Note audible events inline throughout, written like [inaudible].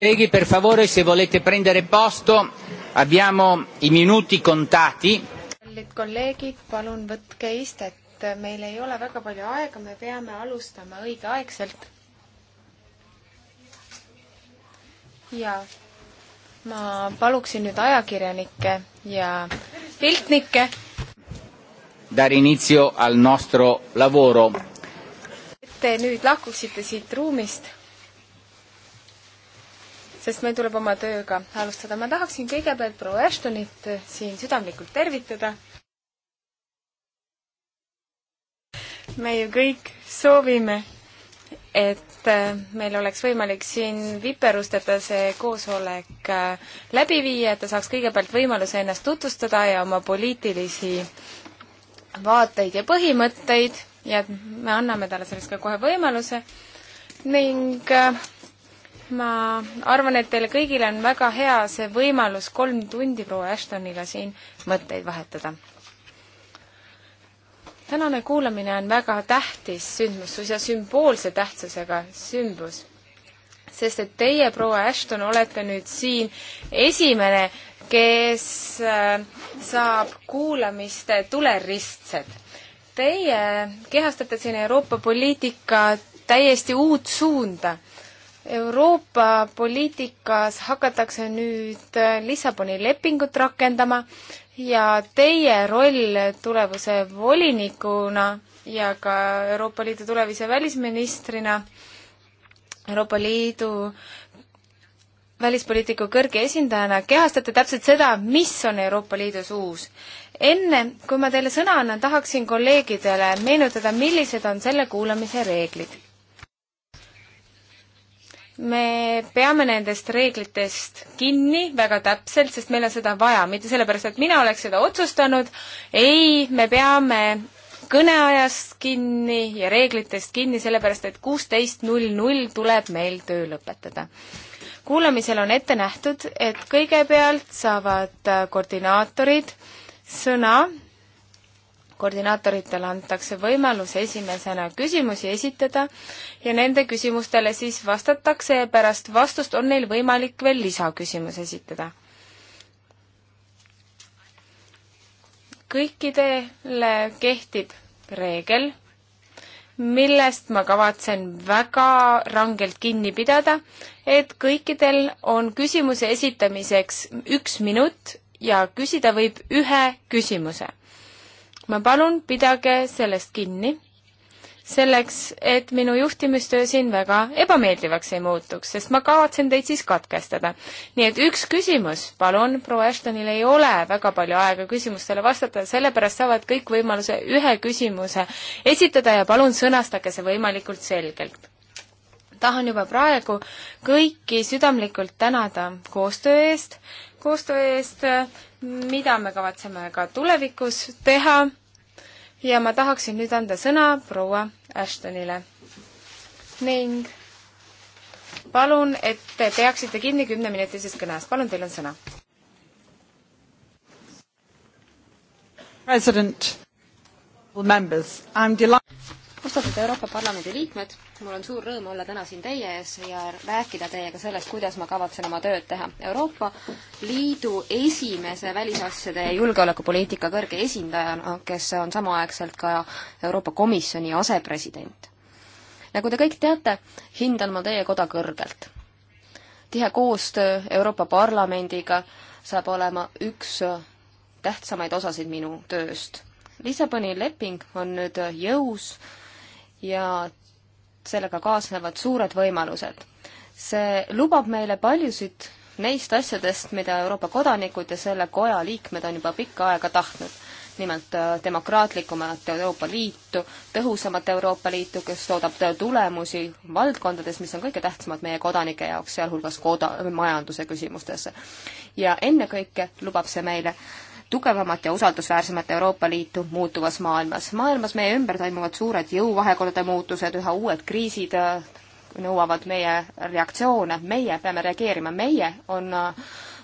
Colleghi, per favore, se volete prendere posto, abbiamo i minuti contati. kallid kolleegid, palun võtke istet, meil ei ole väga palju aega, me peame alustama õigeaegselt. ja ma paluksin nüüd ajakirjanikke ja piltnikke. Dare inizio al nostro lavoro. et te nüüd lahkuksite siit ruumist sest meil tuleb oma tööga alustada. ma tahaksin kõigepealt proua Ashtonit siin südamlikult tervitada. me ju kõik soovime, et äh, meil oleks võimalik siin viperusteta see koosolek äh, läbi viia, et ta saaks kõigepealt võimaluse ennast tutvustada ja oma poliitilisi vaateid ja põhimõtteid ja me anname talle selleks ka kohe võimaluse ning äh, ma arvan, et teile kõigile on väga hea see võimalus kolm tundi proua Ashtoniga siin mõtteid vahetada. tänane kuulamine on väga tähtis sündmus, suisa sümboolse tähtsusega sündmus, sest et teie, proua Ashton, olete nüüd siin esimene, kes äh, saab kuulamiste tuleristsed. Teie kehastate siin Euroopa poliitika täiesti uut suunda Euroopa poliitikas hakatakse nüüd Lissaboni lepingut rakendama ja teie roll tulevuse volinikuna ja ka Euroopa Liidu tulevise välisministrina, Euroopa Liidu välispoliitiku kõrge esindajana kehastate täpselt seda, mis on Euroopa Liidus uus. enne, kui ma teile sõna annan, tahaksin kolleegidele meenutada, millised on selle kuulamise reeglid me peame nendest reeglitest kinni väga täpselt, sest meil on seda vaja, mitte sellepärast, et mina oleks seda otsustanud. ei, me peame kõneajast kinni ja reeglitest kinni, sellepärast et kuusteist null null tuleb meil töö lõpetada. kuulamisel on ette nähtud, et kõigepealt saavad koordinaatorid sõna koordinaatoritele antakse võimalus esimesena küsimusi esitada ja nende küsimustele siis vastatakse ja pärast vastust on neil võimalik veel lisaküsimus esitada. kõikidele kehtib reegel, millest ma kavatsen väga rangelt kinni pidada, et kõikidel on küsimuse esitamiseks üks minut ja küsida võib ühe küsimuse ma palun, pidage sellest kinni, selleks, et minu juhtimistöö siin väga ebameeldivaks ei muutuks, sest ma kavatsen teid siis katkestada. nii et üks küsimus, palun, proua Ashtonil ei ole väga palju aega küsimustele vastata, sellepärast saavad kõik võimaluse ühe küsimuse esitada ja palun sõnastage see võimalikult selgelt tahan juba praegu kõiki südamlikult tänada koostöö eest, koostöö eest mida me kavatseme ka tulevikus teha ja ma tahaksin nüüd anda sõna proua Ashtonile. ning palun, et te peaksite kinni kümneminutilisest kõnest, palun, teil on sõna. president, members, I am delighted austatud Euroopa Parlamendi liikmed, mul on suur rõõm olla täna siin teie ees ja rääkida teiega sellest, kuidas ma kavatsen oma tööd teha. Euroopa Liidu esimese välisasjade ja julgeolekupoliitika kõrge esindajana, kes on samaaegselt ka Euroopa Komisjoni asepresident. nagu te kõik teate, hindan ma teie koda kõrgelt. tihe koostöö Euroopa Parlamendiga saab olema üks tähtsamaid osasid minu tööst Lissaboni leping on nüüd jõus ja sellega kaasnevad suured võimalused. see lubab meile paljusid neist asjadest, mida Euroopa kodanikud ja selle koja liikmed on juba pikka aega tahtnud. nimelt äh, demokraatlikumat Euroopa Liitu, tõhusamat Euroopa Liitu, kes toodab äh, tulemusi valdkondades, mis on kõige tähtsamad meie kodanike jaoks, sealhulgas koda-, majanduse küsimustes. ja ennekõike lubab see meile äh, tugevamat ja usaldusväärsemat Euroopa Liitu muutuvas maailmas. maailmas meie ümber toimuvad suured jõuvahekordade muutused, üha uued kriisid äh, nõuavad meie reaktsioone, meie peame reageerima, meie on äh,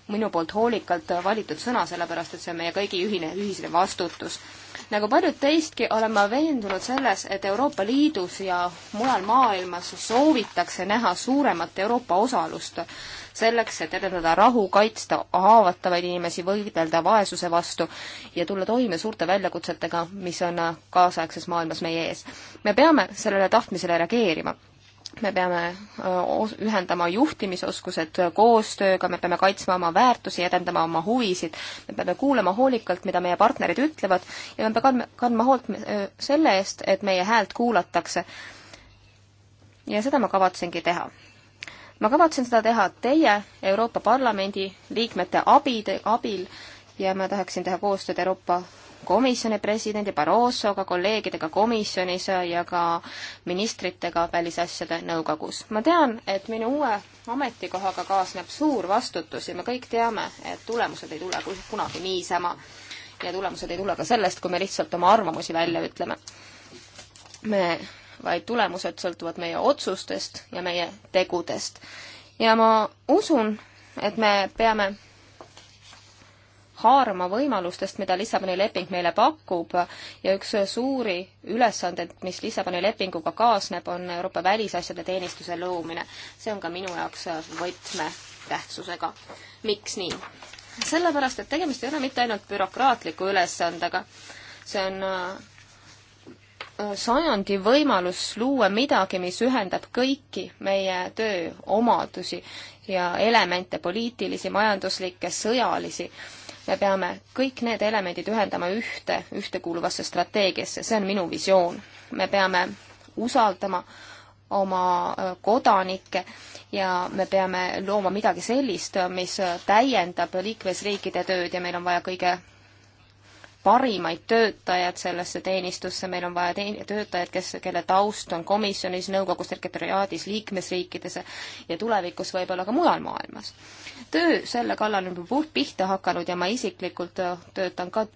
minu poolt hoolikalt valitud sõna, sellepärast et see on meie kõigi ühine, ühisene vastutus. nagu paljud teistki, olen ma veendunud selles, et Euroopa Liidus ja mujal maailmas soovitakse näha suuremat Euroopa osalust selleks, et edendada rahu, kaitsta haavatavaid inimesi, võidelda vaesuse vastu ja tulla toime suurte väljakutsetega, mis on kaasaegses maailmas meie ees. me peame sellele tahtmisele reageerima me peame ühendama juhtimisoskused koostööga, me peame kaitsma oma väärtusi, edendama oma huvisid, me peame kuulama hoolikalt, mida meie partnerid ütlevad ja me peame kandma hoolt selle eest, et meie häält kuulatakse. ja seda ma kavatsengi teha ma kavatsen seda teha teie, Euroopa Parlamendi liikmete abide, abil ja ma tahaksin teha koostööd Euroopa Komisjoni presidendi Barrosoga, kolleegidega komisjonis ja ka ministritega välisasjade nõukogus. ma tean, et minu uue ametikohaga kaasneb suur vastutus ja me kõik teame, et tulemused ei tule kunagi niisama. ja tulemused ei tule ka sellest, kui me lihtsalt oma arvamusi välja ütleme. me vaid tulemused sõltuvad meie otsustest ja meie tegudest. ja ma usun, et me peame haarama võimalustest, mida Lissaboni leping meile pakub ja üks suuri ülesandeid, mis Lissaboni lepinguga kaasneb, on Euroopa välisasjade teenistuse loomine. see on ka minu jaoks võtmetähtsusega. miks nii? sellepärast, et tegemist ei ole mitte ainult bürokraatliku ülesandega, see on äh, sajandi võimalus luua midagi, mis ühendab kõiki meie töö omadusi ja elemente, poliitilisi, majanduslikke, sõjalisi. me peame kõik need elemendid ühendama ühte, ühtekuuluvasse strateegiasse, see on minu visioon. me peame usaldama oma äh, kodanikke ja me peame looma midagi sellist, mis täiendab liikmesriikide tööd ja meil on vaja kõige parimaid töötajaid sellesse teenistusse, meil on vaja teen-, töötajaid, kes, kelle taust on komisjonis, nõukogus, sekretariaadis, liikmesriikides ja tulevikus võib-olla ka mujal maailmas. töö selle kallal on juba pihta hakanud ja ma isiklikult äh, töötan ka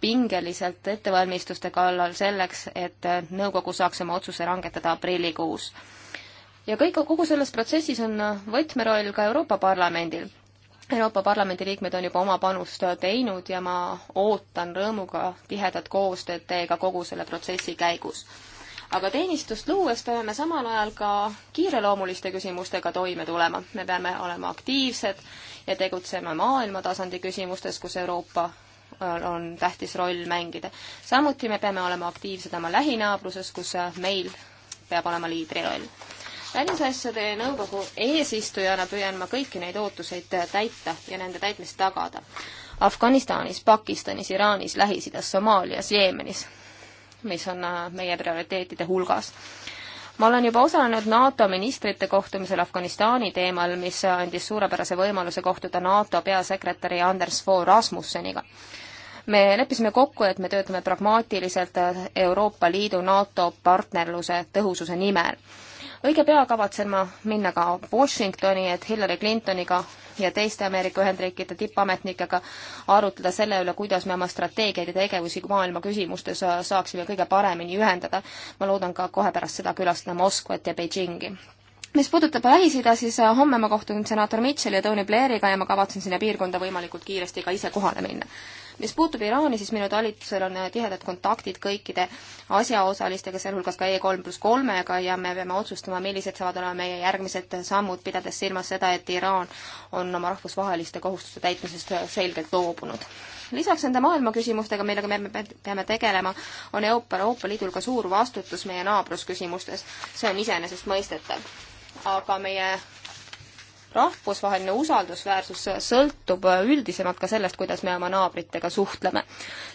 pingeliselt ettevalmistuste kallal selleks, et äh, nõukogu saaks oma otsuse langetada aprillikuus. ja kõik, kogu selles protsessis on äh, võtmeroll ka Euroopa Parlamendil Euroopa Parlamendi liikmed on juba oma panust teinud ja ma ootan rõõmuga tihedat koostööd teiega kogu selle protsessi käigus. aga teenistust luues peame me samal ajal ka kiireloomuliste küsimustega toime tulema. me peame olema aktiivsed ja tegutsema maailmatasandi küsimustes, kus Euroopa on tähtis roll mängida. samuti me peame olema aktiivsed oma lähinaabruses, kus meil peab olema liidriroll välisasjade nõukogu eesistujana püüan ma kõiki neid ootuseid täita ja nende täitmist tagada. Afganistanis, Pakistanis, Iraanis, Lähis-Idas, Somaalias, Jeemenis, mis on äh, meie prioriteetide hulgas. ma olen juba osalenud NATO ministrite kohtumisel Afganistani teemal, mis andis suurepärase võimaluse kohtuda NATO peasekretäri Anders Fogh Rasmusseniga me leppisime kokku, et me töötame pragmaatiliselt Euroopa Liidu NATO partnerluse tõhususe nimel õige pea kavatsen ma minna ka Washingtoni, et Hillary Clintoniga ja teiste Ameerika Ühendriikide tippametnikega arutleda selle üle, kuidas me oma strateegiaid ja tegevusi maailma küsimustes äh, saaksime kõige paremini ühendada. ma loodan ka kohe pärast seda külastada Moskvat ja Beijingi mis puudutab Lähis-Ida, siis äh, homme ma kohtun senaator Mitchell ja Tony Blairiga ja ma kavatsen sinna piirkonda võimalikult kiiresti ka ise kohale minna mis puutub Iraani, siis minu talitusel on äh, tihedad kontaktid kõikide asjaosalistega, sealhulgas ka E3 pluss kolmega ja me peame otsustama, millised saavad olema meie järgmised sammud, pidades silmas seda, et Iraan on oma rahvusvaheliste kohustuste täitmisest äh, selgelt loobunud. lisaks nende maailma küsimustega, millega me peame tegelema, on Euroopa, Euroopa Liidul ka suur vastutus meie naabrusküsimustes. see on iseenesestmõistetav. aga meie rahvusvaheline usaldusväärsus sõltub üldisemalt ka sellest, kuidas me oma naabritega suhtleme.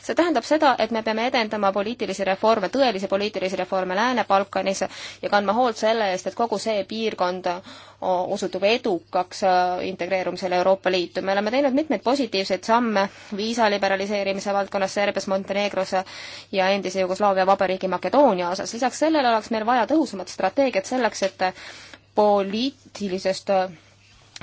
see tähendab seda, et me peame edendama poliitilisi reforme, tõelisi poliitilisi reforme Lääne-Balkanis ja kandma hoolt selle eest, et kogu see piirkond osutub edukaks äh, integreerumisel Euroopa Liitu. me oleme teinud mitmeid positiivseid samme viisa liberaliseerimise valdkonnas Serbias, Montenegros ja endise Jugoslaavia vabariigi Makedoonia osas. lisaks sellele oleks meil vaja tõhusamat strateegiat selleks, et poliitilisest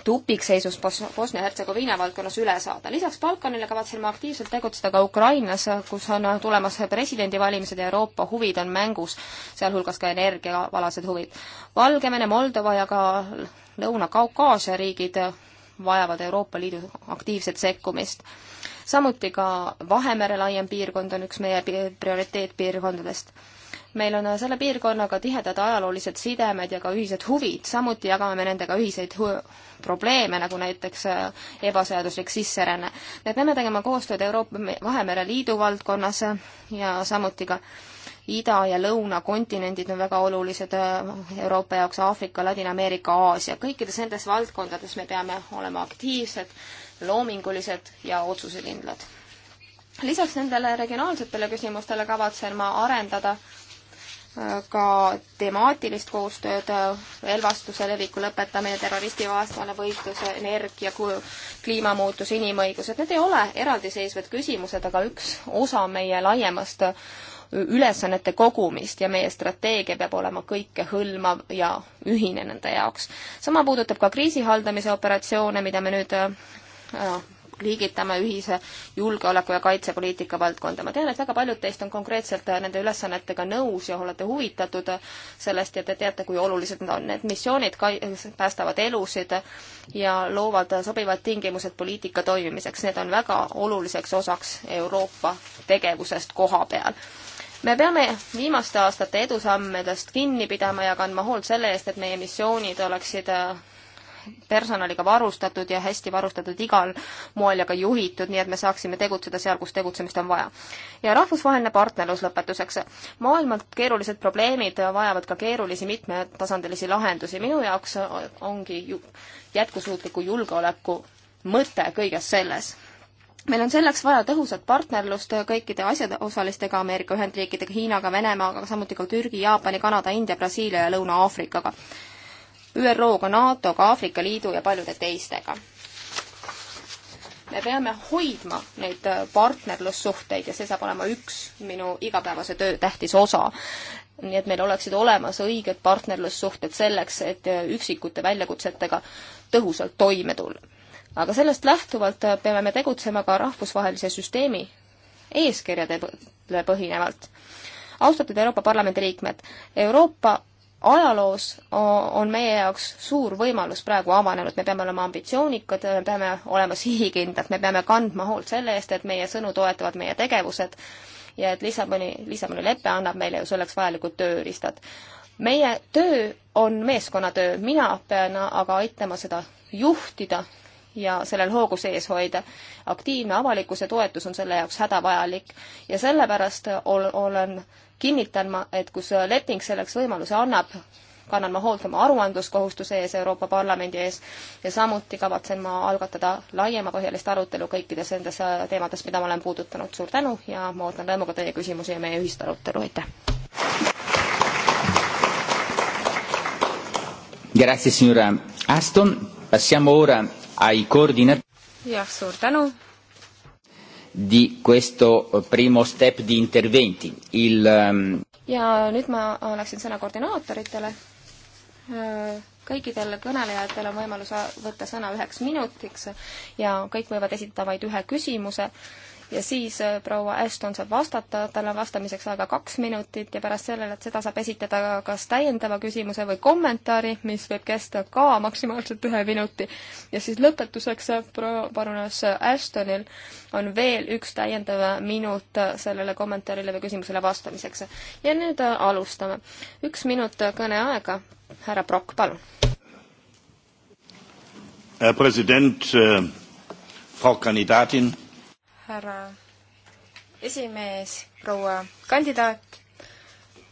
tupikseisus Bosnia-Hertsegoviina valdkonnas üle saada. lisaks Balkanile kavatsen ma aktiivselt tegutseda ka Ukrainas, kus on tulemas presidendivalimised ja Euroopa huvid on mängus, sealhulgas ka energiavalased huvid. Valgevene, Moldova ja ka Lõuna-Kaukaasia riigid vajavad Euroopa Liidu aktiivset sekkumist. samuti ka Vahemere laiem piirkond on üks meie prioriteetpiirkondadest meil on selle piirkonnaga tihedad ajaloolised sidemed ja ka ühised huvid, samuti jagame me nendega ühiseid probleeme, nagu näiteks äh, ebaseaduslik sisseränne. me peame tegema koostööd Euroopa Vahemere Liidu valdkonnas ja samuti ka ida ja lõuna kontinendid on väga olulised äh, Euroopa jaoks, Aafrika, Ladina-Ameerika, Aasia. kõikides nendes valdkondades me peame olema aktiivsed, loomingulised ja otsusekindlad. lisaks nendele regionaalsetele küsimustele kavatsen ma arendada ka temaatilist koostööd, relvastuse leviku lõpetamine, terroristivastane võitlus, energia, kliimamuutus, inimõigused, need ei ole eraldiseisvad küsimused, aga üks osa meie laiemast ülesannete kogumist ja meie strateegia peab olema kõikehõlmav ja ühine nende jaoks. sama puudutab ka kriisi haldamise operatsioone, mida me nüüd äh, liigitame ühise julgeoleku- ja kaitsepoliitika valdkonda. ma tean, et väga paljud teist on konkreetselt äh, nende ülesannetega nõus ja olete huvitatud äh, sellest ja te teate, kui olulised nad on. Need missioonid kai-, äh, päästavad elusid ja loovad sobivad tingimused poliitika toimimiseks. Need on väga oluliseks osaks Euroopa tegevusest koha peal me peame viimaste aastate edusammedest kinni pidama ja kandma hoolt selle eest, et meie missioonid oleksid personaliga varustatud ja hästi varustatud igal moel ja ka juhitud, nii et me saaksime tegutseda seal, kus tegutsemist on vaja. ja rahvusvaheline partnerlus lõpetuseks. maailmalt keerulised probleemid vajavad ka keerulisi mitmetasandilisi lahendusi. minu jaoks ongi ju jätkusuutliku julgeoleku mõte kõiges selles meil on selleks vaja tõhusat partnerlust kõikide asjaosalistega, Ameerika Ühendriikidega, Hiinaga, Venemaaga, samuti ka Türgi, Jaapani, Kanada, India, Brasiilia ja Lõuna-Aafrikaga. ÜRO-ga, NATO-ga, Aafrika Liidu ja paljude teistega. me peame hoidma neid äh, partnerlussuhteid ja see saab olema üks minu igapäevase töö tähtis osa. nii et meil oleksid olemas õiged partnerlussuhted selleks, et äh, üksikute väljakutsetega tõhusalt toime tulla. aga sellest lähtuvalt äh, peame me tegutsema ka rahvusvahelise süsteemi eeskirjade põhinevalt. austatud Euroopa Parlamendi liikmed, Euroopa ajaloos on meie jaoks suur võimalus praegu avanenud, me peame olema ambitsioonikad, me peame olema sihikindlad, me peame kandma hoolt selle eest, et meie sõnu toetavad meie tegevused ja et Lissaboni, Lissaboni lepe annab meile ju selleks vajalikud tööriistad. meie töö on meeskonnatöö, mina pean aga aitama seda juhtida ja sellel hoogu sees hoida. aktiivne avalikkuse toetus on selle jaoks hädavajalik ja sellepärast ol-, olen, kinnitan ma, et kus leping selleks võimaluse annab, kannan ma hoolt oma aruandluskohustuse ees Euroopa Parlamendi ees ja samuti kavatsen ma algatada laiemapõhjalist arutelu kõikides nendes äh, teemades, mida ma olen puudutanud. suur tänu ja ma ootan rõõmuga teie küsimusi ja meie ühist arutelu, aitäh! Grazie signora Aston, passiamo ora ai coordinatori. jah, suur tänu. Di questo eh, primo step di interventi, il um.... ja nüüd ma annaksin sõna koordinaatoritele. Eh, kõikidel kõnelejatel on võimalus võtta sõna üheks minutiks ja kõik võivad esitada vaid ühe küsimuse ja siis äh, proua Ashton saab vastata, tal on vastamiseks aega kaks minutit ja pärast sellele, et seda saab esitada kas täiendava küsimuse või kommentaari, mis võib kesta ka maksimaalselt ühe minuti. ja siis lõpetuseks äh, proua parunas Ashtonil on veel üks täiendav minut äh, sellele kommentaarile või küsimusele vastamiseks. ja nüüd alustame. üks minut kõneaega. härra Prokk, palun. Herr Präsident äh,, Frau Kandidatin härra esimees, proua kandidaat.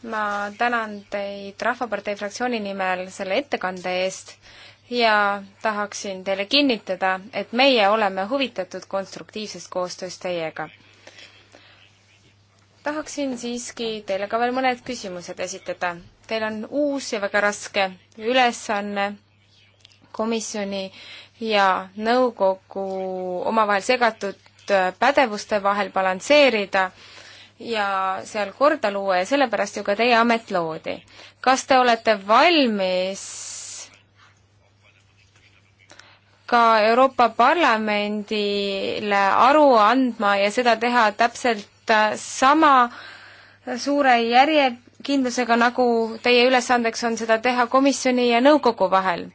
ma tänan teid Rahvapartei fraktsiooni nimel selle ettekande eest ja tahaksin teile kinnitada, et meie oleme huvitatud konstruktiivsest koostööst teiega. tahaksin siiski teile ka veel mõned küsimused esitada. Teil on uus ja väga raske ülesanne komisjoni ja nõukogu omavahel segatud Äh, pädevuste vahel balansseerida ja seal korda luua ja sellepärast ju ka teie amet loodi. kas te olete valmis ka Euroopa Parlamendile aru andma ja seda teha täpselt äh, sama suure järjekindlusega, nagu teie ülesandeks on seda teha komisjoni ja nõukogu vahel?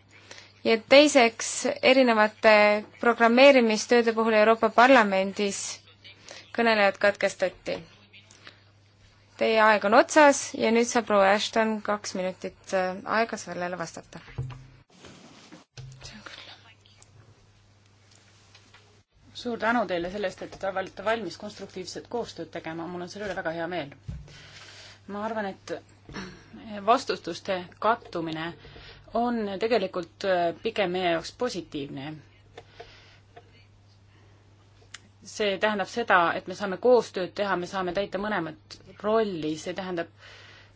ja teiseks erinevate programmeerimistööde puhul Euroopa Parlamendis kõnelejad katkestati. Teie aeg on otsas ja nüüd saab proua Ashton kaks minutit äh, aega sellele vastata. suur tänu teile selle eest, et te olete valmis konstruktiivset koostööd tegema, mul on selle üle väga hea meel. ma arvan, et vastustuste kattumine äh, on tegelikult äh, pigem meie jaoks positiivne. see tähendab seda, et me saame koostööd teha, me saame täita mõlemat rolli, see tähendab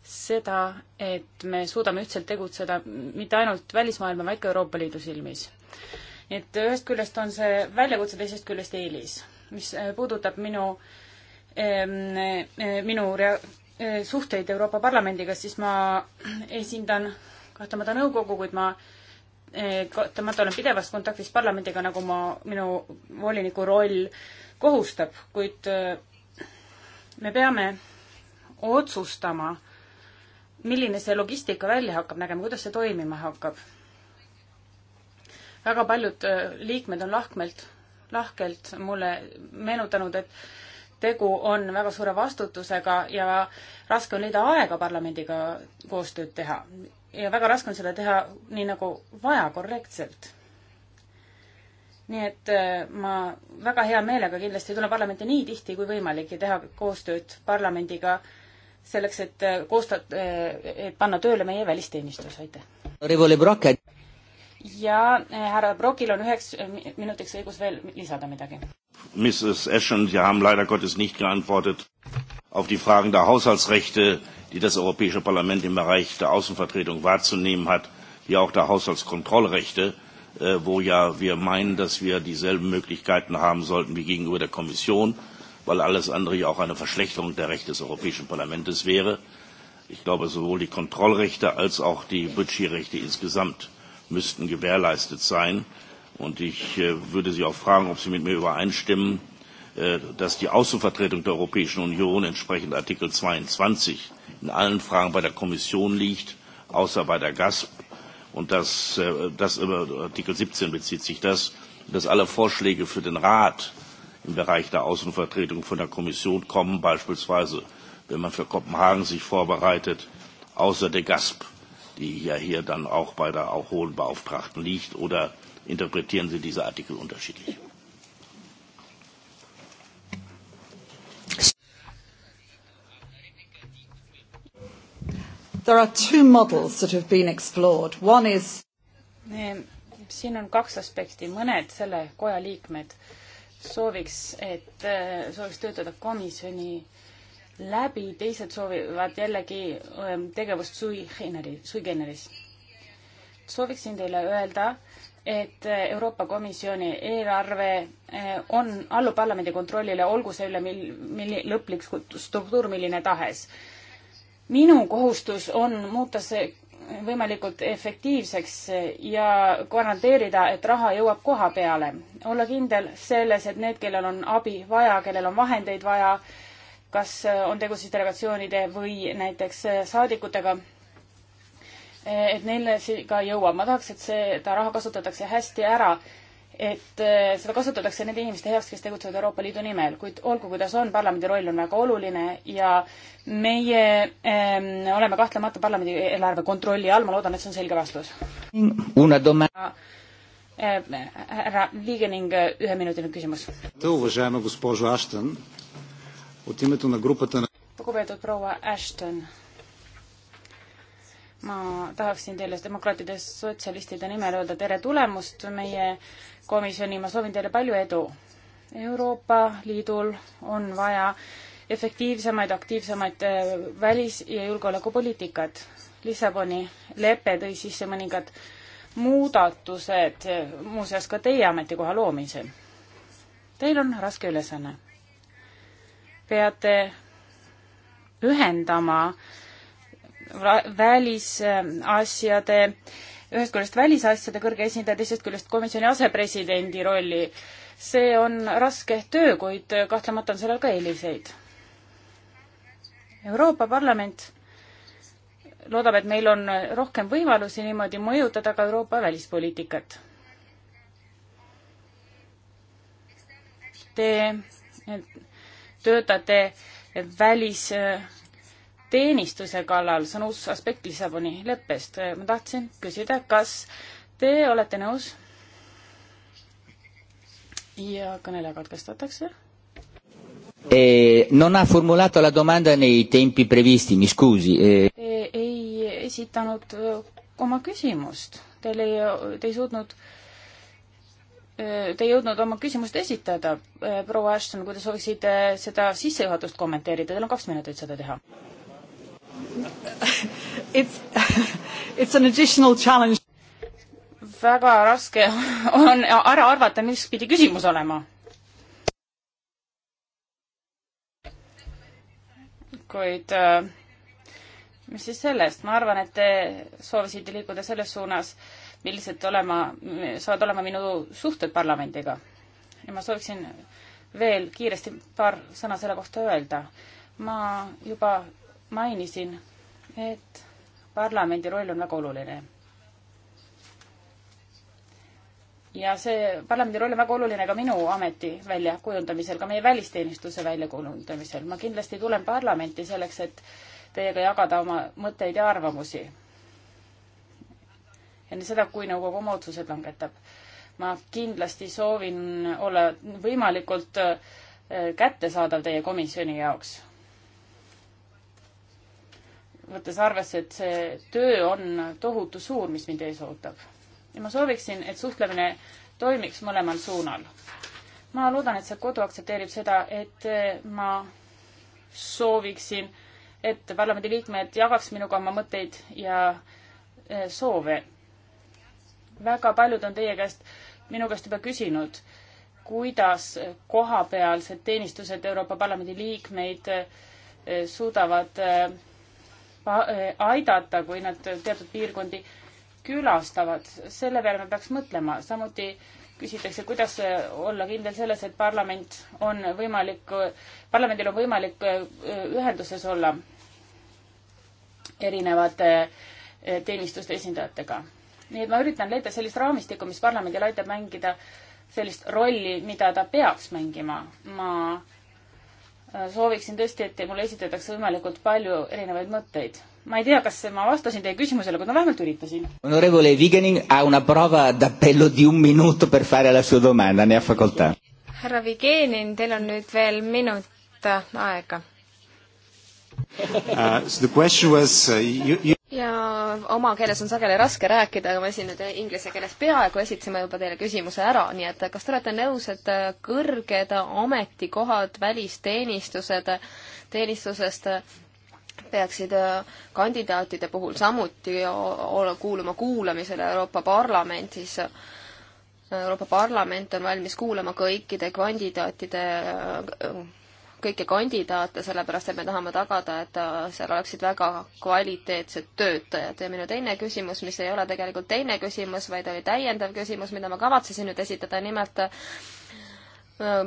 seda, et me suudame ühtselt tegutseda mitte ainult välismaailma, vaid ka Euroopa Liidu silmis. et ühest küljest on see väljakutse, teisest küljest eelis. mis äh, puudutab minu, ähm, äh, minu rea-, suhteid Euroopa Parlamendiga, siis ma esindan kahtlemata nõukogu, kuid ma eh, kahtlemata olen pidevas kontaktis parlamendiga, nagu ma, minu voliniku roll kohustab, kuid eh, me peame otsustama, milline see logistika välja hakkab nägema, kuidas see toimima hakkab. väga paljud eh, liikmed on lahkmelt, lahkelt mulle meenutanud, et tegu on väga suure vastutusega ja raske on leida aega parlamendiga koostööd teha ja väga raske on seda teha nii nagu vaja korrektselt. nii et äh, ma väga hea meelega kindlasti tulen parlamenti nii tihti kui võimalik ja teha koostööd parlamendiga selleks, et äh, koostat-, äh, et panna tööle meie välisteenistus, aitäh. ja härra Brokil on üheks minutiks õigus veel lisada midagi. Mrs Ashton, Sie haben leider Gottes nicht geantwortet auf die Fragen der Haushaltsrechte, die das Europäische Parlament im Bereich der Außenvertretung wahrzunehmen hat, wie auch der Haushaltskontrollrechte, äh, wo ja wir meinen, dass wir dieselben Möglichkeiten haben sollten wie gegenüber der Kommission, weil alles andere ja auch eine Verschlechterung der Rechte des Europäischen Parlaments wäre. Ich glaube, sowohl die Kontrollrechte als auch die Budgetrechte insgesamt müssten gewährleistet sein. Und ich äh, würde Sie auch fragen, ob Sie mit mir übereinstimmen, äh, Äh, dass die Außenvertretung der Europäischen Union entsprechend Artikel 22 in allen Fragen bei der Kommission liegt, außer bei der GASP. Und dass das über äh, Artikel 17 bezieht sich das, dass alle Vorschläge für den Rat im Bereich der Außenvertretung von der Kommission kommen, beispielsweise wenn man für Kopenhagen sich vorbereitet, außer der GASP, die ja hier dann auch bei der auch hohen Beauftragten liegt, oder interpretieren Sie diese Artikel unterschiedlich? There are two models that have been explored. One is siin on kaks aspekti, mõned selle koja liikmed sooviks, et äh, sooviks töötada komisjoni läbi, teised soovivad jällegi ähm, tegevust sui generi, sui generis. sooviksin teile öelda, et äh, Euroopa Komisjoni eelarve äh, on, allub parlamendi kontrollile, olgu see üle mil-, milli-, lõplik struktuur milline tahes minu kohustus on muuta see võimalikult efektiivseks ja garanteerida, et raha jõuab koha peale. olla kindel selles, et need, kellel on abi vaja, kellel on vahendeid vaja, kas on tegu siis delegatsioonide või näiteks saadikutega, et neile ka jõuab. ma tahaks, et seda raha kasutatakse hästi ära et äh, seda kasutatakse nende inimeste heaks, kes tegutsevad Euroopa Liidu nimel, kuid olgu, kuidas on, parlamendi roll on väga oluline ja meie ähm, oleme kahtlemata parlamendi eelarve kontrolli all, ma loodan, et see on selge vastus. Äh, härra Liigening, üheminutiline küsimus. lugupeetud proua Ashton ma tahaksin teile demokraatide sotsialistide nimel öelda tere tulemust meie äh, komisjoni, ma soovin teile palju edu. Euroopa Liidul on vaja efektiivsemaid, aktiivsemaid äh, välis- ja julgeolekupoliitikat. Lissaboni lepe tõi sisse mõningad muudatused, äh, muuseas ka teie ametikoha loomisel. Teil on raske ülesanne. peate ühendama välisasjade äh, ühest küljest välisasjade kõrge esindaja, teisest küljest komisjoni asepresidendi rolli. see on raske töö, kuid kahtlemata on sellel ka eeliseid. Euroopa Parlament loodab, et meil on rohkem võimalusi niimoodi mõjutada ka Euroopa välispoliitikat. Te töötate välis- teenistuse kallal, see on uus aspekt Lissaboni leppest. ma tahtsin küsida, kas te olete nõus? ja kõneleja katkestatakse. Eh, non ha formulato la domanda nei tempi previsti, mi scusi eh.. Te ei esitanud e, oma küsimust, teil ei, te ei suutnud e, Te ei jõudnud oma küsimust esitada, e, proua Ashton, kui te sooviksite seda sissejuhatust kommenteerida, teil on kaks minutit seda teha [laughs] It's, [laughs] it's an additional challenge. väga raske on ära arvata, mis pidi küsimus olema. kuid äh, mis siis sellest, ma arvan, et te soovisite liikuda selles suunas, millised olema, saavad olema minu suhted parlamendiga. ja ma sooviksin veel kiiresti paar sõna selle kohta öelda. ma juba mainisin, et parlamendi roll on väga oluline. ja see parlamendi roll on väga oluline ka minu ameti väljakujundamisel, ka meie välisteenistuse väljakujundamisel. ma kindlasti tulen parlamenti selleks, et teiega jagada oma mõtteid ja arvamusi. enne seda, kui nõukogu oma otsused langetab. ma kindlasti soovin olla võimalikult äh, kättesaadav teie komisjoni jaoks võttes arvesse, et see töö on tohutu suur, mis mind ees ootab. ja ma sooviksin, et suhtlemine toimiks mõlemal suunal. ma loodan, et see kodu aktsepteerib seda, et ma sooviksin, et parlamendiliikmed jagaks minuga oma mõtteid ja eh, soove. väga paljud on teie käest, minu käest juba küsinud, kuidas kohapealsed teenistused Euroopa Parlamendi liikmeid eh, suudavad äh, Eh, aidata, kui nad teatud piirkondi külastavad, selle peale me peaks mõtlema, samuti küsitakse, kuidas olla kindel selles, et parlament on võimalik, parlamendil on võimalik eh, ühenduses olla erinevate eh, teenistuste esindajatega. nii et ma üritan leida sellist raamistikku, mis parlamendil aitab mängida sellist rolli, mida ta peaks mängima. ma Äh, sooviksin tõesti, et mulle esitatakse võimalikult palju erinevaid mõtteid. ma ei tea, kas ma vastasin teie küsimusele, kuid ma vähemalt üritasin. Onorevole Vigening ha una prova d'appello di un minuto per fare la sua domanda, ne ha facoltà. härra Vigenin, teil on nüüd veel minut aega Uh, uh, ja oma keeles on sageli raske rääkida, aga me siin nüüd inglise keeles peaaegu esitasime juba teile küsimuse ära, nii et kas te olete nõus, et äh, kõrged ametikohad, välisteenistused, teenistusest äh, peaksid äh, kandidaatide puhul samuti kuuluma kuulamisele Euroopa Parlamendis. Euroopa Parlament on valmis kuulama kõikide kandidaatide kõiki kandidaate, sellepärast et me tahame tagada, et äh, seal oleksid väga kvaliteetsed töötajad. ja minu teine küsimus, mis ei ole tegelikult teine küsimus, vaid oli täiendav küsimus, mida ma kavatsesin nüüd esitada, nimelt äh,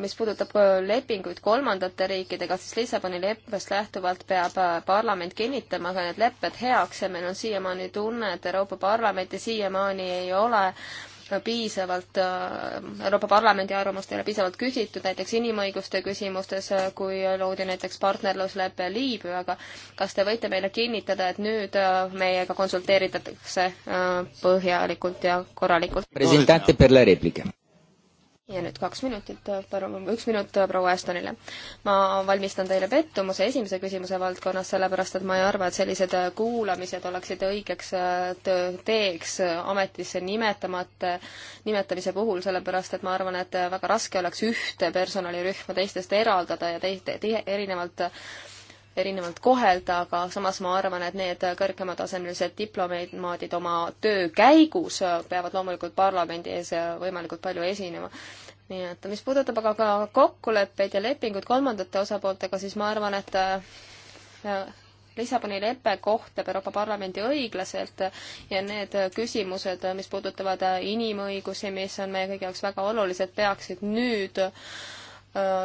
mis puudutab äh, lepinguid kolmandate riikidega, siis Lissaboni leppest lähtuvalt peab parlament kinnitama ka need lepped heaks ja meil on siiamaani tunne, et Euroopa Parlamenti siiamaani ei ole äh, piisavalt, äh, Euroopa Parlamendi arvamust ei ole piisavalt küsitud, näiteks inimõiguste küsimustes, äh, kui loodi näiteks partnerluslepe Liibüaga. kas te võite meile kinnitada, et nüüd äh, meiega konsulteeritakse põhjalikult ja korralikult? presidente per la replica ja nüüd kaks minutit, äh, üks minut äh, proua Ashtonile. ma valmistan teile pettumuse esimese küsimuse valdkonnas, sellepärast et ma ei arva, et sellised äh, kuulamised oleksid õigeks teeks ametisse nimetamata, nimetamise puhul, sellepärast et ma arvan, et väga raske oleks ühte personalirühma teistest eraldada ja teiste, erinevalt erinevalt kohelda, aga samas ma arvan, et need kõrgematasemelised diplomaadid oma töö käigus äh, peavad loomulikult parlamendi ees äh, võimalikult palju esinema nii et mis puudutab aga ka kokkuleppeid ja lepinguid kolmandate osapooltega, siis ma arvan, et äh, Lissaboni lepe kohtleb Euroopa Parlamendi õiglaselt ja need küsimused, mis puudutavad inimõigusi, mis on meie kõigi jaoks väga olulised, peaksid nüüd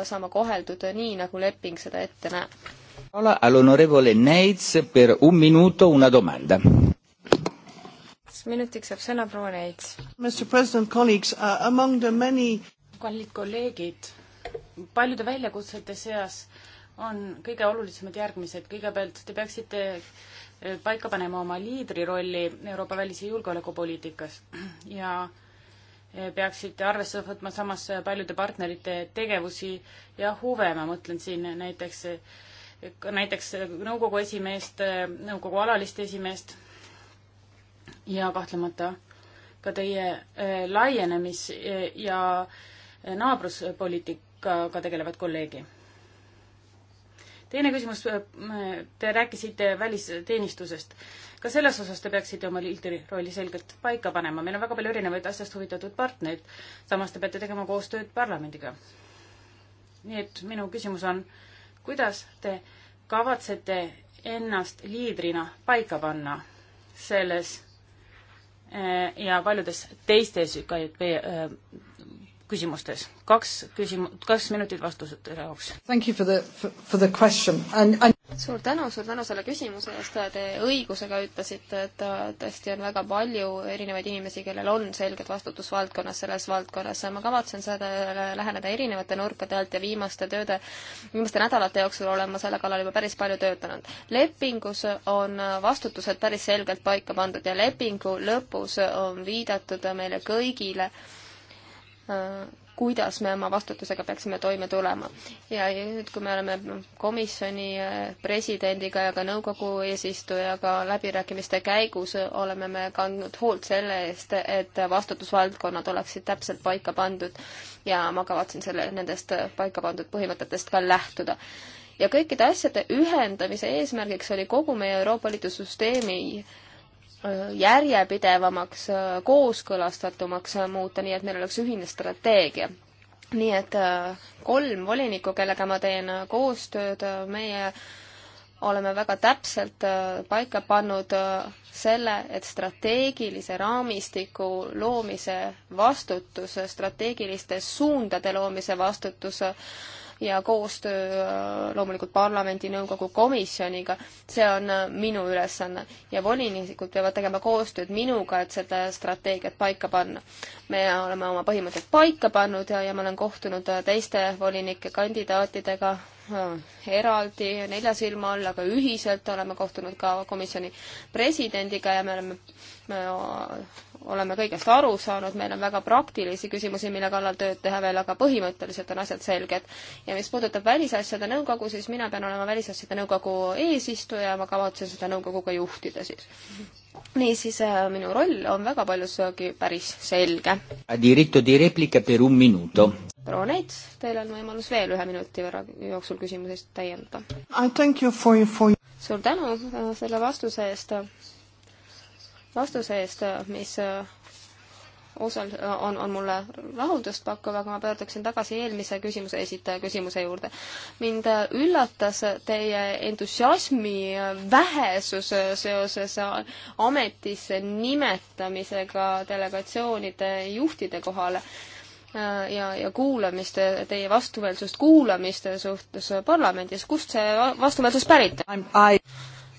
saama koheldud nii, nagu leping seda ette näeb all'onorevole Neits per un minuto una domanda. minutiks saab sõna proua Neits. Mr President, colleagues uh,, among the many kallid kolleegid, paljude väljakutsete seas on kõige olulisemad järgmised, kõigepealt te peaksite eh, paika panema oma liidrirolli Euroopa välise julgeolekupoliitikas [clears throat] ja eh, peaksite arvesse võtma samas paljude partnerite tegevusi ja huve, ma mõtlen siin näiteks eh, näiteks nõukogu esimeest, nõukogu alalist esimeest ja kahtlemata ka teie eh, laienemis- ja eh, naabruspoliitikaga tegelevat kolleegi. teine küsimus, eh, te rääkisite välisteenistusest. ka selles osas te peaksite oma liidri rolli selgelt paika panema, meil on väga palju erinevaid asjast huvitatud partnereid, samas te peate tegema koostööd parlamendiga. nii et minu küsimus on äh, kuidas te kavatsete ennast liidrina paika panna selles eh, ja paljudes teistes ÜKP eh, küsimustes. kaks küsimu-, kaks minutit vastuse jaoks. Thank you for the, for the question and, and suur tänu, suur tänu selle küsimuse eest, te õigusega ütlesite, et äh, tõesti on väga palju erinevaid inimesi, kellel on selged vastutusvaldkonnas selles valdkonnas. ma kavatsen sellele läheneda erinevate nurkade alt ja viimaste tööde, viimaste nädalate jooksul olen ma selle kallal juba päris palju töötanud. lepingus on vastutused päris selgelt paika pandud ja lepingu lõpus on viidatud meile kõigile äh, kuidas me oma vastutusega peaksime toime tulema. ja nüüd, kui me oleme komisjoni eh, presidendiga ja ka nõukogu eesistujaga läbirääkimiste käigus, oleme me kandnud hoolt selle eest, et vastutusvaldkonnad oleksid täpselt paika pandud ja ma kavatsen selle, nendest paika pandud põhimõtetest ka lähtuda ja kõikide asjade ühendamise eesmärgiks oli kogu meie Euroopa Liidu süsteemi järjepidevamaks, kooskõlastatumaks muuta, nii et meil oleks ühine strateegia. nii et äh, kolm volinikku, kellega ma teen äh, koostööd, äh, meie oleme väga täpselt paika pannud selle, et strateegilise raamistiku loomise vastutus, strateegiliste suundade loomise vastutus ja koostöö äh, loomulikult parlamendi, nõukogu, komisjoniga, see on äh, minu ülesanne. ja volinikud peavad tegema koostööd minuga, et seda strateegiat paika panna. me oleme oma põhimõtted paika pannud ja, ja ma olen kohtunud äh, teiste volinike kandidaatidega eraldi nelja silma all, aga ühiselt oleme kohtunud ka komisjoni presidendiga ja me oleme me oleme kõigest aru saanud, meil on väga praktilisi küsimusi, mille kallal tööd teha veel, aga põhimõtteliselt on asjad selged. ja mis puudutab Välisasjade Nõukogu, siis mina pean olema Välisasjade Nõukogu eesistuja ja ma kavatsen seda nõukogu ka juhtida siis. niisiis, äh, minu roll on väga paljuski päris selge. proua Neits, teil on võimalus veel ühe minuti võrra jooksul küsimusest täiendada. suur tänu äh, selle vastuse eest vastuse eest, mis äh, osal-, äh, on, on mulle rahuldust pakkuv, aga ma pöörduksin tagasi eelmise küsimuse esitaja küsimuse juurde. mind äh, üllatas teie entusiasmi vähesus seoses ametisse nimetamisega delegatsioonide juhtide kohale ja, ja kuulamiste, teie vastumeelsust kuulamiste suhtes parlamendis, kust see vastumeelsus pärit on?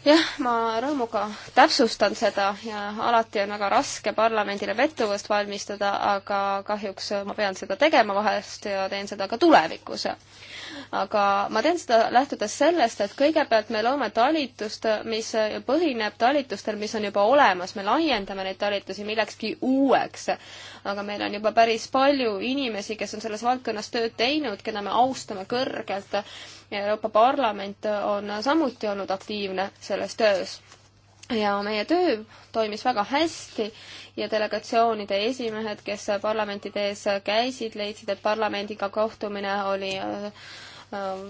jah, ma rõõmuga täpsustan seda ja alati on väga raske parlamendile pettumust valmistada, aga kahjuks ma pean seda tegema vahest ja teen seda ka tulevikus. aga ma teen seda lähtudes sellest, et kõigepealt me loome talitust, mis põhineb talitustel, mis on juba olemas, me laiendame neid talitusi millekski uueks. aga meil on juba päris palju inimesi, kes on selles valdkonnas tööd teinud, keda me austame kõrgelt ja Euroopa Parlament on samuti olnud aktiivne selles töös. ja meie töö toimis väga hästi ja delegatsioonide esimehed, kes parlamentide ees käisid, leidsid, et parlamendiga kohtumine oli äh,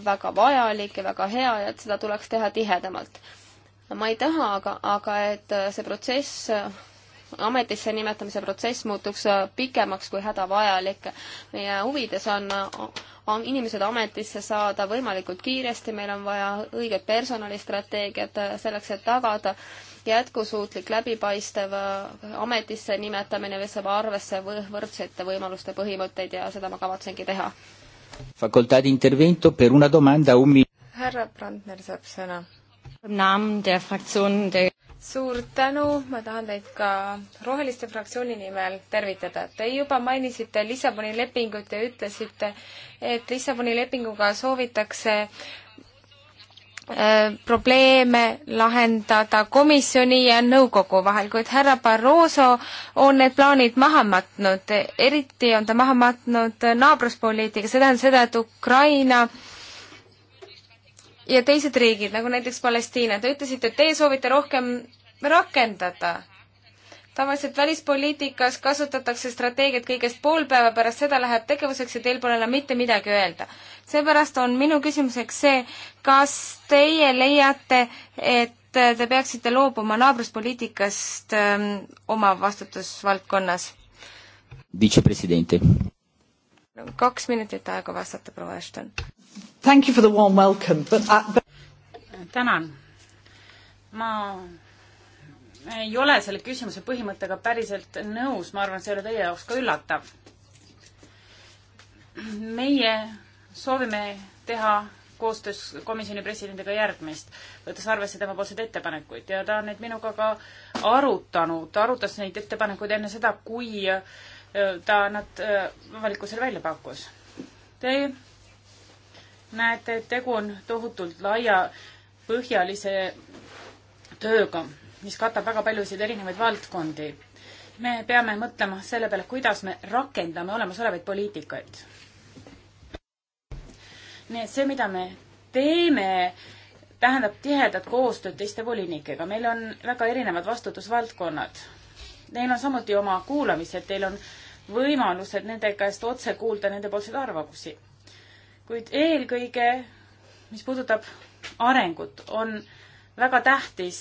väga vajalik ja väga hea ja et seda tuleks teha tihedamalt. ma ei taha aga, aga et see protsess ametisse nimetamise protsess muutuks äh, pikemaks kui hädavajalik. meie huvides on, on inimesed ametisse saada võimalikult kiiresti, meil on vaja õiget personalistrateegiat äh, selleks, et tagada jätkusuutlik läbipaistev äh, ametisse nimetamine, mis saab arvesse võrdsete võimaluste põhimõtteid ja seda ma kavatsengi teha. Facultad intervento per una domanda un mi-. härra Brandner saab sõna. Namen der Fraktion der suur tänu, ma tahan teid ka Roheliste fraktsiooni nimel tervitada. Te juba mainisite Lissaboni lepingut ja ütlesite, et Lissaboni lepinguga soovitakse äh, probleeme lahendada komisjoni ja nõukogu vahel, kuid härra Barroso on need plaanid maha matnud, eriti on ta maha matnud naabruspoliitika, see tähendab seda, et Ukraina äh, ja teised riigid, nagu näiteks Palestiina, te ütlesite, et teie soovite rohkem rakendada. tavaliselt välispoliitikas kasutatakse strateegiat kõigest pool päeva, pärast seda läheb tegevuseks ja teil pole enam mitte midagi öelda. seepärast on minu küsimuseks see, kas teie leiate, et te peaksite loobuma naabruspoliitikast öö, ähm, oma vastutusvaldkonnas? kaks minutit aega vastata, proua Ashton Thank you for the warm welcome, but, uh, but... tänan. ma ei ole selle küsimuse põhimõttega päriselt nõus, ma arvan, see ei ole teie jaoks ka üllatav. meie soovime teha koostöös komisjoni presidendiga järgmist, võttes arvesse temapoolseid ettepanekuid ja ta on neid minuga ka arutanud, ta arutas neid ettepanekuid enne seda, kui äh, ta nad äh, avalikkusele välja pakkus. Te näete, et tegu on tohutult laiapõhjalise tööga, mis katab väga paljusid erinevaid valdkondi. me peame mõtlema selle peale, kuidas me rakendame olemasolevaid poliitikaid. nii et see, mida me teeme, tähendab tihedat koostööd teiste volinikega. meil on väga erinevad vastutusvaldkonnad. Neil on samuti oma kuulamised, teil on võimalused nende käest otse kuulda nendepoolseid arvamusi kuid eelkõige, mis puudutab arengut, on väga tähtis,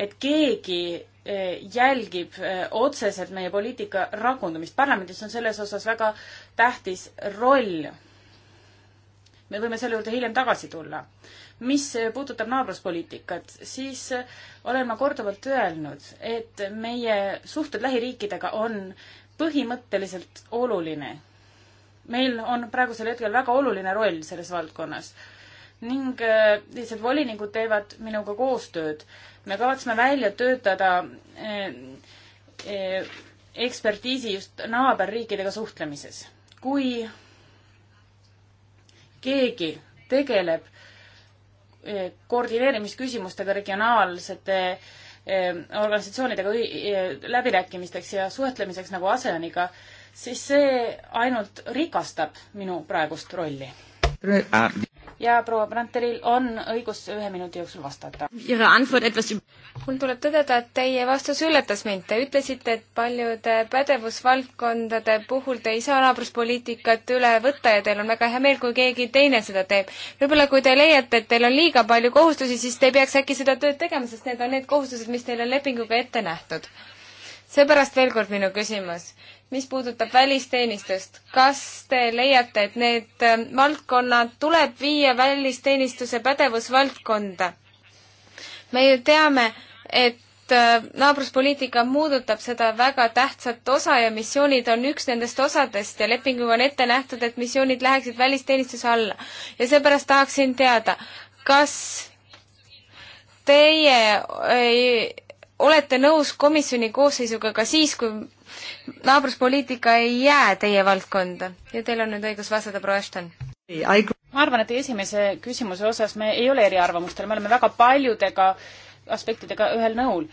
et keegi eh, jälgib eh, otseselt meie poliitika rakendumist. parlamendis on selles osas väga tähtis roll. me võime selle juurde hiljem tagasi tulla. mis eh, puudutab naabruspoliitikat, siis olen ma korduvalt öelnud, et meie suhted lähiriikidega on põhimõtteliselt oluline meil on praegusel hetkel väga oluline roll selles valdkonnas ning äh, lihtsalt volinikud teevad minuga koostööd. me kavatseme välja töötada äh, äh, ekspertiisi just naaberriikidega suhtlemises. kui keegi tegeleb koordineerimisküsimustega regionaalsete organisatsioonidega läbirääkimisteks ja suhtlemiseks nagu ASEANiga, siis see ainult rikastab minu praegust rolli. ja proua Brandteril on õigus ühe minuti jooksul vastata. mul tuleb tõdeda, et teie vastus üllatas mind. Te ütlesite, et paljude pädevusvaldkondade puhul te ei saa naabruspoliitikat üle võtta ja teil on väga hea meel, kui keegi teine seda teeb. võib-olla kui te leiate, et teil on liiga palju kohustusi, siis te ei peaks äkki seda tööd tegema, sest need on need kohustused, mis teil on lepinguga ette nähtud. seepärast veel kord minu küsimus mis puudutab välisteenistust, kas te leiate, et need ähm, valdkonnad tuleb viia välisteenistuse pädevusvaldkonda? me ju teame, et äh, naabruspoliitika muudutab seda väga tähtsat osa ja missioonid on üks nendest osadest ja lepinguga on ette nähtud, et missioonid läheksid välisteenistuse alla. ja seepärast tahaksin teada, kas teie ei, äh, olete nõus komisjoni koosseisuga ka siis, kui naabruspoliitika ei jää teie valdkonda ja teil on nüüd õigus vastata, proua Ashton. ma arvan, et esimese küsimuse osas me ei ole eriarvamustel, me oleme väga paljudega aspektidega ühel nõul.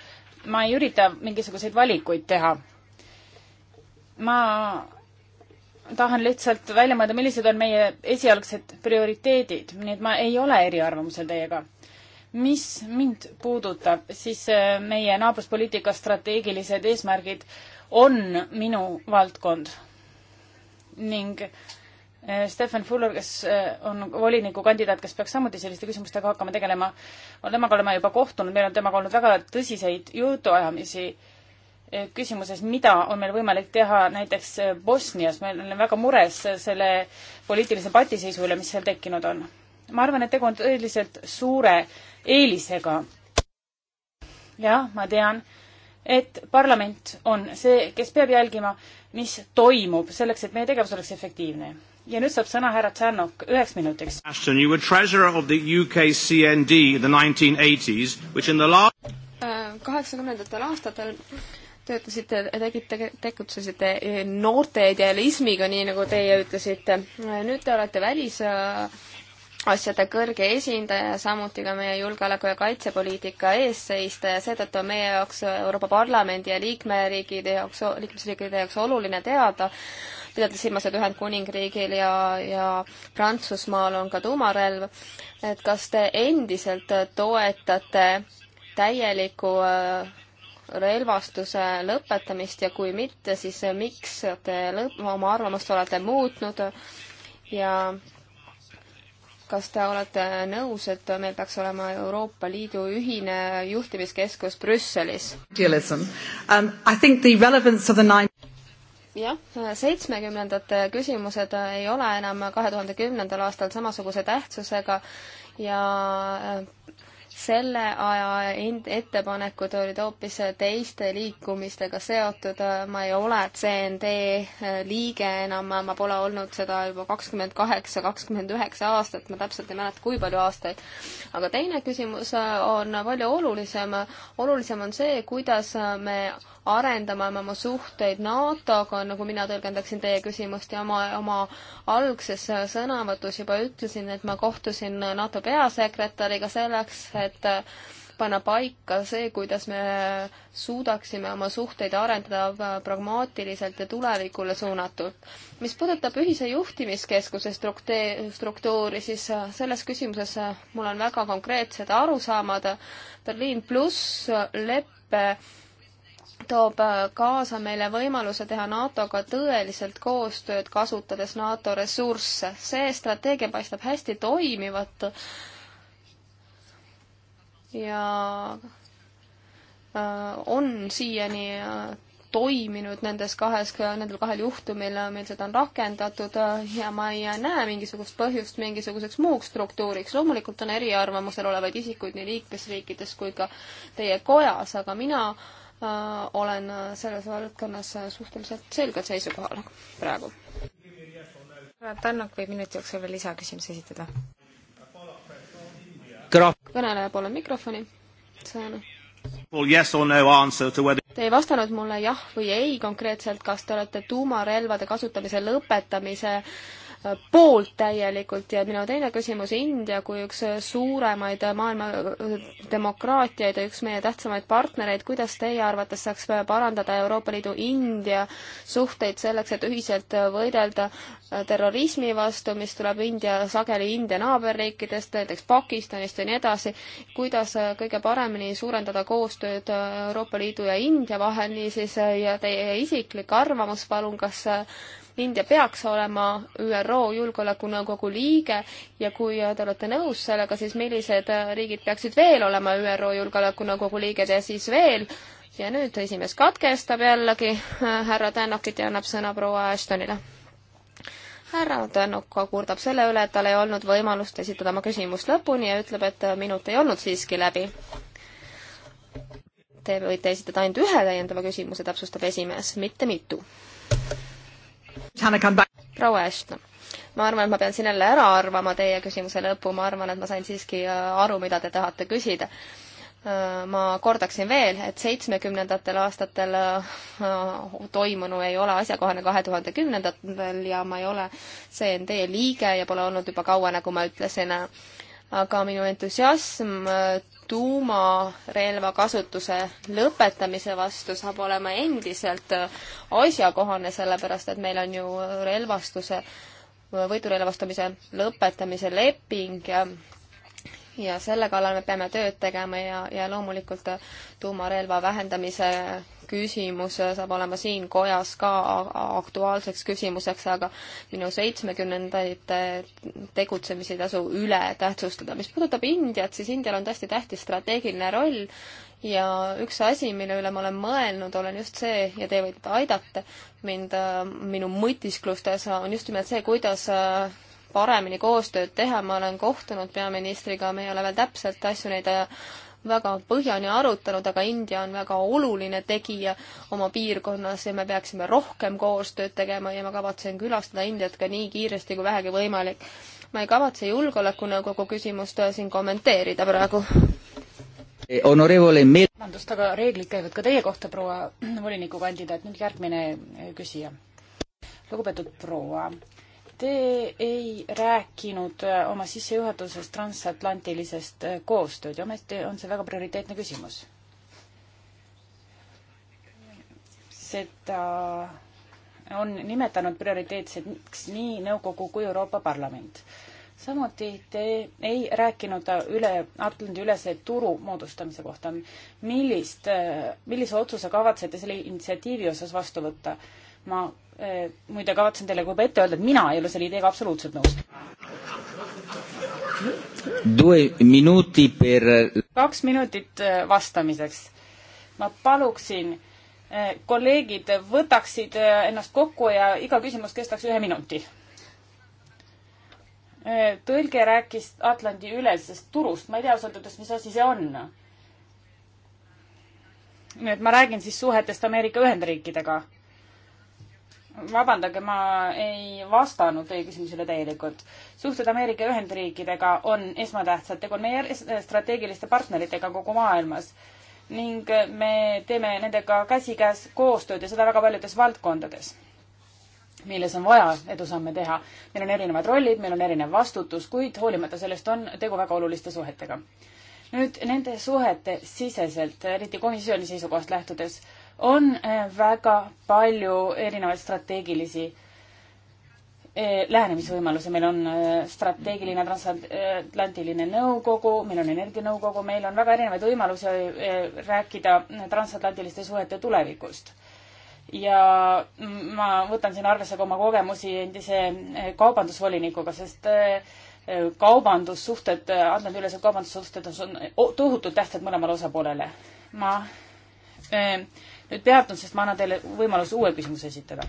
ma ei ürita mingisuguseid valikuid teha. ma tahan lihtsalt välja mõelda, millised on meie esialgsed prioriteedid, nii et ma ei ole eriarvamusel teiega. mis mind puudutab, siis äh, meie naabruspoliitika strateegilised eesmärgid äh, on minu valdkond. ning eh, Stefan Fuller, kes eh, on volinikukandidaat, kes peaks samuti selliste küsimustega hakkama tegelema, temaga oleme juba kohtunud, meil on temaga olnud väga tõsiseid jutuajamisi eh, küsimuses, mida on meil võimalik teha näiteks Bosnias, me oleme väga mures selle poliitilise patiseisu üle, mis seal tekkinud on. ma arvan, et tegu on tõeliselt suure eelisega. jah, ma tean et parlament on see, kes peab jälgima, mis toimub, selleks et meie tegevus oleks efektiivne. ja nüüd saab sõna härra Tšernok üheks minutiks. Ashton, you were treasurer of the UK CND the nineteen eighties, which in the last äh, kaheksakümnendatel aastatel töötasite, tegite, tegutsesite noorte idealismiga, nii nagu teie ütlesite. Äh, nüüd te olete välis äh, asjade kõrge esindaja, samuti ka meie julgeoleku- ja kaitsepoliitika eesseista ja seetõttu on meie jaoks, Euroopa Parlamendi ja liikmeriigide jaoks, liikmesriikide jaoks oluline teada, pidades silmas, et Ühendkuningriigil ja, ja Prantsusmaal on ka tuumarelv, et kas te endiselt toetate täieliku äh, relvastuse lõpetamist ja kui mitte, siis miks te lõpp, oma arvamust olete muutnud ja kas te olete nõus, et meil peaks olema Euroopa Liidu ühine juhtimiskeskus Brüsselis? Um, jah, seitsmekümnendate küsimused ei ole enam kahe tuhande kümnendal aastal samasuguse tähtsusega ja selle aja ettepanekud olid hoopis teiste liikumistega seotud, ma ei ole CND äh, liige enam, ma pole olnud seda juba kakskümmend kaheksa, kakskümmend üheksa aastat, ma täpselt ei mäleta, kui palju aastaid. aga teine küsimus äh, on palju olulisem, olulisem on see, kuidas me arendama me oma suhteid NATO-ga, nagu mina tõlgendaksin teie küsimust ja oma, oma algses sõnavõtus juba ütlesin, et ma kohtusin NATO peasekretäriga selleks, et panna paika see, kuidas me suudaksime oma suhteid arendada pragmaatiliselt ja tulevikule suunatult. mis puudutab ühise juhtimiskeskuse struktuuri, siis selles küsimuses mul on väga konkreetsed arusaamad. Berliin pluss leppe toob äh, kaasa meile võimaluse teha NATO-ga tõeliselt koostööd, kasutades NATO ressursse. see strateegia paistab hästi toimivat ja äh, on siiani äh, toiminud nendes kahes, nendel kahel juhtumil, mil seda on rakendatud ja ma ei näe mingisugust põhjust mingisuguseks muuks struktuuriks. loomulikult on eriarvamusel olevaid isikuid nii liikmesriikides kui ka teie kojas, aga mina äh, olen selles valdkonnas suhteliselt selgel seisukohal praegu. Tannok võib minuti jooksul veel lisaküsimuse esitada. kõneleja poole mikrofoni, sõna. Te ei vastanud mulle jah või ei konkreetselt, kas te olete tuumarelvade kasutamise lõpetamise äh, poolt täielikult ja minu teine küsimus, India kui üks suuremaid maailma demokraatiaid ja üks meie tähtsamaid partnereid, kuidas teie arvates saaks parandada Euroopa Liidu India suhteid selleks, et ühiselt võidelda terrorismi vastu, mis tuleb India, sageli India naaberriikidest, näiteks Pakistanist ja nii edasi, kuidas kõige paremini suurendada koostööd Euroopa Liidu ja India vahel, niisiis ja teie isiklik arvamus palun, kas India peaks olema ÜRO Julgeolekunõukogu liige ja kui te olete nõus sellega, siis millised riigid peaksid veel olema ÜRO Julgeolekunõukogu liiged ja siis veel ja nüüd esimees katkestab jällegi härra Tänokit ja annab sõna proua Ashtonile. härra Tänok kurdab selle üle, et tal ei olnud võimalust esitada oma küsimust lõpuni ja ütleb, et minut ei olnud siiski läbi. Te võite esitada ainult ühe täiendava küsimuse, täpsustab esimees, mitte mitu proua Ashton, ma arvan, et ma pean siin jälle ära arvama teie küsimuse lõpu, ma arvan, et ma sain siiski äh, aru, mida te tahate küsida äh, ma kordaksin veel, et seitsmekümnendatel aastatel äh, toimunu ei ole asjakohane kahe tuhande kümnendatel ja ma ei ole CND liige ja pole olnud juba kaua, nagu ma ütlesin. aga minu entusiasm tuumarelva kasutuse lõpetamise vastu saab olema endiselt asjakohane, sellepärast et meil on ju relvastuse, võidurelvastamise lõpetamise leping ja ja selle kallal me peame tööd tegema ja, ja loomulikult tuumarelva vähendamise küsimus saab olema siin kojas ka aktuaalseks küsimuseks, aga minu seitsmekümnendate tegutsemisi ei tasu üle tähtsustada. mis puudutab Indiat, siis Indial on tõesti tähtis strateegiline roll ja üks asi, mille üle ma olen mõelnud, olen just see ja te võite aidata mind minu mõtisklustes, on just nimelt see, kuidas paremini koostööd teha, ma olen kohtunud peaministriga, me ei ole veel täpselt asju neid äh, väga põhjani arutanud, aga India on väga oluline tegija oma piirkonnas ja me peaksime rohkem koostööd tegema ja ma kavatsen külastada Indiat ka nii kiiresti kui vähegi võimalik. ma ei kavatse Julgeolekunõukogu küsimust äh, siin kommenteerida praegu. Eh, vabandust, aga reeglid käivad ka teie kohta, proua [clears throat] volinikukandidaat, nüüd järgmine eh, küsija. lugupeetud proua Te ei rääkinud äh, oma sissejuhatuses transatlantilisest äh, koostööd ja ometi on see väga prioriteetne küsimus. seda on nimetanud prioriteetseks nii Nõukogu kui Euroopa Parlament. samuti te ei rääkinud üle, Atlandi ülese turu moodustamise kohta. millist, äh, millise otsuse kavatsete selle initsiatiivi osas vastu võtta? ma Eh, muide, kavatsen teile juba ette öelda, et mina ei ole selle ideega absoluutselt nõus. Minuti per... kaks minutit eh, vastamiseks. ma paluksin, eh, kolleegid võtaksid ennast kokku ja iga küsimus kestaks ühe minuti. tõlge rääkis Atlandi ülesest turust, ma ei tea ausalt öeldes, mis asi see on. nii et ma räägin siis suhetest Ameerika Ühendriikidega vabandage, ma ei vastanud teie küsimusele täielikult. suhted Ameerika Ühendriikidega on esmatähtsad, tegu on meie strateegiliste partneritega kogu maailmas ning me teeme nendega käsikäes koostööd ja seda väga paljudes valdkondades, milles on vaja edusamme teha. meil on erinevad rollid, meil on erinev vastutus, kuid hoolimata sellest on tegu väga oluliste suhetega. nüüd nende suhete siseselt, eriti komisjoni seisukohast lähtudes on eh, väga palju erinevaid strateegilisi eh, lähenemisvõimalusi, meil on eh, strateegiline transatlantiline nõukogu, meil on energianõukogu, meil on väga erinevaid võimalusi rääkida transatlantiliste suhete tulevikust. ja ma võtan siin arvesse ka oma kogemusi endise kaubandusvolinikuga, sest kaubandussuhted, Atlandi-ülesed kaubandussuhted on tohutult tähtsad mõlemale osapoolele. ma äh, nüüd peatun, sest ma annan teile võimaluse uue küsimuse esitada.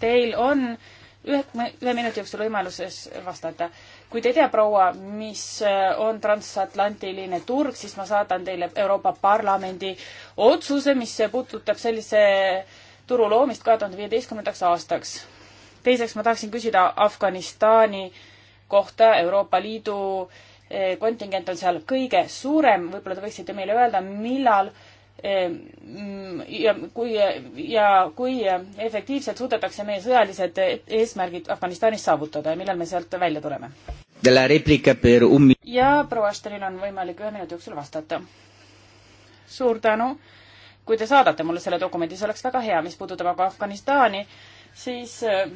Teil on ühe, ühe minuti jooksul võimaluses vastata. kui te ei tea, proua, mis äh, on transatlantiline turg, siis ma saadan teile Euroopa Parlamendi otsuse, mis puudutab sellise turu loomist kahe tuhande viieteistkümnendaks aastaks. teiseks ma tahaksin küsida Afganistani kohta Euroopa Liidu äh, Eh, kontingent on seal kõige suurem, võib-olla te võiksite meile öelda, millal eh, mm, ja kui, ja kui efektiivselt suudetakse meie sõjalised eesmärgid Afganistanis saavutada ja millal me sealt välja tuleme? ja proua Ashtonil on võimalik ühe minuti jooksul vastata. suur tänu. kui te saadate mulle selle dokumendi, see oleks väga hea, mis puudutab aga Afganistani, siis eh,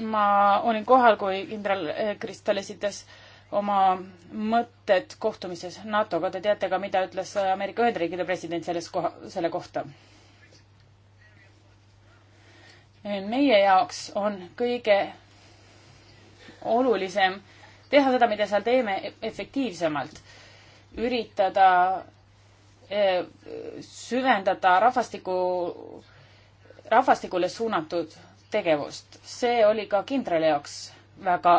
ma olin kohal, kui kindral Kristal esitas äh, oma mõtted kohtumises NATO-ga, te teate ka, mida ütles Ameerika Ühendriikide president selles koha, selle kohta. meie jaoks on kõige olulisem teha seda, mida seal teeme, efektiivsemalt. üritada eh, süvendada rahvastiku, rahvastikule suunatud tegevust. see oli ka kindrali jaoks väga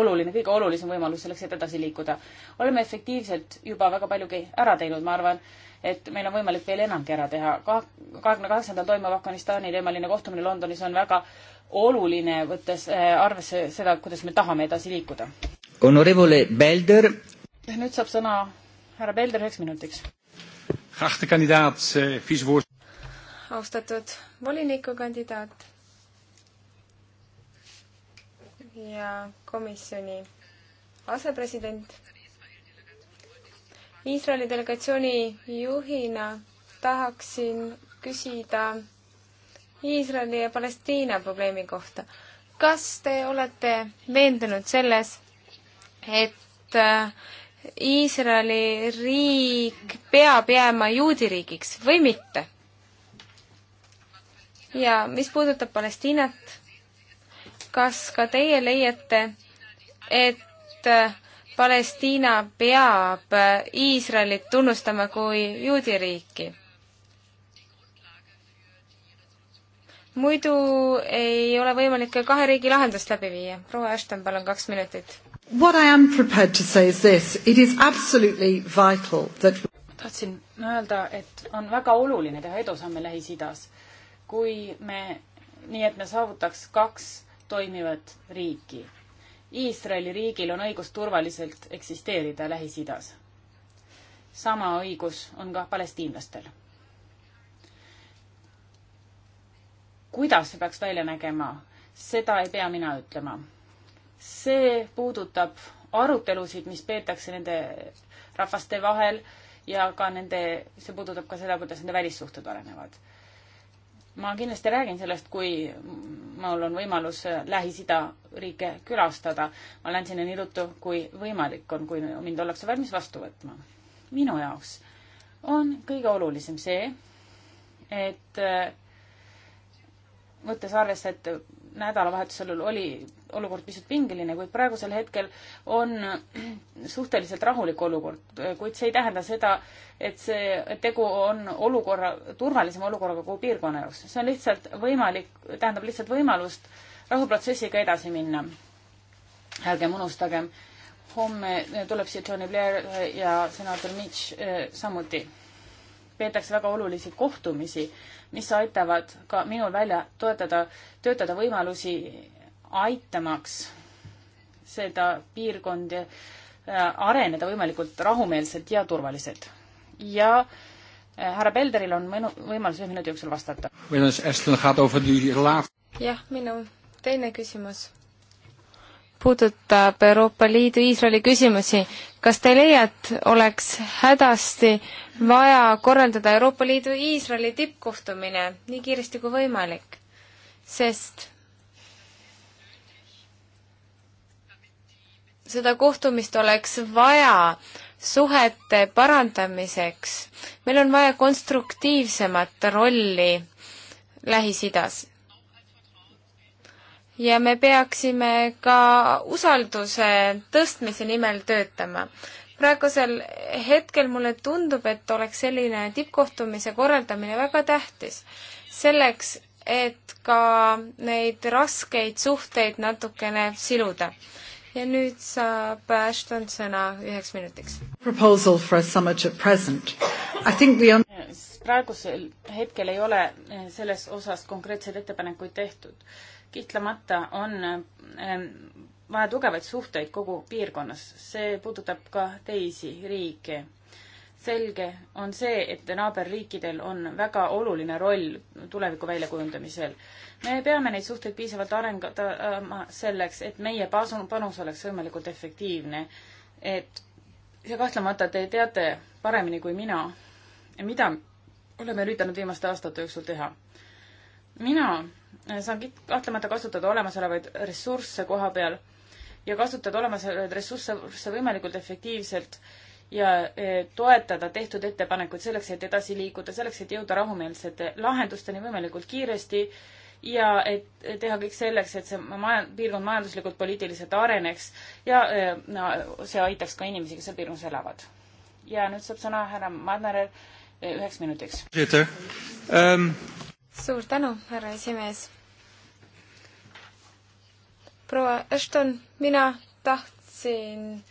oluline, kõige olulisem võimalus selleks, et edasi liikuda. oleme efektiivselt juba väga paljugi ära teinud, ma arvan, et meil on võimalik veel enamgi ära teha. kahekümne kaheksandal toimuv Afganistani teemaline kohtumine Londonis on väga oluline, võttes äh, arvesse seda, kuidas me tahame edasi liikuda. Honorevole Belder. nüüd saab sõna härra Belder üheks minutiks. Eh, austatud volinikukandidaat ja komisjoni asepresident. Iisraeli delegatsiooni juhina tahaksin küsida Iisraeli ja Palestiina probleemi kohta. kas te olete veendunud selles, et äh, Iisraeli riik peab jääma juudi riigiks või mitte? ja mis puudutab Palestiinat, kas ka teie leiate, et Palestiina peab Iisraelit tunnustama kui juudi riiki? muidu ei ole võimalik ka kahe riigi lahendust läbi viia. proua Ashton, palun kaks minutit. What I am prepared to say is this, it is absolutely vital that tahtsin öelda, et on väga oluline teha edusamme Lähis-Idas. kui me, nii et me saavutaks kaks toimivat riiki. Iisraeli riigil on õigus turvaliselt eksisteerida Lähis-Idas. sama õigus on ka palestiinlastel. kuidas see peaks välja nägema, seda ei pea mina ütlema. see puudutab arutelusid, mis peetakse nende rahvaste vahel ja ka nende, see puudutab ka seda, kuidas nende välissuhted arenevad ma kindlasti räägin sellest, kui mul on võimalus äh, Lähis-Ida riike külastada. ma lähen sinna nii ruttu, kui võimalik on, kui mind ollakse valmis vastu võtma. minu jaoks on kõige olulisem see, et äh, võttes arvesse, et nädalavahetusel oli olukord pisut pingeline, kuid praegusel hetkel on [clears throat] suhteliselt rahulik olukord, kuid see ei tähenda seda, et see et tegu on olukorra, turvalisema olukorraga kogu piirkonna jaoks. see on lihtsalt võimalik, tähendab lihtsalt võimalust rahuprotsessiga edasi minna. ärgem unustagem, homme tuleb siia Tony Blair ja senator Mitch eh, samuti peetakse väga olulisi kohtumisi, mis aitavad ka minul välja toetada, töötada võimalusi aitamaks seda piirkondi äh, areneda võimalikult rahumeelselt ja turvaliselt. ja äh, härra Pelderil on mõnu, võimalus ühe minuti jooksul vastata. jah, minu teine küsimus puudutab Euroopa Liidu Iisraeli küsimusi kas te ei leia, et oleks hädasti vaja korraldada Euroopa Liidu Iisraeli tippkohtumine nii kiiresti kui võimalik, sest seda kohtumist oleks vaja suhete parandamiseks. meil on vaja konstruktiivsemat rolli Lähis-Idas ja me peaksime ka usalduse tõstmise nimel töötama. praegusel hetkel mulle tundub, et oleks selline tippkohtumise korraldamine väga tähtis. selleks, et ka neid raskeid suhteid natukene siluda. ja nüüd saab Ashton sõna üheks minutiks. Proposal for a summit at present. I think we on praegusel hetkel ei ole selles osas konkreetseid ettepanekuid tehtud kihtlemata on ähm, vaja tugevaid suhteid kogu piirkonnas, see puudutab ka teisi riike. selge on see, et naaberriikidel on väga oluline roll tuleviku väljakujundamisel. me peame neid suhteid piisavalt arendama selleks, et meie panus oleks võimalikult efektiivne. et ja kahtlemata te teate paremini kui mina, mida oleme üritanud viimaste aastate jooksul teha. mina saan kahtlemata kasutada olemasolevaid ressursse koha peal ja kasutada olemasolevaid ressursse võimalikult efektiivselt ja e, toetada tehtud ettepanekuid selleks, et edasi liikuda, selleks, et jõuda rahumeelsete lahendusteni võimalikult kiiresti ja et e, teha kõik selleks, et see maja, piirkond majanduslikult, poliitiliselt areneks ja e, no, see aitaks ka inimesi, kes seal piirkonnas elavad. ja nüüd saab sõna härra Madnerel üheks minutiks. Um, suur tänu, härra esimees. proua Ashton, mina tahtsin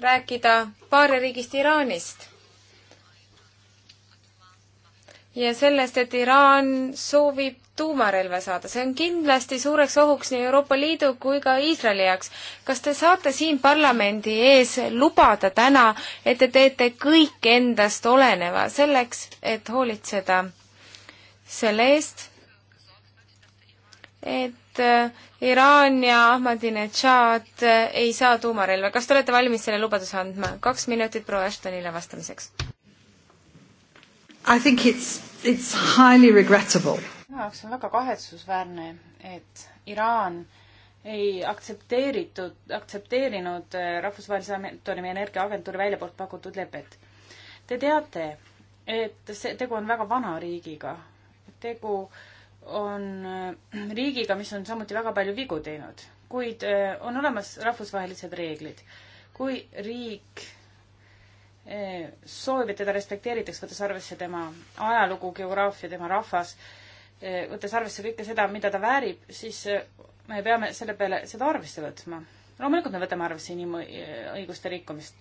rääkida paariariigist Iraanist ja sellest, et Iraan soovib tuumarelva saada. see on kindlasti suureks ohuks nii Euroopa Liidu kui ka Iisraeli jaoks. kas te saate siin parlamendi ees lubada täna, et te teete kõik endast oleneva selleks, et hoolitseda selle eest, et äh, Iraan ja Ahmadinejad äh, ei saa tuumarelva. kas te olete valmis selle lubaduse andma? kaks minutit proua Ashtonile vastamiseks. I think it's, it's highly regrettable. minu jaoks on väga kahetsusväärne, et Iraan ei aktsepteeritud, aktsepteerinud äh, Rahvusvahelise Atomi Energiaagentuuri välja poolt pakutud lepet. Te teate, et see, tegu on väga vana riigiga, tegu on äh, riigiga, mis on samuti väga palju vigu teinud, kuid äh, on olemas rahvusvahelised reeglid. kui riik äh, soovib, et teda respekteeritakse, võttes arvesse tema ajalugu, geograafia, tema rahvas, võttes arvesse kõike seda, mida ta väärib, siis me peame selle peale seda arvesse võtma. loomulikult me võtame arvesse inimõiguste rikkumist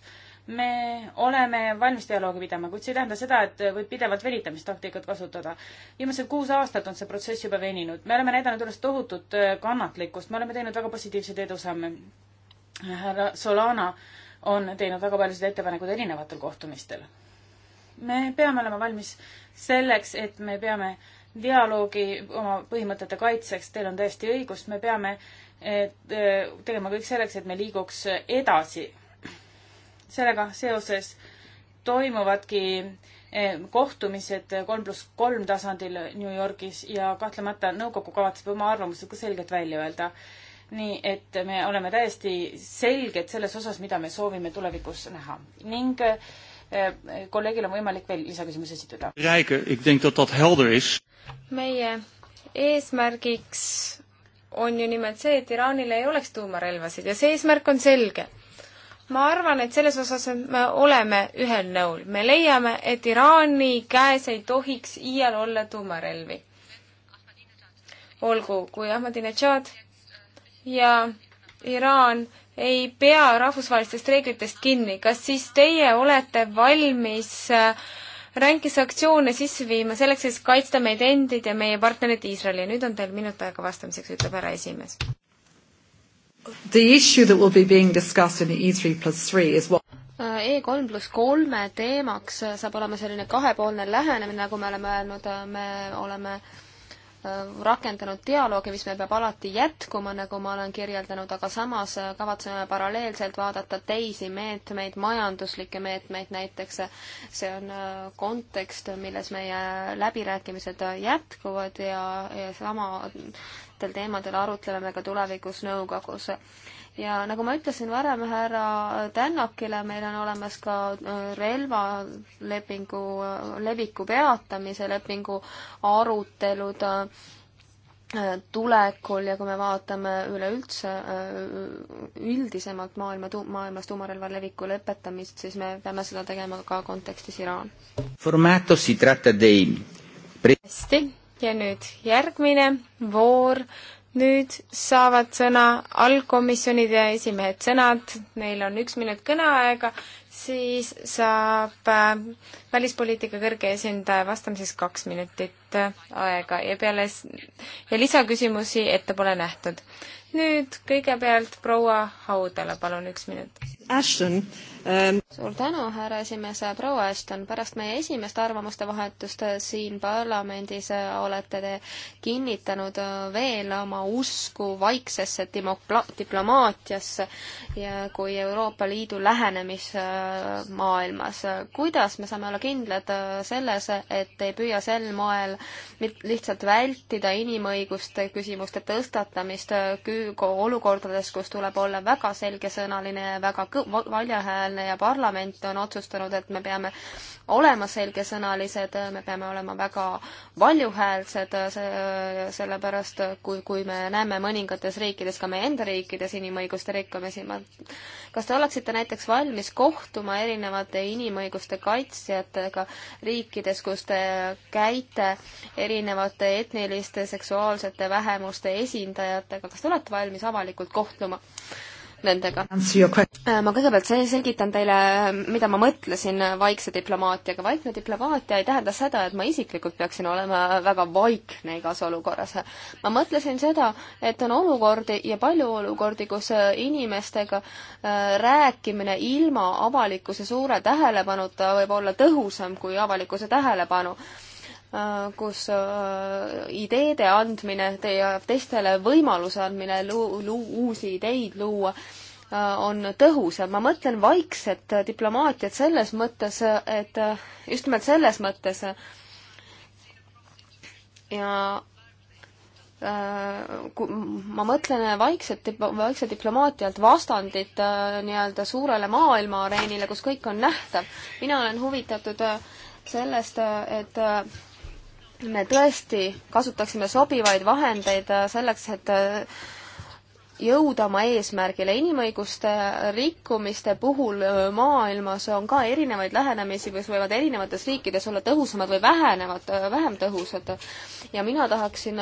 me oleme valmis dialoogi pidama, kuid see ei tähenda seda, et võib pidevalt venitamistaktikat kasutada. viimased kuus aastat on see protsess juba veninud, me oleme näidanud üles tohutut äh, kannatlikkust, me oleme teinud väga positiivseid edusamme. härra Solana on teinud väga paljusid ettepanekuid erinevatel kohtumistel. me peame olema valmis selleks, et me peame dialoogi oma põhimõtete kaitseks, teil on täiesti õigus, me peame et, äh, tegema kõik selleks, et me liiguks edasi sellega seoses toimuvadki eh, kohtumised kolm pluss kolm tasandil New Yorgis ja kahtlemata nõukogu kavatseb oma arvamused ka selgelt välja öelda. nii et me oleme täiesti selged selles osas, mida me soovime tulevikus näha ning eh, kolleegil on võimalik veel lisaküsimusi esitada. meie eesmärgiks on ju nimelt see, et Iraanil ei oleks tuumarelvasid ja see eesmärk on selge ma arvan, et selles osas me oleme ühel nõul. me leiame, et Iraani käes ei tohiks iial olla tuumarelvi. olgu, kui Ahmadinejad ja Iraan ei pea rahvusvahelistest reeglitest kinni, kas siis teie olete valmis äh, ränki sanktsioone sisse viima selleks, et kaitsta meid endid ja meie partnerid Iisraeli ja nüüd on teil minut aega vastamiseks, ütleb härra esimees The issue that will be being discussed in the E3 plus 3 is what äh, E3 pluss kolme teemaks äh, saab olema selline kahepoolne lähenemine, nagu me oleme öelnud, äh, me oleme äh, Äh, rakendanud dialoogi, mis meil peab alati jätkuma, nagu ma olen kirjeldanud, aga samas äh, kavatseme paralleelselt vaadata teisi meetmeid, majanduslikke meetmeid näiteks. Äh, see on kontekst, milles meie läbirääkimised jätkuvad ja, ja samadel teemadel arutleme me ka tulevikus nõukogus ja nagu ma ütlesin varem härra Tännakile, meil on olemas ka äh, relvalepingu, äh, leviku peatamise lepingu arutelud äh, tulekul ja kui me vaatame üleüldse üldisemalt maailma tu-, maailmas tuumarelva leviku lõpetamist, siis me peame seda tegema ka kontekstis Iraan. hästi, ja nüüd järgmine voor nüüd saavad sõna allkomisjonide esimehed sõnad, neil on üks minut kõneaega, siis saab äh, välispoliitika kõrge esindaja vastamiseks kaks minutit äh, aega ja peale ja lisaküsimusi ette pole nähtud. nüüd kõigepealt proua Haudala, palun üks minut Ashton ähm.... suur tänu, härra esimees, proua Ashton, pärast meie esimest arvamuste vahetust siin parlamendis olete te kinnitanud veel oma usku vaiksesse diplomaatiasse ja kui Euroopa Liidu lähenemismaailmas. kuidas me saame olla kindlad selles, et ei püüa sel moel lihtsalt vältida inimõiguste küsimuste tõstatamist olukordades, kus tuleb olla väga selgesõnaline ja väga valjaäälne ja parlament on otsustanud, et me peame olema selgesõnalised, me peame olema väga valjuhäälsed, sellepärast kui, kui me näeme mõningates riikides, ka meie enda riikides inimõiguste rikkumisi, ma kas te oleksite näiteks valmis kohtuma erinevate inimõiguste kaitsjatega riikides, kus te käite erinevate etniliste seksuaalsete vähemuste esindajatega, kas te olete valmis avalikult kohtuma? nendega. Äh, ma kõigepealt selgitan teile, mida ma mõtlesin vaikse diplomaatiaga. vaikne diplomaatia ei tähenda seda, et ma isiklikult peaksin olema väga vaikne igas olukorras. ma mõtlesin seda, et on olukordi ja palju olukordi, kus äh, inimestega äh, rääkimine ilma avalikkuse suure tähelepanuta võib olla tõhusam kui avalikkuse tähelepanu kus äh, ideede andmine ja teistele võimaluse andmine lu-, lu-, uusi ideid luua äh, on tõhus ja ma mõtlen vaikset diplomaatiat selles mõttes, et äh, just nimelt selles mõttes ja kui ma mõtlen vaikset, vaikse diplomaatia alt vastandit nii-öelda suurele maailmaareenile, kus kõik on nähtav. mina olen huvitatud sellest, et me tõesti kasutaksime sobivaid vahendeid äh, selleks, et äh, jõuda oma eesmärgile. inimõiguste rikkumiste puhul äh, maailmas on ka erinevaid lähenemisi, mis võivad erinevates riikides olla tõhusamad või vähenevad, vähem tõhusad. ja mina tahaksin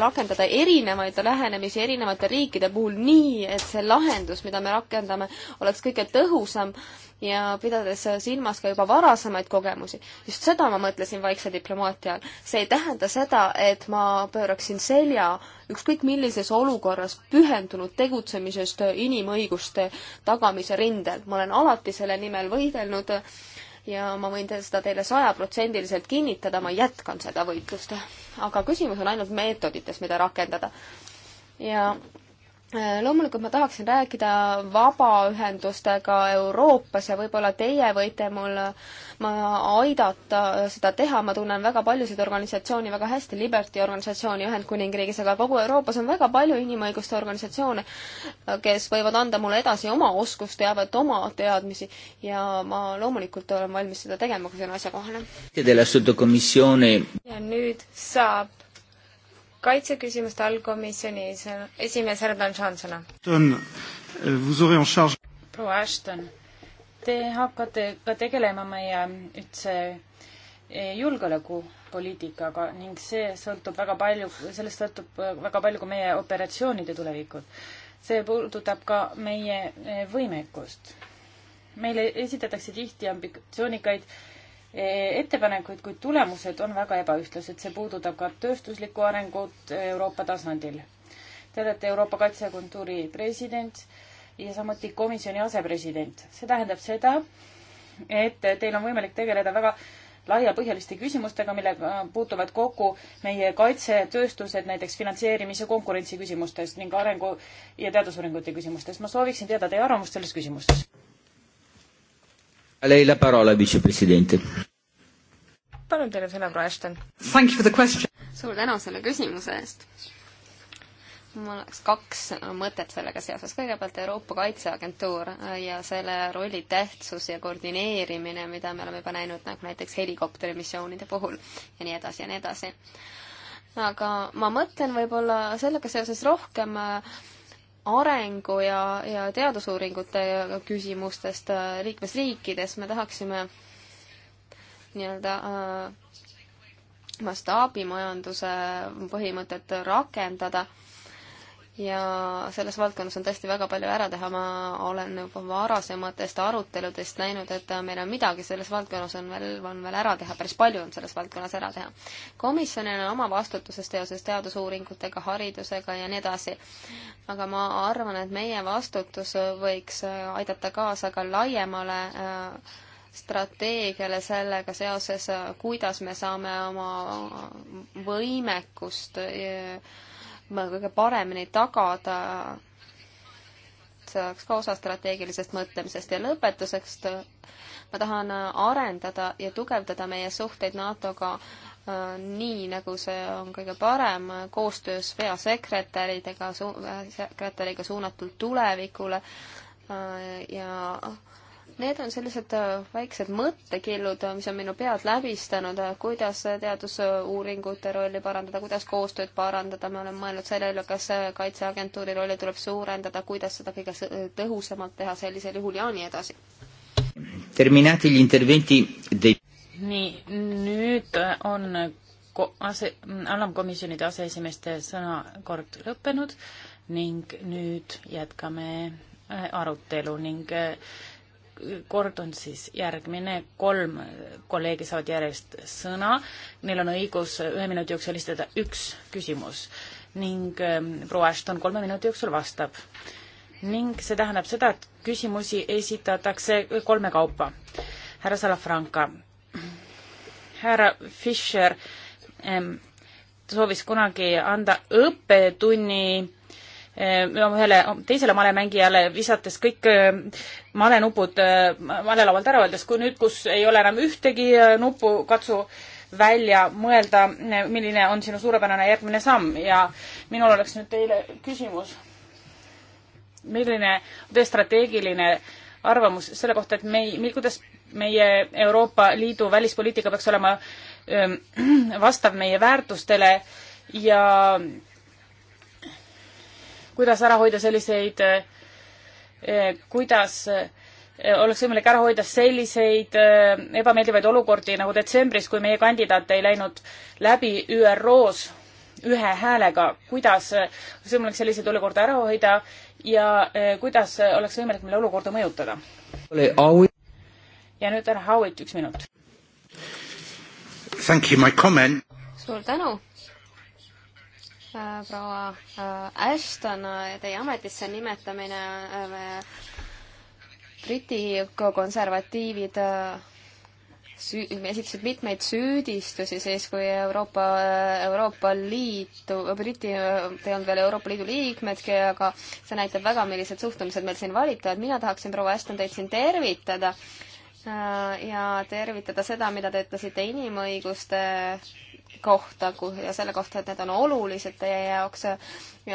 rakendada erinevaid lähenemisi erinevate riikide puhul nii, et see lahendus, mida me rakendame, oleks kõige tõhusam ja pidades silmas ka juba varasemaid kogemusi, just seda ma mõtlesin vaikse diplomaatia all. see ei tähenda seda, et ma pööraksin selja ükskõik millises olukorras pühendunud tegutsemisest inimõiguste tagamise rindel. ma olen alati selle nimel võidelnud ja ma võin seda teile sajaprotsendiliselt kinnitada, ma jätkan seda võitlust. aga küsimus on ainult meetodites, mida rakendada. ja Äh, loomulikult ma tahaksin rääkida vabaühendustega Euroopas ja võib-olla teie võite mul ma aidata äh, seda teha, ma tunnen väga paljusid organisatsioone väga hästi, Liberty organisatsiooni Ühendkuningriigis, aga kogu Euroopas on väga palju inimõiguste organisatsioone, äh, kes võivad anda mulle edasi oma oskusteavet, oma teadmisi ja ma loomulikult olen valmis seda tegema, kui see on asjakohane. ja nüüd saab kaitseküsimuste allkomisjoni esimees härra Danšan sõna. Eh, proua Ashton, te hakkate ka tegelema meie üldse eh, julgeolekupoliitikaga ning see sõltub väga palju, sellest sõltub eh, väga palju ka meie operatsioonide tulevikud. see puudutab ka meie võimekust. meile esitatakse tihti ambitsioonikaid Eh, ettepanekuid, kuid tulemused on väga ebaühtlased, see puudutab ka tööstuslikku arengut eh, Euroopa tasandil. Te olete Euroopa Kaitsekontuuri president ja samuti komisjoni asepresident. see tähendab seda, et teil on võimalik tegeleda väga laiapõhjaliste küsimustega, millega puutuvad kokku meie kaitsetööstused näiteks finantseerimise konkurentsi küsimustes ning arengu ja teadusuuringute küsimustes. ma sooviksin teada teie arvamust selles küsimustes. Lei la parola, vicepresident. palun teile sõna, proua Ashton. suur tänu selle küsimuse eest. mul oleks kaks mõtet sellega seoses. kõigepealt Euroopa Kaitseagentuur ja selle rolli tähtsus ja koordineerimine, mida me oleme juba näinud nagu näiteks helikopterimissioonide puhul ja nii edasi ja nii edasi. aga ma mõtlen võib-olla sellega seoses rohkem äh, arengu ja, ja teadusuuringute küsimustest äh, liikmesriikides, me tahaksime nii-öelda äh, mastaabimajanduse põhimõtet rakendada ja selles valdkonnas on tõesti väga palju ära teha, ma olen juba varasematest aruteludest näinud, et meil on midagi selles valdkonnas on veel, on veel ära teha, päris palju on selles valdkonnas ära teha. komisjonil on oma vastutuses teoses teadusuuringutega, haridusega ja nii edasi. aga ma arvan, et meie vastutus võiks aidata kaasa ka laiemale äh, strateegiale sellega seoses, kuidas me saame oma võimekust äh, kõige paremini tagada saaks ka osa strateegilisest mõtlemisest ja lõpetuseks ma tahan arendada ja tugevdada meie suhteid NATO-ga äh, nii, nagu see on kõige parem, koostöös peasekretäridega su, äh, sekretäriga suunatult tulevikule äh, ja Need on sellised äh, väiksed mõttekillud, äh, mis on minu pead läbistanud, äh, kuidas teadusuuringute rolli parandada, kuidas koostööd parandada, ma olen mõelnud selle üle, kas Kaitseagentuuri rolli tuleb suurendada, kuidas seda kõige tõhusamalt teha sellisel juhul ja nii edasi. Terminati gli interventi de... nii, nüüd on ko-, ase-, alamkomisjonide aseesimeeste sõnakord lõppenud ning nüüd jätkame arutelu ning kord on siis järgmine, kolm kolleegi saavad järjest sõna, neil on õigus ühe minuti jooksul esitada üks küsimus ning ähm, proua Ashton kolme minuti jooksul vastab. ning see tähendab seda, et küsimusi esitatakse kolme kaupa. härra Salafranca, härra Fischer ähm, soovis kunagi anda õppetunni ühele teisele malemängijale, visates kõik äh, malenupud äh, malelaualt ära, öeldes, kui nüüd, kus ei ole enam ühtegi äh, nuppu, katsu välja mõelda, milline on sinu suurepärane järgmine samm ja minul oleks nüüd teile küsimus. milline on teie strateegiline arvamus selle kohta, et me ei, kuidas meie Euroopa Liidu välispoliitika peaks olema öö, ähm, [clears throat] vastav meie väärtustele ja öö, kuidas ära hoida selliseid, eh, kuidas eh, oleks võimalik ära hoida selliseid eh, ebameeldivaid olukordi nagu detsembris, kui meie kandidaat ei läinud läbi ÜRO-s ühe häälega, kuidas oleks võimalik selliseid olukordi ära hoida ja kuidas oleks võimalik meil olukorda mõjutada? ja nüüd härra Howitt, üks minut. suur tänu Äh, proua äh, Ashton, äh, teie ametisse nimetamine Briti konservatiivid süü-, esitasid mitmeid süüdistusi siis, kui Euroopa, Euroopa Liitu, Briti ei olnud veel Euroopa Liidu liikmedki, aga see näitab väga, millised suhtumised meil siin valitavad. mina tahaksin, proua Ashton, teid siin tervitada ja tervitada seda, mida te ütlesite inimõiguste kohta ja selle kohta, et need on olulised teie jaoks ja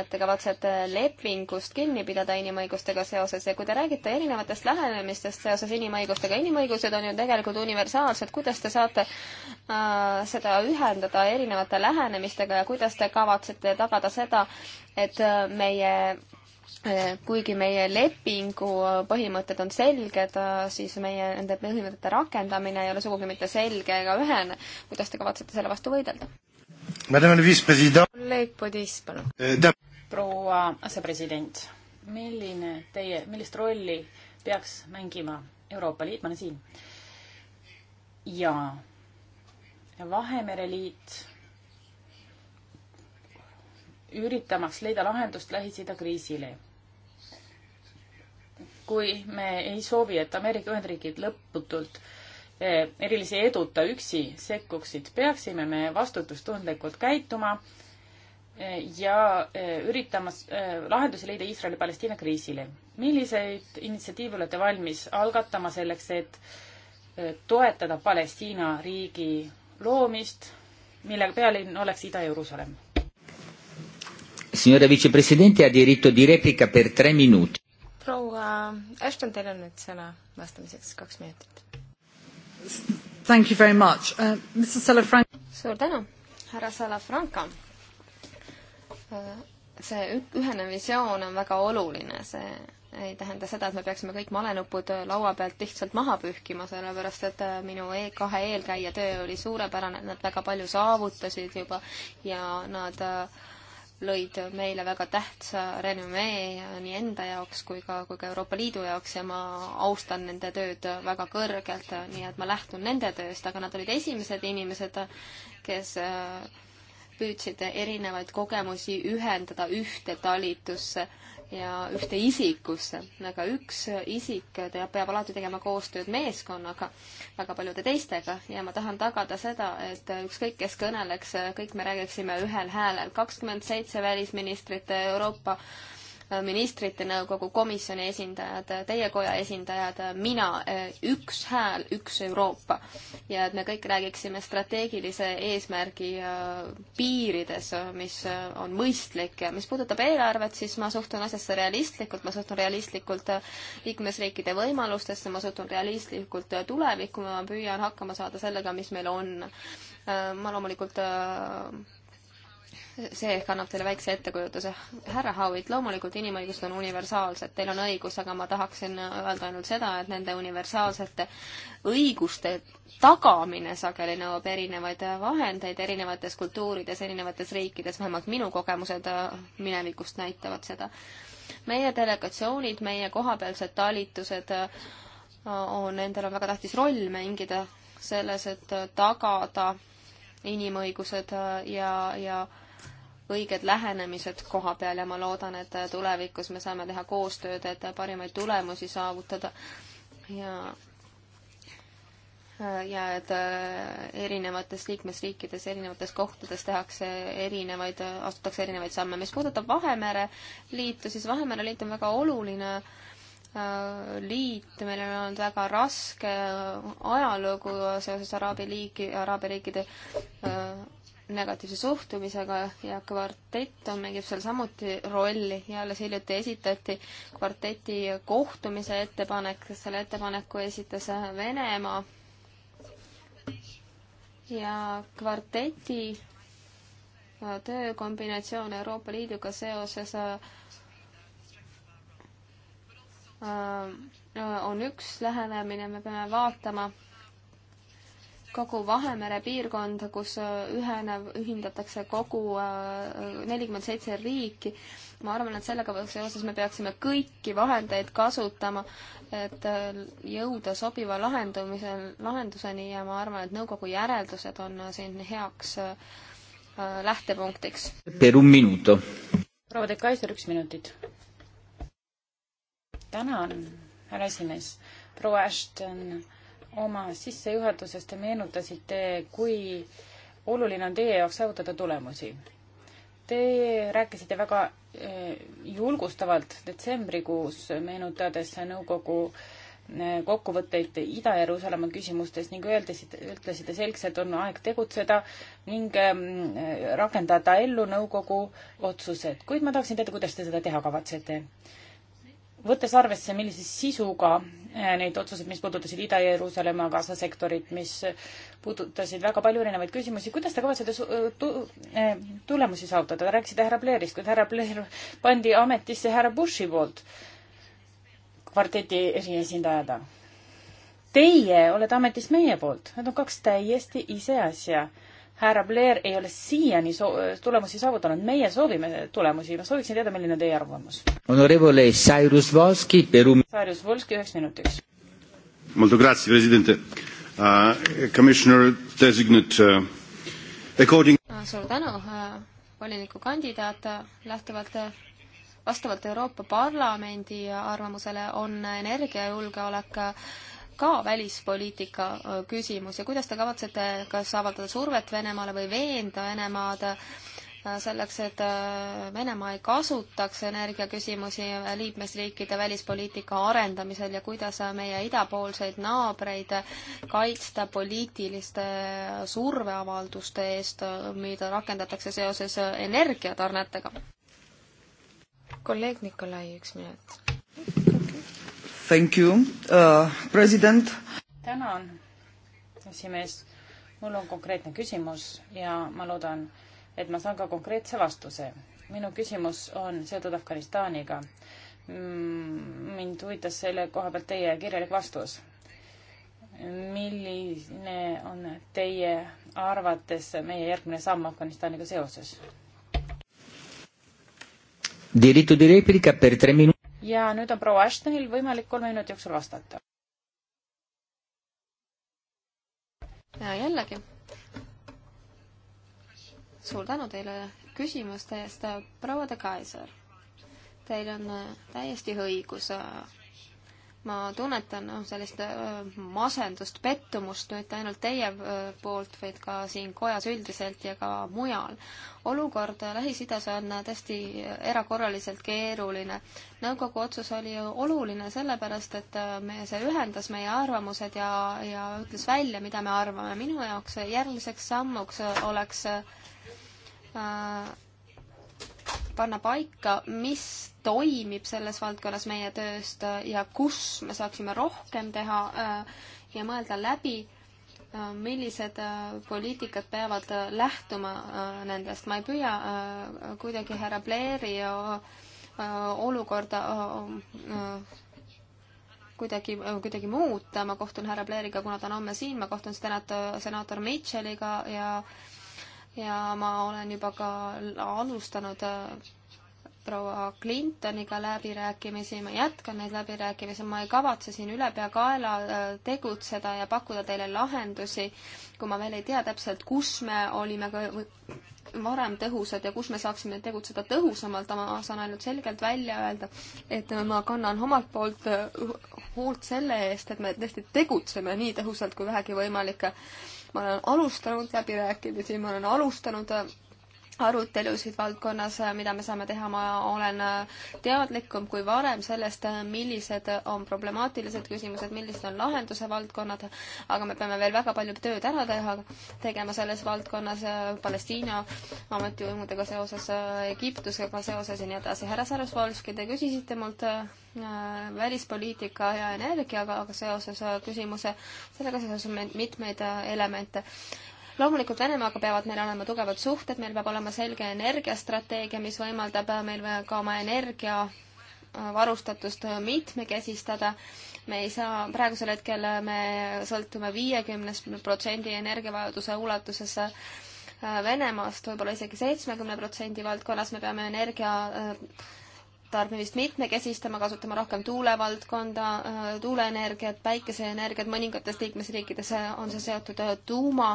et te kavatsete lepingust kinni pidada inimõigustega seoses ja kui te räägite erinevatest lähenemistest seoses inimõigustega, inimõigused on ju tegelikult universaalsed, kuidas te saate äh, seda ühendada erinevate lähenemistega ja kuidas te kavatsete tagada seda, et äh, meie Eh, kuigi meie lepingu põhimõtted on selged, eh, siis meie nende põhimõtete rakendamine ei ole sugugi mitte selge ega ühene. kuidas te kavatsete selle vastu võidelda? kolleeg Podis, palun. Eh, proua asepresident, milline teie, millist rolli peaks mängima Euroopa Liit, ma olen siin, ja Vahemere Liit üritamaks leida lahendust Lähis-Ida kriisile. kui me ei soovi, et Ameerika Ühendriigid lõputult eh, erilise eduta üksi sekkuksid, peaksime me vastutustundlikult käituma eh, ja eh, üritama lahendusi leida Iisraeli-Palestiina kriisile. milliseid initsiatiive olete valmis algatama selleks, et toetada Palestiina riigi loomist, mille pealinn oleks Ida-Jeruusalemm? Signora vicepresidente ha diritto di replica per tre minuti. proua Ashton, teil on nüüd sõna vastamiseks kaks minutit. Thank you very much uh,. Mr Salafranca. suur tänu, härra Salafranca uh,. see ühene visioon on väga oluline, see ei tähenda seda, et me peaksime kõik malenupud äh, laua pealt lihtsalt maha pühkima, sellepärast et äh, minu e kahe eelkäija töö oli suurepärane, nad väga palju saavutasid juba ja nad äh, lõid meile väga tähtsa renomee nii enda jaoks kui ka, kui ka Euroopa Liidu jaoks ja ma austan nende tööd väga kõrgelt, nii et ma lähtun nende tööst, aga nad olid esimesed inimesed, kes äh, püüdsid erinevaid kogemusi ühendada ühte talitusse ja ühte isikusse, aga üks isik teab, peab alati tegema koostööd meeskonnaga, väga paljude teistega ja ma tahan tagada seda, et ükskõik, kes kõneleks, kõik me räägiksime ühel häälel. kakskümmend seitse välisministrit Euroopa ministrite nõukogu komisjoni esindajad, teie koja esindajad, mina, üks hääl, üks Euroopa. ja et me kõik räägiksime strateegilise eesmärgi äh, piirides, äh, mis äh, on mõistlik ja mis puudutab eelarvet, siis ma suhtun asjasse realistlikult, ma suhtun realistlikult liikmesriikide võimalustesse, ma suhtun realistlikult tulevikku, ma püüan hakkama saada sellega, mis meil on. ma loomulikult see ehk annab teile väikse ettekujutuse. härra Howitt, loomulikult inimõigused on universaalsed, teil on õigus, aga ma tahaksin öelda ainult seda, et nende universaalsete õiguste tagamine sageli nõuab erinevaid vahendeid erinevates kultuurides, erinevates riikides, vähemalt minu kogemused minevikust näitavad seda. meie delegatsioonid, meie kohapealsed talitused, nendel on väga tähtis roll mängida selles, et tagada inimõigused ja, ja õiged lähenemised koha peal ja ma loodan, et tulevikus me saame teha koostööd, et parimaid tulemusi saavutada ja ja et äh, erinevates liikmesriikides, erinevates kohtades tehakse erinevaid, astutakse erinevaid samme. mis puudutab Vahemere liitu, siis Vahemere liit on väga oluline äh, liit, meil on olnud väga raske äh, ajalugu seoses Araabia liigi, Araabia riikide negatiivse suhtumisega ja kvartett on, mängib seal samuti rolli ja alles hiljuti esitati kvarteti kohtumise ettepanek, selle ettepaneku esitas Venemaa. ja kvarteti äh, töökombinatsioon Euroopa Liiduga seoses äh, äh, on üks lähenemine, me peame vaatama kogu Vahemere piirkond, kus äh, ühenev, ühindatakse kogu äh, nelikümmend seitse riiki. ma arvan, et sellega seoses me peaksime kõiki vahendeid kasutama, et äh, jõuda sobiva lahendumisel, lahenduseni ja ma arvan, et nõukogu järeldused on siin heaks lähtepunktiks. Peru minuto. proua de Kaiser, üks minutit. tänan, härra esimees. proua Ashton oma sissejuhatuses te meenutasite, kui oluline on teie jaoks saavutada tulemusi. Te rääkisite väga eh, julgustavalt detsembrikuus, meenutades nõukogu eh, kokkuvõtteid Ida-Jeruusalemma küsimustes ning öeldesite, ütlesite selgeks, et on aeg tegutseda ning mm, rakendada ellu nõukogu otsused. kuid ma tahaksin teada, kuidas te seda teha kavatsete võttes arvesse, millise sisuga äh, neid otsuseid, mis puudutasid Ida-Jeruusalemma Gaza sektorit, mis puudutasid väga palju erinevaid küsimusi, kuidas te kavatsete äh, äh, tulemusi saavutada? Te rääkisite härra Blairist, kuid härra Blair pandi ametisse härra Bushi poolt kvarteti eriesindajana. Teie olete ametis meie poolt, need on kaks täiesti iseasja härra Blair ei ole siiani so tulemusi saavutanud, meie soovime tulemusi, ma sooviksin teada, milline on teie arvamus? Honorevole Cyrus Volski, Peru. Cyrus Volski üheks minutiks. Molto grazie, president uh,. Commissioner designate uh, according. Ah, suur tänu uh,, volinikukandidaat, lähtuvalt vastavalt Euroopa Parlamendi arvamusele on energiajulgeolek uh, ka välispoliitika äh, küsimus ja kuidas te kavatsete kas avaldada survet Venemaale või veenda Venemaad äh, selleks, et äh, Venemaa ei kasutaks energiaküsimusi liikmesriikide välispoliitika arendamisel ja kuidas meie idapoolseid naabreid kaitsta poliitiliste surveavalduste eest, mida rakendatakse seoses energiatarnetega? kolleeg Nikolai, üks minut. Thank you uh,, president. tänan, esimees. mul on konkreetne küsimus ja ma loodan, et ma saan ka konkreetse vastuse. minu küsimus on seotud Afganistaniga. Mm, mind huvitas selle koha pealt teie kirjalik vastus milline on teie arvates meie järgmine samm Afganistaniga seoses? ja nüüd on proua Ashtonil võimalik kolme minuti jooksul vastata. ja jällegi, suur tänu teile küsimuste eest, proua de Kaiser. Teil on täiesti õigus ma tunnetan noh, sellist äh, masendust, pettumust mitte ainult teie äh, poolt, vaid ka siin kojas üldiselt ja ka mujal. olukord Lähis-Idas on tõesti erakorraliselt keeruline. nõukogu otsus oli oluline sellepärast, et me, see ühendas meie arvamused ja, ja ütles välja, mida me arvame. minu jaoks järgmiseks sammuks oleks äh, panna paika, mis toimib selles valdkonnas meie tööst äh, ja kus me saaksime rohkem teha äh, ja mõelda läbi, äh, millised poliitikad peavad lähtuma nendest. ma ei püüa kuidagi härra Blairi olukorda kuidagi, kuidagi muuta, ma kohtun härra Blairiga, kuna ta on homme siin, ma kohtun senaator, senaator Mitchelliga ja äh, ja ma olen juba ka alustanud äh, proua Clintoniga läbirääkimisi, ma jätkan neid läbirääkimisi, ma ei kavatse siin ülepeakaela äh, tegutseda ja pakkuda teile lahendusi, kui ma veel ei tea täpselt, kus me olime ka varem tõhusad ja kus me saaksime tegutseda tõhusamalt, ma saan ainult selgelt välja öelda, et ma kannan omalt poolt äh, hoolt selle eest, et me tõesti tegutseme nii tõhusalt kui vähegi võimalik ma olen alustanud läbirääkimisi, ma olen alustanud äh, arutelusid valdkonnas, mida me saame teha, ma olen äh, teadlikum kui varem sellest, äh, millised on problemaatilised küsimused, millised on lahenduse valdkonnad, aga me peame veel väga palju tööd ära teha, tegema selles valdkonnas äh, Palestiina ametivõimudega seoses, Egiptusega seoses ja nii edasi. härra Sarasvolski, te küsisite mult välispoliitika ja energiaga, aga seoses küsimuse, sellega seoses on meil mitmeid elemente loomulikult Venemaaga peavad meil olema tugevad suhted, meil peab olema selge energiastrateegia, mis võimaldab äh, meil ka oma energia äh, varustatust äh, mitmekesistada. me ei saa, praegusel hetkel me sõltume viiekümnest protsendi energiavajaduse ulatuses Venemaast, võib-olla isegi seitsmekümne protsendi valdkonnas me peame energia tarbimist mitmekesistama, kasutama rohkem tuulevaldkonda, tuuleenergiat, päikeseenergiat, mõningates liikmesriikides on see seotud tuuma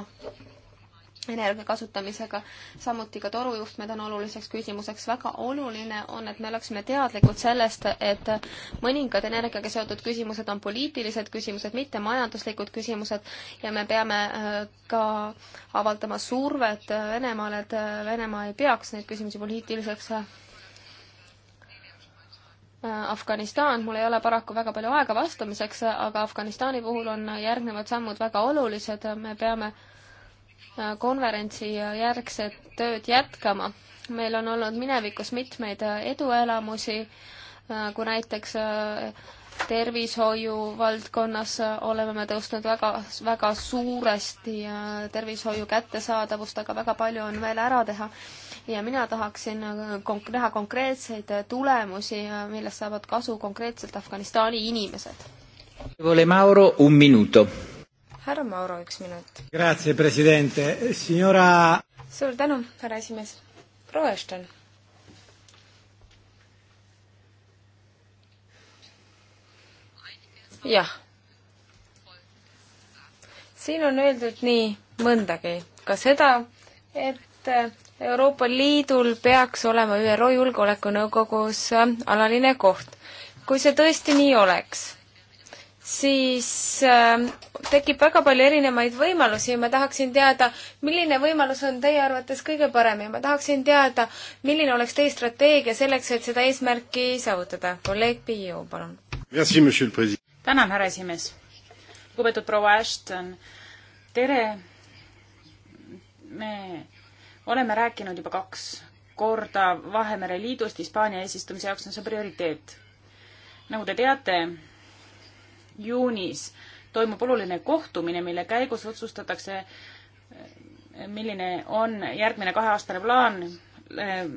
energia kasutamisega, samuti ka torujuhtmed on oluliseks küsimuseks. väga oluline on, et me oleksime teadlikud sellest, et mõningad energiaga seotud küsimused on poliitilised küsimused, mitte majanduslikud küsimused ja me peame äh, ka avaldama survet Venemaale, et äh, Venemaa ei peaks neid küsimusi poliitiliseks äh, Afganistan, mul ei ole paraku väga palju aega vastamiseks, aga Afganistani puhul on järgnevad sammud väga olulised, me peame äh, konverentsi järgset tööd jätkama. meil on olnud minevikus mitmeid eduelamusi, kui näiteks äh, tervishoiu valdkonnas oleme me tõstnud väga, väga suuresti äh, tervishoiu kättesaadavust, aga väga palju on veel ära teha. ja mina tahaksin äh, konk-, näha konkreetseid tulemusi, millest saavad kasu konkreetselt Afganistani inimesed. Mauro, un minuto härra Mauro, üks minut. Grazie, president, signora. suur tänu, härra esimees. proua Ashton. jah. siin on öeldud nii mõndagi, ka seda, et Euroopa Liidul peaks olema ÜRO Julgeolekunõukogus alaline koht. kui see tõesti nii oleks siis äh, tekib väga palju erinevaid võimalusi ja ma tahaksin teada, milline võimalus on teie arvates kõige parem ja ma tahaksin teada, milline oleks teie strateegia selleks, et seda eesmärki saavutada. kolleeg Piiu, palun. tänan, härra esimees. lugupeetud proua Ashton, tere. me oleme rääkinud juba kaks korda Vahemere Liidust, Hispaania eesistumise jaoks on see prioriteet. nagu te teate, juunis toimub oluline kohtumine, mille käigus otsustatakse, eh, milline on järgmine kaheaastane plaan eh,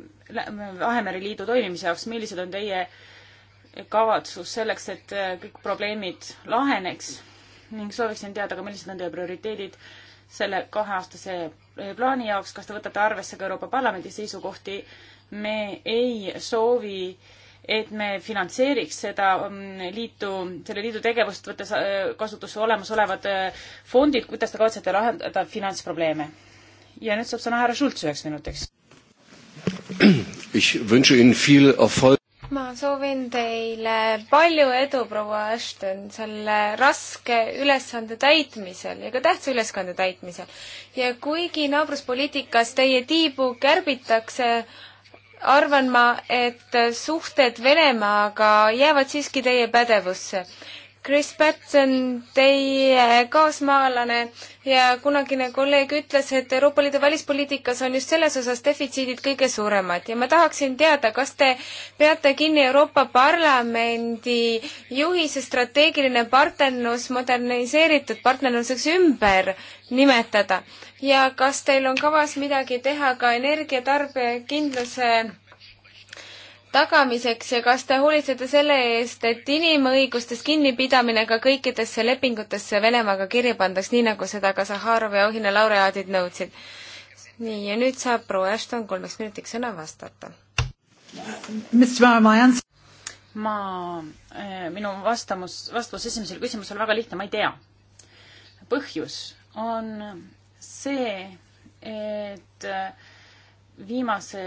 Vahemere Liidu toimimise jaoks, millised on teie kavatsus selleks, et eh, kõik probleemid laheneks ning sooviksin teada ka, millised on teie prioriteedid selle kaheaastase plaani jaoks, kas te võtate arvesse ka Euroopa Parlamendi seisukohti? me ei soovi äh, et me finantseeriks seda mm, liitu, selle liidu tegevust, võttes äh, kasutusse olemasolevad äh, fondid, kuidas te kavatsete lahendada finantsprobleeme? ja nüüd saab sõna härra Schultz üheks minutiks. ma soovin teile palju edu, proua Ashton, selle raske ülesande täitmisel ja ka tähtsa ülesande täitmisel. ja kuigi naabruspoliitikas teie tiibu kärbitakse, arvan ma, et suhted Venemaaga jäävad siiski teie pädevusse Chris Pats on teie kaasmaalane ja kunagine kolleeg ütles, et Euroopa Liidu välispoliitikas on just selles osas defitsiidid kõige suuremad ja ma tahaksin teada, kas te peate kinni Euroopa Parlamendi juhise strateegiline partnerlus moderniseeritud partnerluseks ümber nimetada ja kas teil on kavas midagi teha ka energiatarbijakindluse tagamiseks ja kas te hoolitsete selle eest, et inimõigustest kinnipidamine ka kõikidesse lepingutesse Venemaaga kirja pandaks, nii nagu seda ka Sahharovi auhinna laureaadid nõudsid? nii, ja nüüd saab proua Ashton kolmeks minutiks sõna vastata. ma, eh, minu vastamus, vastus esimesele küsimusele väga lihtne, ma ei tea. põhjus on see, et eh, viimase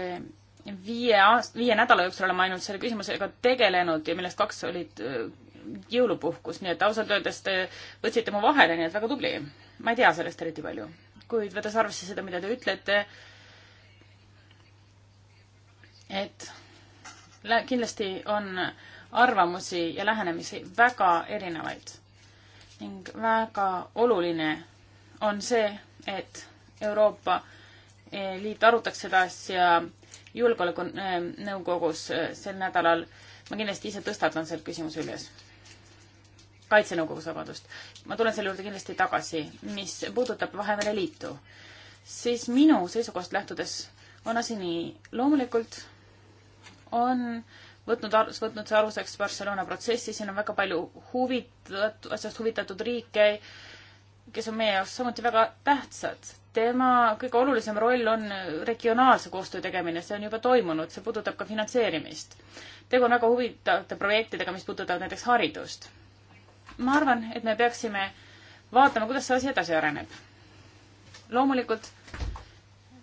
viie aast-, viie nädala jooksul oleme ainult selle küsimusega tegelenud ja millest kaks olid äh, jõulupuhkus, nii et ausalt öeldes te võtsite mu vahele, nii et väga tubli. ma ei tea sellest eriti palju, kuid võttes arvesse seda, mida te ütlete, et kindlasti on arvamusi ja lähenemisi väga erinevaid ning väga oluline on see, et Euroopa Liit arutaks seda asja julgeolekunõukogus äh, sel nädalal. ma kindlasti ise tõstatan selle küsimuse üles. kaitsenõukogus, vabandust. ma tulen selle juurde kindlasti tagasi, mis puudutab Vahemere Liitu, siis minu seisukohast lähtudes on asi nii, loomulikult on võtnud, võtnud see aluseks Barcelona protsessi, siin on väga palju huvitatud, asjast huvitatud riike, kes on meie jaoks samuti väga tähtsad tema kõige olulisem roll on regionaalse koostöö tegemine, see on juba toimunud, see puudutab ka finantseerimist. tegu on väga huvitavate projektidega, mis puudutavad näiteks haridust. ma arvan, et me peaksime vaatama, kuidas see asi edasi areneb. loomulikult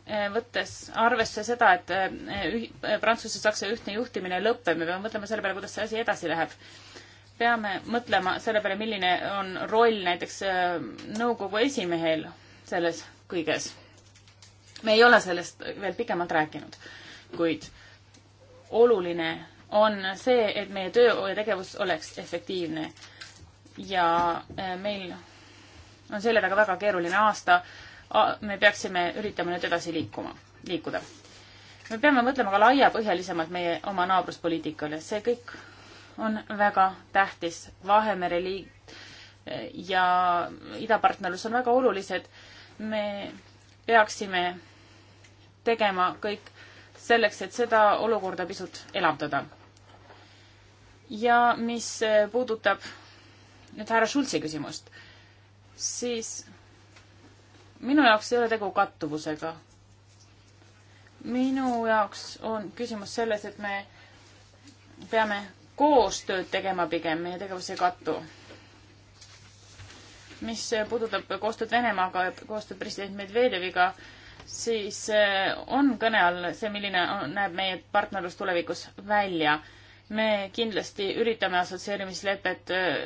eh, võttes arvesse seda, et eh, eh, Prantsuse-Saksa ühtne juhtimine lõpeb, me peame mõtlema selle peale, kuidas see asi edasi läheb peame mõtlema selle peale, milline on roll näiteks nõukogu esimehel selles kõiges. me ei ole sellest veel pikemalt rääkinud, kuid oluline on see, et meie töö ja tegevus oleks efektiivne. ja äh, meil on selja taga väga keeruline aasta. me peaksime üritama nüüd edasi liikuma, liikuda. me peame mõtlema ka laiapõhjalisemalt meie oma naabruspoliitikale, see kõik on väga tähtis. Vahemere liit äh, ja idapartnerlus on väga olulised me peaksime tegema kõik selleks, et seda olukorda pisut elavdada. ja mis äh, puudutab nüüd härra Schultzi küsimust, siis minu jaoks ei ole tegu kattuvusega. minu jaoks on küsimus selles, et me peame koostööd tegema pigem, meie tegevus ei kattu mis puudutab koostööd Venemaaga ja koostööd president Medvedeviga, siis eh, on kõne all see, milline on, näeb meie partnerlus tulevikus välja. me kindlasti üritame assotsieerimislepet eh,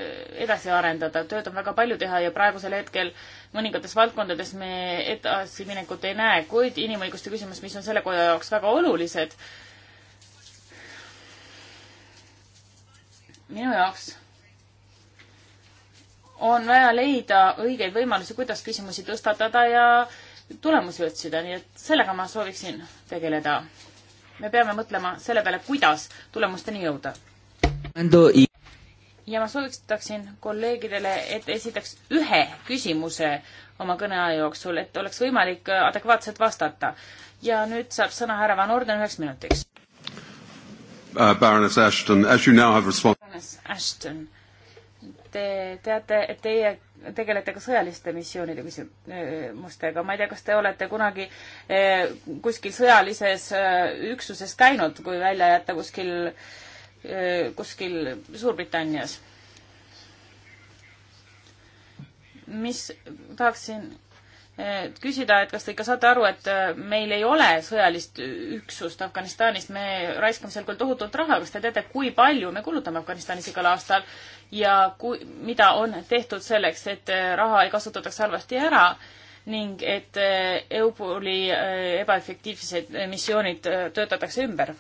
edasi arendada, tööd on väga palju teha ja praegusel hetkel mõningates valdkondades me edasiminekut ei näe, kuid inimõiguste küsimus, mis on selle koja jaoks väga olulised, minu jaoks on vaja leida õigeid võimalusi, kuidas küsimusi tõstatada ja tulemusi otsida, nii et sellega ma sooviksin tegeleda. me peame mõtlema selle peale, kuidas tulemusteni jõuda. ja ma soovitaksin kolleegidele, et esitaks ühe küsimuse oma kõneaja jooksul, et oleks võimalik adekvaatselt vastata. ja nüüd saab sõna härra Van Orden üheks minutiks uh,. Baroness Ashton, as you now have respond-. Baroness Ashton Te teate, et teie tegelete ka sõjaliste missioonide küsimustega. ma ei tea, kas te olete kunagi eh, kuskil sõjalises eh, üksuses käinud, kui välja jätta kuskil, eh, kuskil Suurbritannias? mis tahaksin küsida, et kas te ikka saate aru, et meil ei ole sõjalist üksust Afganistanist, me raiskame seal küll tohutult raha, kas te teate, kui palju me kulutame Afganistanis igal aastal ja kui, mida on tehtud selleks, et äh, raha ei kasutataks halvasti ära ning et äh, EUPOL-i äh, ebaefektiivsed missioonid töötatakse ümber.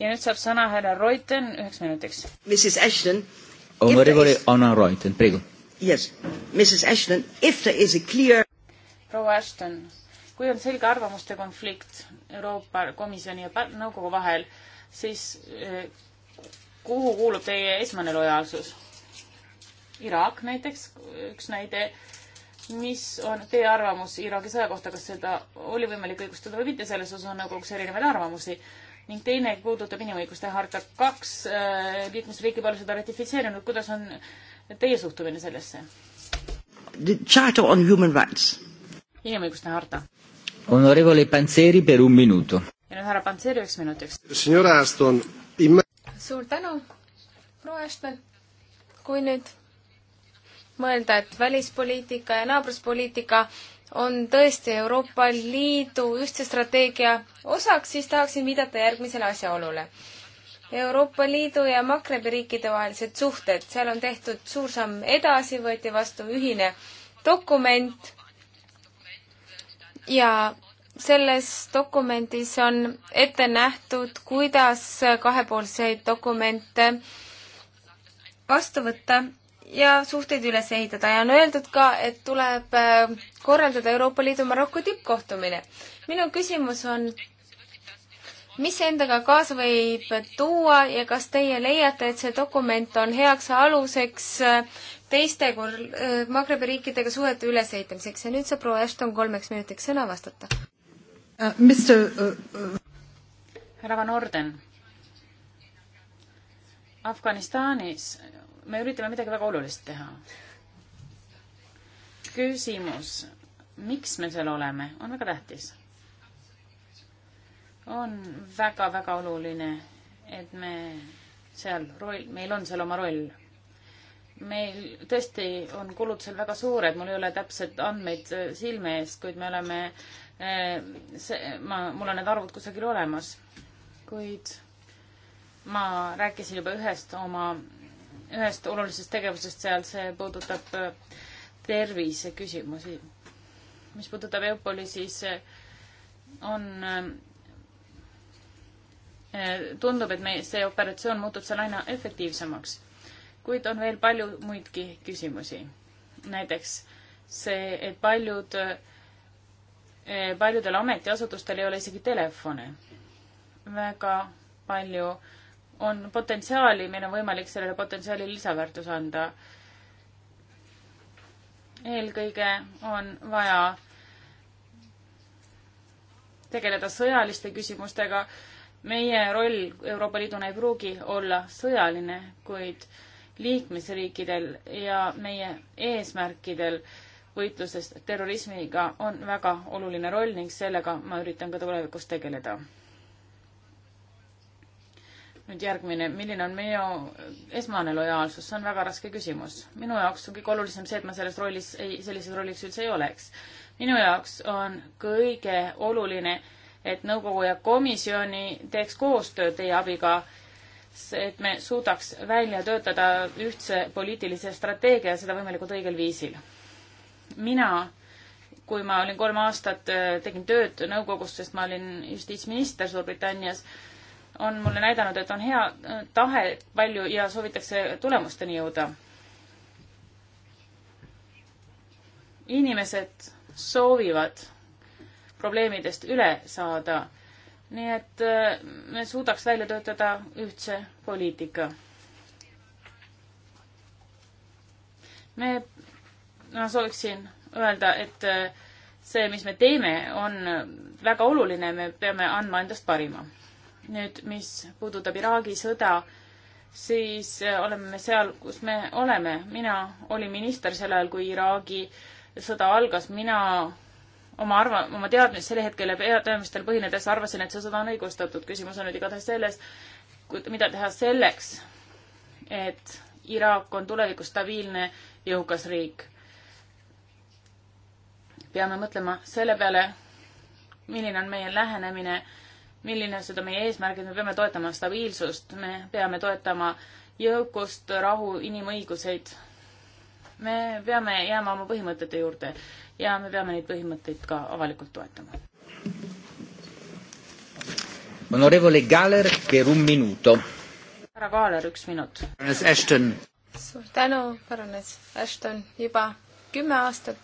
ja nüüd saab sõna härra Reuten üheks minutiks. Mrs Ashton. Honorable oh, oh, Anna Reuten, praegu. Yes, Mrs Ashton, if there is a clear. proua Ashton, kui on selge arvamuste konflikt Euroopa Komisjoni ja nõukogu vahel, siis kuhu kuulub teie esmane lojaalsus? Iraak näiteks, üks näide. mis on teie arvamus Iraagi sõja kohta, kas seda oli võimalik õigustada või mitte, selles osas on nõukogus erinevaid arvamusi. ning teine puudutab inimõiguste harta kaks äh, liikmesriiki pole seda ratifitseerinud, kuidas on teie suhtumine sellesse? Charter on human rights. inimõiguste harta. Honorevole Panseri per un minuto. ja nüüd härra Panseri üheks minutiks. Signor Aston suur tänu, proua Ashton. kui nüüd mõelda, et välispoliitika ja naabruspoliitika on tõesti Euroopa Liidu ühtse strateegia osaks, siis tahaksin viidata järgmisele asjaolule. Euroopa Liidu ja Makrebi riikide vahelised suhted, seal on tehtud suur samm edasi, võeti vastu ühine dokument ja selles dokumendis on ette nähtud, kuidas kahepoolseid dokumente vastu võtta ja suhteid üles ehitada ja on öeldud ka, et tuleb äh, korraldada Euroopa Liidu Maroko tippkohtumine. minu küsimus on, mis see endaga kaasa võib tuua ja kas teie leiate, et see dokument on heaks aluseks äh, teiste äh, Magrebi riikidega suhete ülesehitamiseks ja nüüd saab proua Ashton kolmeks minutiks sõna vastata? uh,. Mister uh,. Uh... härra Van Orden. Afganistanis me üritame midagi väga olulist teha. küsimus, miks me seal oleme, on väga tähtis. on väga-väga oluline, et me seal roll, meil on seal oma roll. meil tõesti on kulud seal väga suured, mul ei ole täpseid andmeid silme eest, kuid me oleme äh, Äh, see, ma, mul on need arvud kusagil olemas, kuid ma rääkisin juba ühest oma, ühest olulisest tegevusest seal, see puudutab äh, terviseküsimusi. mis puudutab EUPOL-i, siis äh, on, tundub, et meie, see operatsioon muutub seal aina efektiivsemaks, kuid on veel palju muidki küsimusi. näiteks see, et paljud äh, Eh, paljudel ametiasutustel ei ole isegi telefone. väga palju on potentsiaali, meil on võimalik sellele potentsiaali lisaväärtus anda. eelkõige on vaja tegeleda sõjaliste küsimustega. meie roll Euroopa Liiduna ei pruugi olla sõjaline, kuid liikmesriikidel ja meie eesmärkidel äh, võitluses terrorismiga on väga oluline roll ning sellega ma üritan ka tulevikus tegeleda. nüüd järgmine, milline on meie esmane lojaalsus, see on väga raske küsimus. minu jaoks on kõige olulisem see, et ma selles rollis ei, sellises rollis üldse ei oleks. minu jaoks on kõige oluline, et nõukogu ja komisjoni teeks koostööd teie abiga et me suudaks välja töötada ühtse poliitilise strateegia ja seda võimalikult õigel viisil mina, kui ma olin kolm aastat, äh, tegin tööd nõukogus, sest ma olin justiitsminister Suurbritannias, on mulle näidanud, et on hea äh, tahe palju ja soovitakse tulemusteni jõuda. inimesed soovivad probleemidest üle saada. nii et äh, me suudaks välja töötada ühtse poliitika. me ma sooviksin öelda, et äh, see, mis me teeme, on väga oluline, me peame andma endast parima. nüüd, mis puudutab Iraagi sõda, siis äh, oleme me seal, kus me oleme. mina olin minister sel ajal, kui Iraagi sõda algas, mina oma arva-, oma teadmist sel hetkel ja teadmistel põhinedes arvasin, et see sõda on õigustatud. küsimus on nüüd igatahes selles, mida teha selleks, et Iraak on tulevikus stabiilne jõukas riik peame mõtlema selle peale, milline on meie lähenemine, milline on seda meie eesmärgid, me peame toetama stabiilsust, me peame toetama jõukust, rahu, inimõiguseid. me peame jääma oma põhimõtete juurde ja me peame neid põhimõtteid ka avalikult toetama. Honorevole Galler, per un minuto. härra Kaaler, üks minut. Ashton. suur tänu, paranes Ashton, juba kümme aastat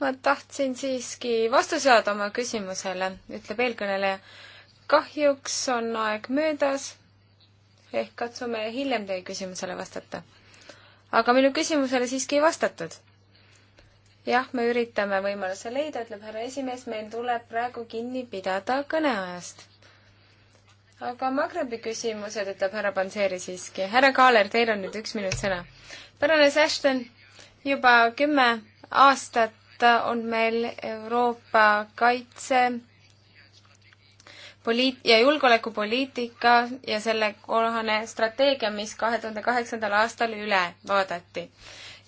ma tahtsin siiski vastu saada oma küsimusele, ütleb eelkõneleja. kahjuks on aeg möödas, ehk katsume hiljem teie küsimusele vastata. aga minu küsimusele siiski ei vastatud. jah, me üritame võimaluse leida, ütleb härra esimees, meil tuleb praegu kinni pidada kõneajast. aga Magrebi küsimused, ütleb härra Panseri siiski. härra Kaaler, teil on nüüd üks minut sõna. paranes Ashton juba kümme aastat kahtlemata on meil Euroopa kaitse poliit- ja julgeolekupoliitika ja selle kohane strateegia, mis kahe tuhande kaheksandal aastal üle vaadati.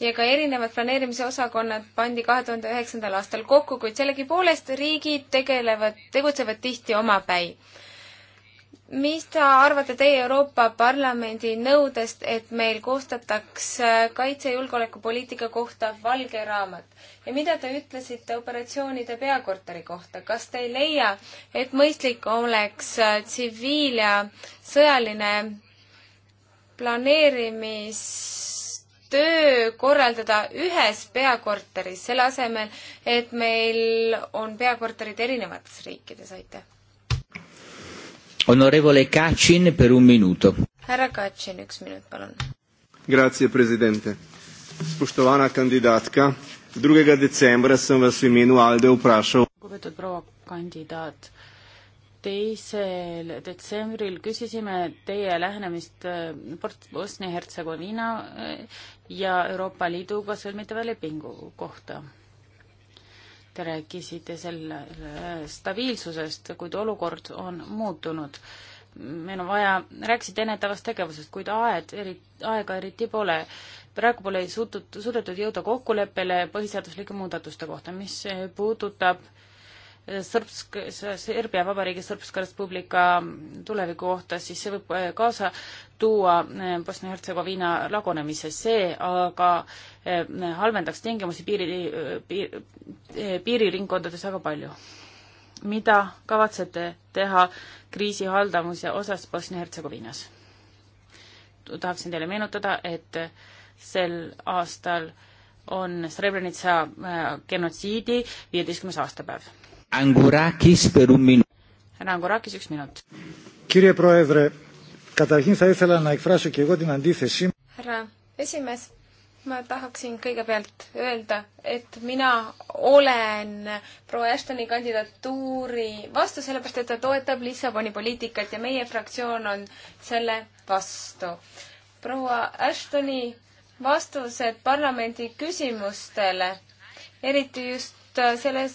ja ka erinevad planeerimise osakonnad pandi kahe tuhande üheksandal aastal kokku, kuid sellegipoolest riigid tegelevad, tegutsevad tihti omapäi mida arvate teie Euroopa Parlamendi nõudest, et meil koostataks äh, kaitse- ja julgeolekupoliitika kohta valge raamat? ja mida te ütlesite operatsioonide peakorteri kohta, kas te ei leia, et mõistlik oleks äh, tsiviil- ja sõjaline planeerimistöö korraldada ühes peakorteris, selle asemel, et meil on peakorterid erinevates riikides, aitäh! onorevole Kacin per un minuto. härra Kacin, üks minut, palun. Grazie, president. Spoštovana kandidatka, drugega decembra sem vas v imenu Alde vprašal. lugupeetud proua kandidaat, teisel detsembril küsisime teie lähenemist eh, Bosnia-Hertsegoviina eh, ja Euroopa Liiduga sõlmitava lepingu kohta Te rääkisite selle äh, stabiilsusest, kuid olukord on muutunud. meil on vaja, rääkisite ennetavast tegevusest, kuid aed, eri, aega eriti pole. praegu pole suutud, suudetud jõuda kokkuleppele põhiseaduslike muudatuste kohta, mis puudutab Sõrbsk, Serbia Vabariigi Sõrbska Respublika tuleviku kohta, siis see võib äh, kaasa tuua äh, Bosnia-Hertsegoviina lagunemise, see aga äh, halvendaks tingimusi piiri, piir, piiriringkondades väga palju. mida kavatsete teha kriisi haldamise osas Bosnia-Hertsegoviinas? tahaksin teile meenutada, et sel aastal on Srebrenica genotsiidi viieteistkümnes aastapäev Angurakis per un minu-. härra Angurakis, üks minut. Kirje Proevre, Katariin, sa ütlesid, et Naikfrasu Kigodin antithesis. härra esimees, ma tahaksin kõigepealt öelda, et mina olen proua Ashtoni kandidatuuri vastu, sellepärast et ta toetab Lissaboni poliitikat ja meie fraktsioon on selle vastu. proua Ashtoni vastused parlamendi küsimustele, eriti just Äh, selles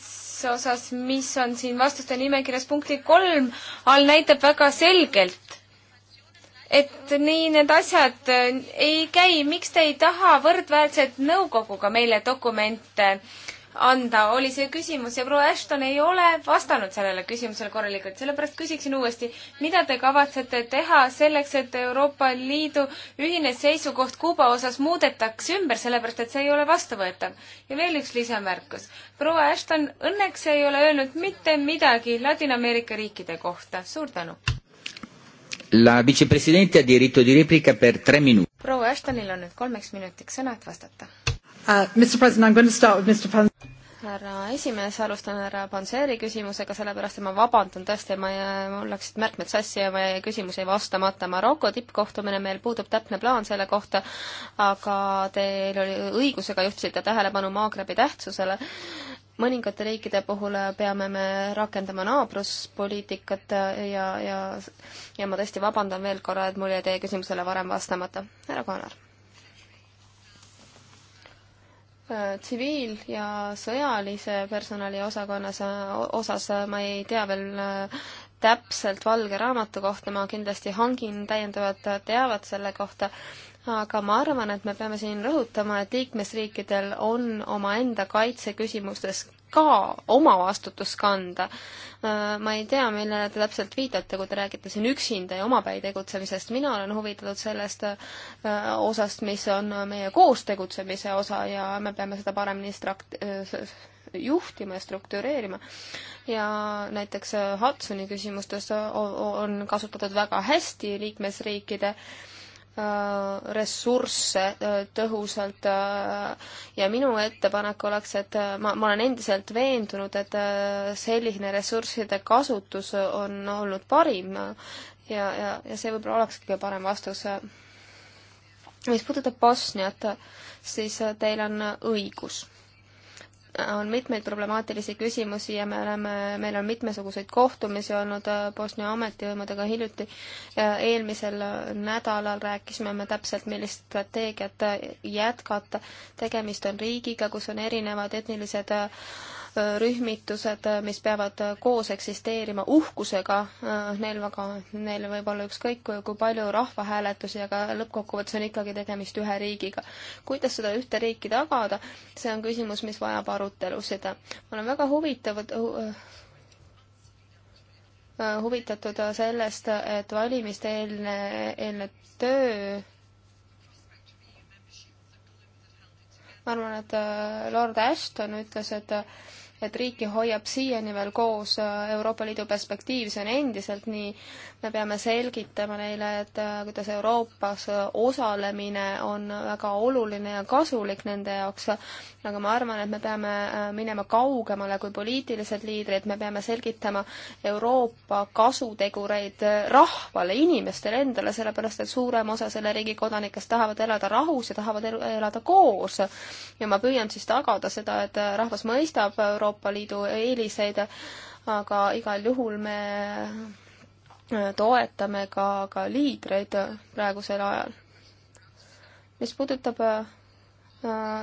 osas, mis on siin vastuste nimekirjas punkti kolm all, näitab väga selgelt, et nii need asjad äh, ei käi, miks te ei taha võrdväärset nõukoguga meile dokumente äh, anda, oli see küsimus ja proua Ashton ei ole vastanud sellele küsimusele korralikult, sellepärast küsiksin uuesti, mida te kavatsete teha selleks, et Euroopa Liidu ühine seisukoht Kuuba osas muudetakse ümber, sellepärast et see ei ole vastuvõetav. ja veel üks lisamärkus. proua Ashton õnneks ei ole öelnud mitte midagi Ladina-Ameerika riikide kohta, suur tänu! La vicepresidente ha diritto di replica per tre minuti. proua Ashtonil on nüüd kolmeks minutiks sõna, et vastata Uh, Mr President, I am going to start with Mr Pan- härra esimees, alustan härra Panseri küsimusega, sellepärast et ma vabandan tõesti, ma, mul läksid märkmed sassi ja meie küsimus jäi vastamata. Maroko tippkohtumine, meil puudub täpne plaan selle kohta, aga teil oli õigusega, juhtisite tähelepanu Maagrebi tähtsusele. mõningate riikide puhul peame me rakendama naabruspoliitikat ja, ja ja ma tõesti vabandan veel korra, et mul jäi teie küsimusele varem vastamata. härra Kaanar Äh, tsiviil- ja sõjalise personali osakonnas, äh, osas äh, ma ei tea veel täpselt valge raamatu kohta, ma kindlasti hangin täiendavat teavet selle kohta, aga ma arvan, et me peame siin rõhutama, et liikmesriikidel on omaenda kaitseküsimustes ka oma vastutust kanda. Äh, ma ei tea, millele te täpselt viitate, kui te räägite siin üksinda ja omapäi tegutsemisest, mina olen huvitatud sellest äh, osast, mis on meie koos tegutsemise osa ja me peame seda paremini strakt-, äh, juhtima ja struktureerima. ja näiteks Hudsoni küsimustes on kasutatud väga hästi liikmesriikide äh, Äh, ressursse äh, tõhusalt äh, ja minu ettepanek oleks, et ma, ma olen endiselt veendunud, et selline ressursside kasutus on olnud parim ja, ja, ja see võib-olla oleks kõige parem vastus. mis puudutab Bosniat, siis teil on õigus on mitmeid problemaatilisi küsimusi ja me oleme, meil on mitmesuguseid kohtumisi olnud äh, Bosnia ametivõimudega hiljuti. eelmisel nädalal rääkisime me täpselt, millist strateegiat jätkata. tegemist on riigiga, kus on erinevad etnilised äh, rühmitused, mis peavad koos eksisteerima uhkusega, neil väga, neil võib olla ükskõik kui, kui palju rahvahääletusi, aga lõppkokkuvõttes on ikkagi tegemist ühe riigiga. kuidas seda ühte riiki tagada, see on küsimus, mis vajab arutelusid. ma olen väga huvitav, huvitatud sellest, et valimiste eelne, eelne töö ma arvan, et Lord Ashton ütles, et et riiki hoiab siiani veel koos Euroopa Liidu perspektiiv, see on endiselt nii, me peame selgitama neile, et äh, kuidas Euroopas äh, osalemine on väga oluline ja kasulik nende jaoks, aga ma arvan, et me peame äh, minema kaugemale kui poliitilised liidrid, me peame selgitama Euroopa kasutegureid rahvale, inimestele endale, sellepärast et suurem osa selle riigi kodanikest tahavad elada rahus ja tahavad elu, elada koos. ja ma püüan siis tagada seda, et rahvas mõistab Euroopa Liidu eeliseid, aga igal juhul me toetame ka, ka liidreid praegusel ajal. mis puudutab äh,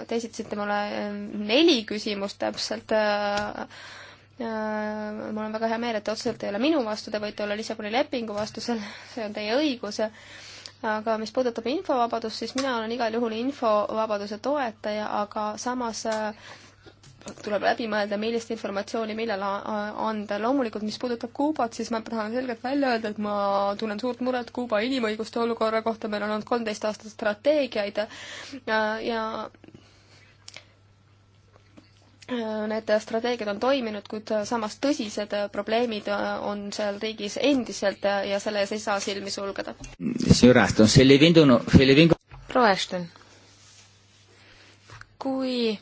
Te esitasite mulle äh, neli küsimust täpselt. Äh, mul on väga hea meel, et otseselt ei ole minu vastu, te võite olla Lissaboni lepingu vastu, see on teie õigus aga mis puudutab infovabadust, siis mina olen igal juhul infovabaduse toetaja, aga samas tuleb läbi mõelda, millist informatsiooni millal anda. loomulikult, mis puudutab Kuubat, siis ma tahan selgelt välja öelda, et ma tunnen suurt muret Kuuba inimõiguste olukorra kohta, meil on olnud kolmteist aastat strateegiaid ja, ja Need strateegiad on toiminud, kuid samas tõsised probleemid on seal riigis endiselt ja selle ees ei saa silmi sulgeda. proua Ashton, kui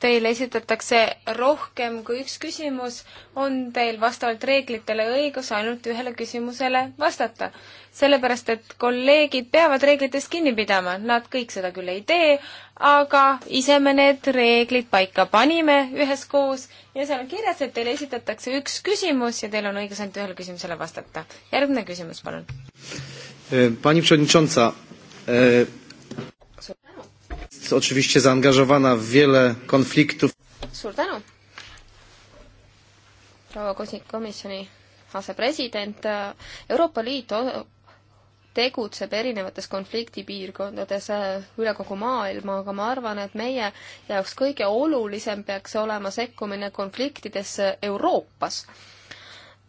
teile esitatakse rohkem kui üks küsimus, on teil vastavalt reeglitele õigus ainult ühele küsimusele vastata. sellepärast, et kolleegid peavad reeglitest kinni pidama, nad kõik seda küll ei tee, aga ise me need reeglid paika panime üheskoos ja seal on kirjas, et teile esitatakse üks küsimus ja teil on õigus ainult ühele küsimusele vastata. järgmine küsimus, palun. Pani Przewodnicząca, e, jest oczywiście zaangażowana w wiele konfliktów. suur tänu! proua komisjoni asepresident, Euroopa Liit tegutseb erinevates konfliktipiirkondades äh, üle kogu maailma, aga ma arvan, et meie jaoks kõige olulisem peaks olema sekkumine konfliktidesse Euroopas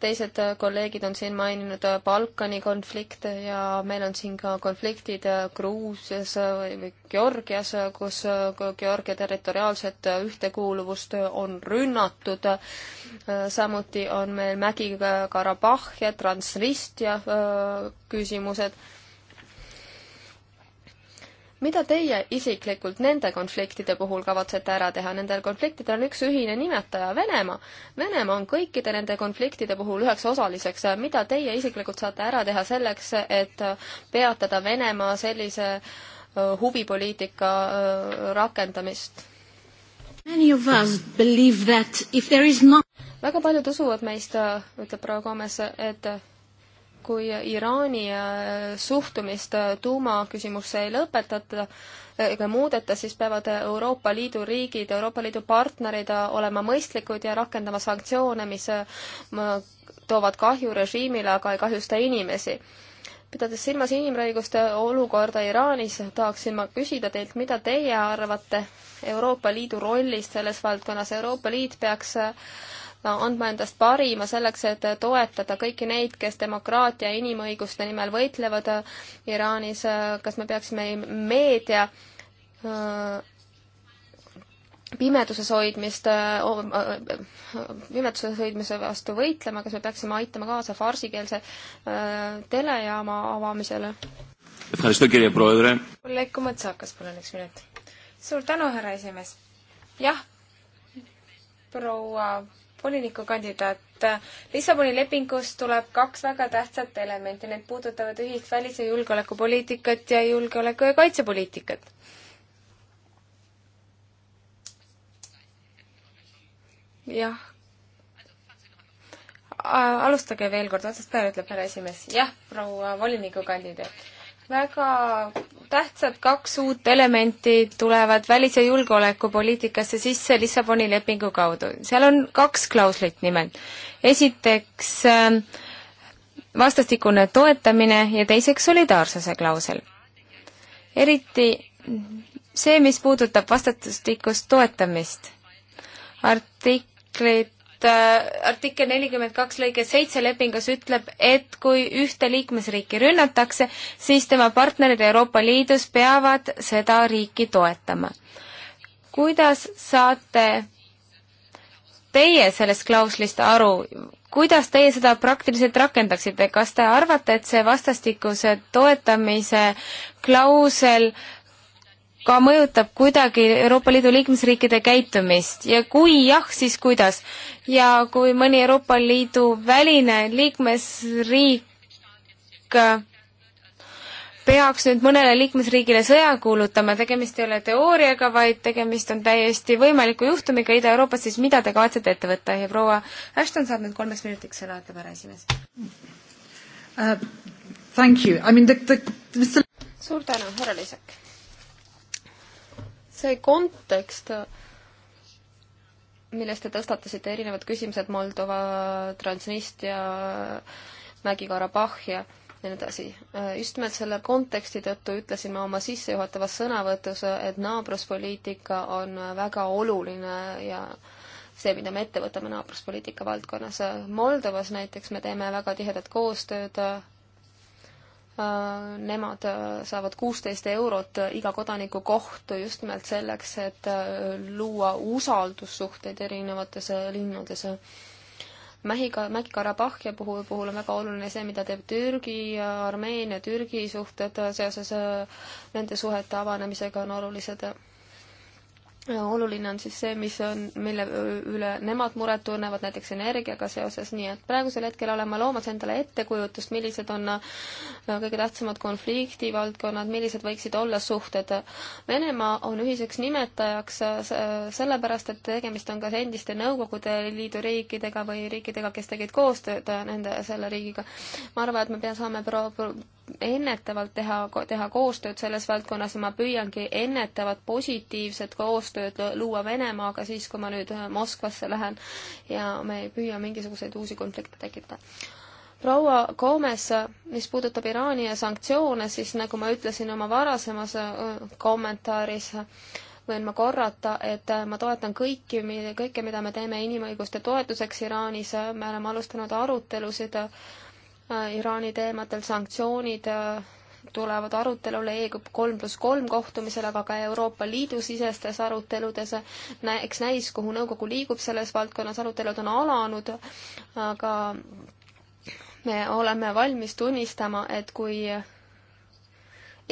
teised äh, kolleegid on siin maininud äh, Balkani konflikte ja meil on siin ka konfliktid äh, Gruusias või Georgias, kus Georgia territoriaalset ühtekuuluvust on rünnatud. samuti on meil Mägi-Karabahh ja Transnistria küsimused mida teie isiklikult nende konfliktide puhul kavatsete ära teha? Nendel konfliktidel on üks ühine nimetaja, Venemaa. Venemaa on kõikide nende konfliktide puhul üheks osaliseks. mida teie isiklikult saate ära teha selleks, et peatada Venemaa sellise huvipoliitika rakendamist? Many of us believe that if there is not väga paljud usuvad meist, ütleb proua Gomes, et kui Iraani äh, suhtumist äh, tuumaküsimusse ei lõpetata äh, ega muudeta, siis peavad Euroopa Liidu riigid, Euroopa Liidu partnerid olema mõistlikud ja rakendama sanktsioone, mis toovad kahju režiimile, aga ei kahjusta inimesi. pidades silmas inimõiguste olukorda Iraanis, tahaksin ma küsida teilt, mida teie arvate Euroopa Liidu rollist selles valdkonnas, Euroopa Liit peaks andma endast parima selleks, et toetada kõiki neid, kes demokraatia ja inimõiguste nimel võitlevad äh, Iraanis. Äh, kas me peaksime meedia äh, pimeduses hoidmist, pimeduses hoidmise vastu võitlema, kas me peaksime aitama kaasa farsikeelse telejaama avamisele? kolleeg Kumatsakas, palun üks minut. suur tänu, härra esimees. jah, proua volinikukandidaat, Lissaboni lepingus tuleb kaks väga tähtsat elementi, need puudutavad ühist välis- ja julgeolekupoliitikat ja julgeoleku- ja kaitsepoliitikat. jah. alustage veel kord otsast peale, ütleb härra esimees. jah, proua volinikukandidaat väga tähtsad kaks uut elementi tulevad välis- ja julgeolekupoliitikasse sisse Lissaboni lepingu kaudu. seal on kaks klauslit nimelt. esiteks ähm, vastastikune toetamine ja teiseks solidaarsuse klausel. eriti see, mis puudutab vastastikust toetamist. artiklid Äh, artikkel nelikümmend kaks lõige seitse lepingus ütleb, et kui ühte liikmesriiki rünnatakse, siis tema partnerid Euroopa Liidus peavad seda riiki toetama. kuidas saate teie sellest klauslist aru, kuidas teie seda praktiliselt rakendaksite, kas te arvate, et see vastastikuse toetamise klausel äh, ka mõjutab kuidagi Euroopa Liidu liikmesriikide käitumist ja kui jah, siis kuidas? ja kui mõni Euroopa Liidu väline liikmesriik äh, peaks nüüd mõnele liikmesriigile sõja kuulutama, tegemist ei ole teooriaga, vaid tegemist on täiesti võimaliku juhtumiga Ida-Euroopas, siis mida te kavatsete ette võtta ja proua Ashton saab nüüd kolmeks minutiks sõna, ütleb härra esimees uh,. Thank you, I mean the, the, the... suur tänu, härra Liisak see kontekst, millest te tõstatasite erinevad küsimused, Moldova, Transnistria, Mägi-Karabahh ja ja nii edasi. just nimelt selle konteksti tõttu ütlesin ma oma sissejuhatavas sõnavõtus, et naabruspoliitika on väga oluline ja see, mida me ette võtame naabruspoliitika valdkonnas. Moldovas näiteks me teeme väga tihedat koostööd Äh, nemad äh, saavad kuusteist eurot iga kodaniku kohta just nimelt selleks, et äh, luua usaldussuhteid erinevates linnades. Mähiga, Mägi-Karabahhi puhul, puhul on väga oluline see, mida teeb Türgi, Armeenia, Türgi suhted seoses nende suhete avanemisega on olulised oluline on siis see, mis on, mille üle nemad muret tunnevad, näiteks energiaga seoses, nii et praegusel hetkel olen ma loomas endale ettekujutust, millised on äh, kõige tähtsamad konfliktivaldkonnad, millised võiksid olla suhted. Venemaa on ühiseks nimetajaks äh, äh, sellepärast, et tegemist on kas endiste Nõukogude Liidu riikidega või riikidega, kes tegid koostööd nende, selle riigiga. ma arvan, et me pea saame pro-, ennetavalt teha, teha koostööd selles valdkonnas ja ma püüangi ennetavat positiivset koostööd luua Venemaaga siis, kui ma nüüd äh, Moskvasse lähen ja me ei püüa mingisuguseid uusi konflikte tekitada. proua Gomes, mis puudutab Iraani ja sanktsioone, siis nagu ma ütlesin oma varasemas äh, kommentaaris, võin ma korrata, et äh, ma toetan kõiki, kõike, mida me teeme inimõiguste toetuseks Iraanis, me oleme alustanud arutelusid Iraani teemadel, sanktsioonid äh, tulevad arutelule E kolm pluss kolm kohtumisel, aga ka Euroopa Liidu sisestes aruteludes. eks näis, kuhu nõukogu liigub selles valdkonnas, arutelud on alanud, aga me oleme valmis tunnistama, et kui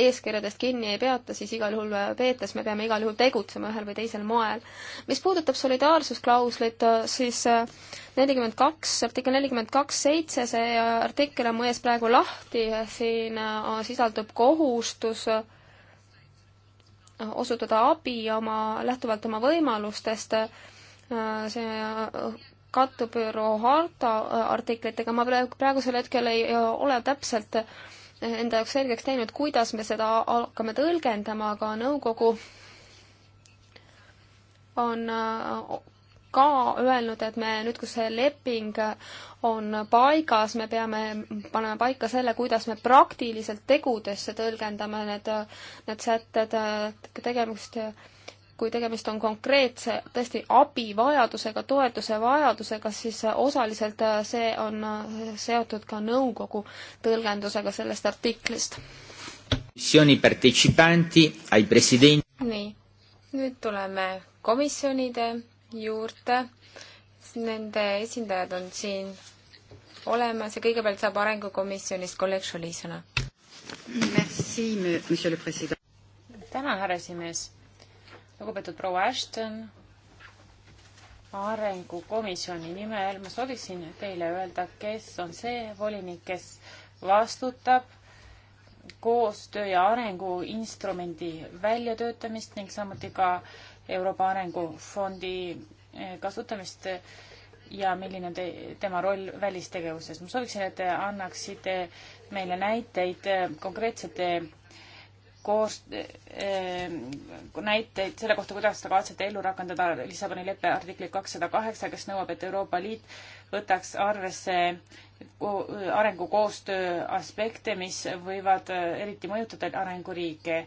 eeskirjadest kinni ei peata, siis igal juhul äh, peetes me peame igal juhul tegutsema ühel või teisel moel. mis puudutab solidaarsusklauslit, äh, siis äh, nelikümmend kaks, artikkel nelikümmend kaks seitse, see artikkel on mu ees praegu lahti, siin sisaldub kohustus osutada abi oma, lähtuvalt oma võimalustest, see kattub ÜRO harta artiklitega, ma praegu, praegusel hetkel ei ole täpselt äh, enda jaoks selgeks teinud, kuidas me seda hakkame tõlgendama, aga nõukogu on äh, ka öelnud, et me nüüd, kus see leping on paigas, me peame, paneme paika selle, kuidas me praktiliselt tegudesse tõlgendame need, äh, need sätted äh, tegemist kui tegemist on konkreetse tõesti abivajadusega, toetuse vajadusega, siis osaliselt äh, see on äh, seotud ka nõukogu tõlgendusega sellest artiklist. nii, nüüd tuleme komisjonide juurde. Nende esindajad on siin olemas ja kõigepealt saab Arengukomisjonist kolleeg Šoli sõna. tänan, härra esimees lugupeetud proua Ashton, arengukomisjoni nimel ma sooviksin teile öelda, kes on see volinik, kes vastutab koostöö ja arengu instrumendi väljatöötamist ning samuti ka Euroopa Arengufondi eh, kasutamist ja milline on te, tema roll välistegevuses. ma sooviksin, et te annaksite meile näiteid eh, konkreetsete koos eh, näiteid selle kohta, kuidas ta kavatseb ellu rakendada Lissaboni leppe artiklit kakssada kaheksa, kes nõuab, et Euroopa Liit võtaks arvesse arengukoostöö aspekte, mis võivad eh, eriti mõjutada arenguriike.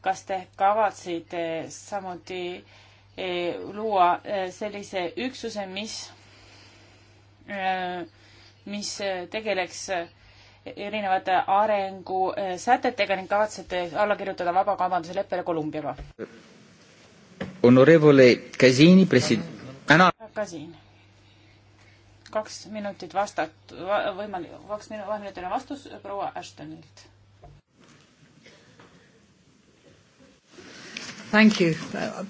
kas te kavatsete samuti eh, luua eh, sellise üksuse, mis eh,, mis tegeleks eh, erinevate arengusätetega ning kavatsete alla kirjutada vabakaubanduse leppele Kolumbiaga? Honorevole Kasiini presi-, täna Kasiin. kaks minutit vastat-, võimalik, kaks minu-, vaheminutiline vastus proua Ashtonilt. Thank you,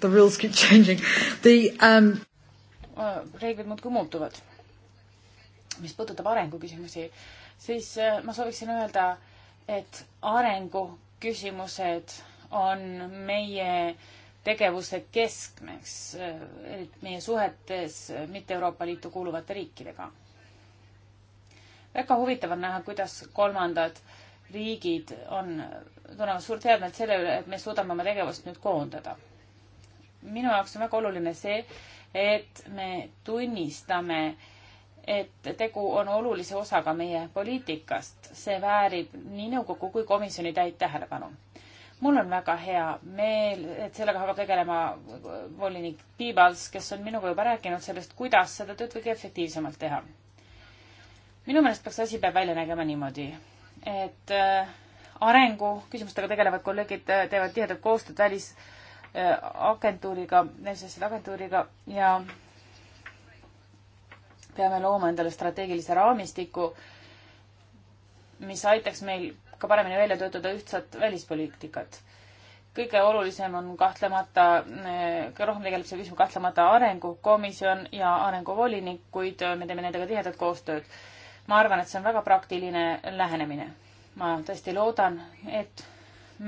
the rules keep changing. The um... reeglid muudkui muutuvad. mis puudutab arenguküsimusi, siis äh, ma sooviksin öelda, et arengu küsimused on meie tegevuse keskmeks, äh, et meie suhetes äh, mitte Euroopa Liitu kuuluvate riikidega. väga huvitav on näha, kuidas kolmandad riigid on, tunnevad suurt headmeelt selle üle, et me suudame oma tegevust nüüd koondada. minu jaoks on väga oluline see, et me tunnistame äh, et tegu on olulise osaga meie poliitikast. see väärib nii nõukogu kui komisjoni täit tähelepanu. mul on väga hea meel, et sellega hakkab tegelema volinik Piibals, kes on minuga juba rääkinud sellest, kuidas seda tööd kõige efektiivsemalt teha. minu meelest peaks asi peab välja nägema niimoodi, et äh, arengu küsimustega tegelevad kolleegid äh, teevad tihedat koostööd välisagentuuriga, välisasjade agentuuriga ja peame looma endale strateegilise raamistiku, mis aitaks meil ka paremini välja töötada ühtset välispoliitikat. kõige olulisem on kahtlemata, kõige eh, rohkem tegeleb see küsimus kahtlemata arengukomisjon ja arenguvolinik, kuid me teeme nendega tihedat koostööd. ma arvan, et see on väga praktiline lähenemine. ma tõesti loodan, et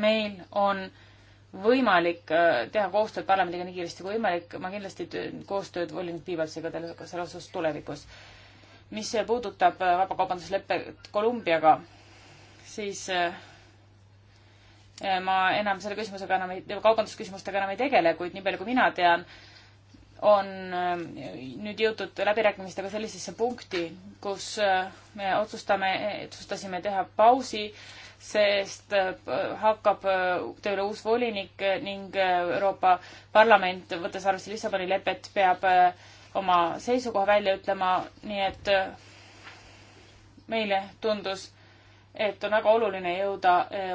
meil on äh, võimalik äh, teha koostööd parlamendiga nii kiiresti kui võimalik, ma kindlasti koostööd volinik Piibaltsiga selle osas tulevikus. mis puudutab äh, vabakaubanduslepet Kolumbiaga, siis äh, ma enam selle küsimusega enam ei, kaubandusküsimustega enam ei tegele, kuid nii palju, kui mina tean, on nüüd jõutud läbirääkimistega sellisesse punkti, kus me otsustame, otsustasime teha pausi äh, sest äh, hakkab äh, tööle uus volinik äh, ning Euroopa Parlament, võttes arvesse Lissaboni lepet, peab oma seisukoha välja ütlema, nii et meile tundus, et on väga oluline jõuda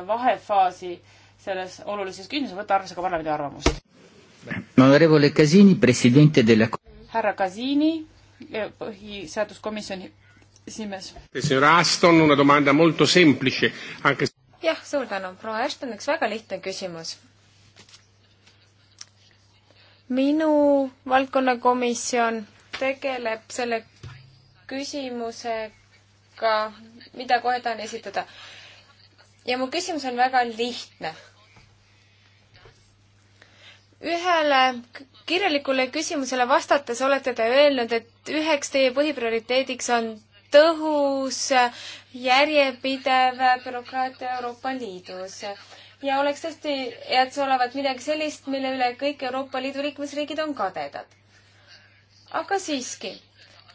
vahefaasi selles olulises küsimuses, võtta arvesse ka parlamendi arvamust. härra Kasiini, põhiseaduskomisjoni esimees. Eh, jah, suur tänu, proua Ashton, üks väga lihtne küsimus. minu valdkonnakomisjon tegeleb selle küsimusega, mida kohe tahan esitada. ja mu küsimus on väga lihtne. ühele kirjalikule küsimusele vastates olete te öelnud, et üheks teie põhiprioriteediks on tõhus, järjepidev bürokraatia Euroopa Liidus. ja oleks tõesti, et see olevat midagi sellist, mille üle kõik Euroopa Liidu liikmesriigid on kadedad. aga siiski,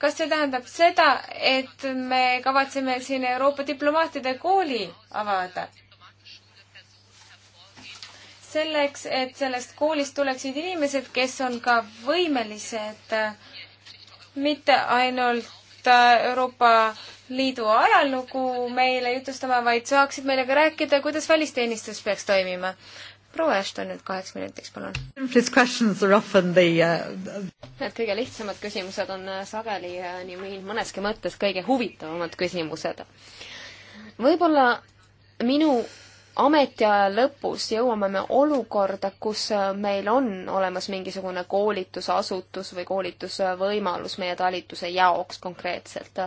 kas see tähendab seda, et me kavatseme siin Euroopa diplomaatide kooli avada? selleks, et sellest koolist tuleksid inimesed, kes on ka võimelised mitte ainult Äh, Euroopa Liidu ajalugu meile jutustama, vaid saaksid meile ka rääkida, kuidas välisteenistus peaks toimima. proua Ashton nüüd kaheks minutiks, palun. Uh, Need kõige lihtsamad küsimused on äh, sageli äh, nii mõneski mõttes kõige huvitavamad küsimused. võib-olla minu ametiaja lõpus jõuame me olukorda, kus äh, meil on olemas mingisugune koolitusasutus või koolitusvõimalus meie talituse jaoks konkreetselt.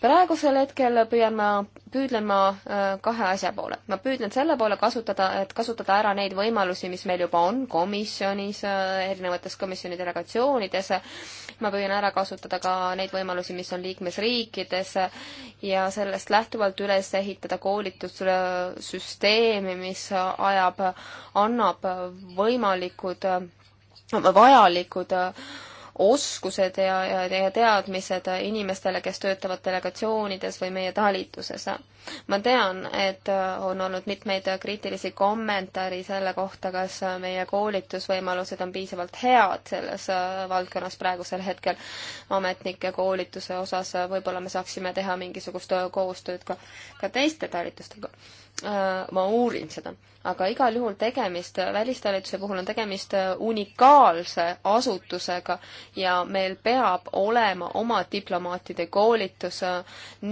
praegusel hetkel püüan ma, püüdlen ma äh, kahe asja poole. ma püüdlen selle poole kasutada, et kasutada ära neid võimalusi, mis meil juba on komisjonis, äh, erinevates komisjoni delegatsioonides, ma püüan ära kasutada ka neid võimalusi, mis on liikmesriikides ja sellest lähtuvalt üles ehitada koolitussüsteemi, mis ajab, annab võimalikud, vajalikud oskused ja, ja, ja teadmised inimestele, kes töötavad delegatsioonides või meie talituses ma tean, et äh, on olnud mitmeid äh, kriitilisi kommentaari selle kohta, kas äh, meie koolitusvõimalused on piisavalt head selles valdkonnas praegusel hetkel ametnike koolituse osas, võib-olla me saaksime teha mingisugust koostööd ka, ka teiste talitustega. ma uurin seda, aga igal juhul tegemist, välistalituse puhul on tegemist unikaalse asutusega ja meil peab olema oma diplomaatide koolitus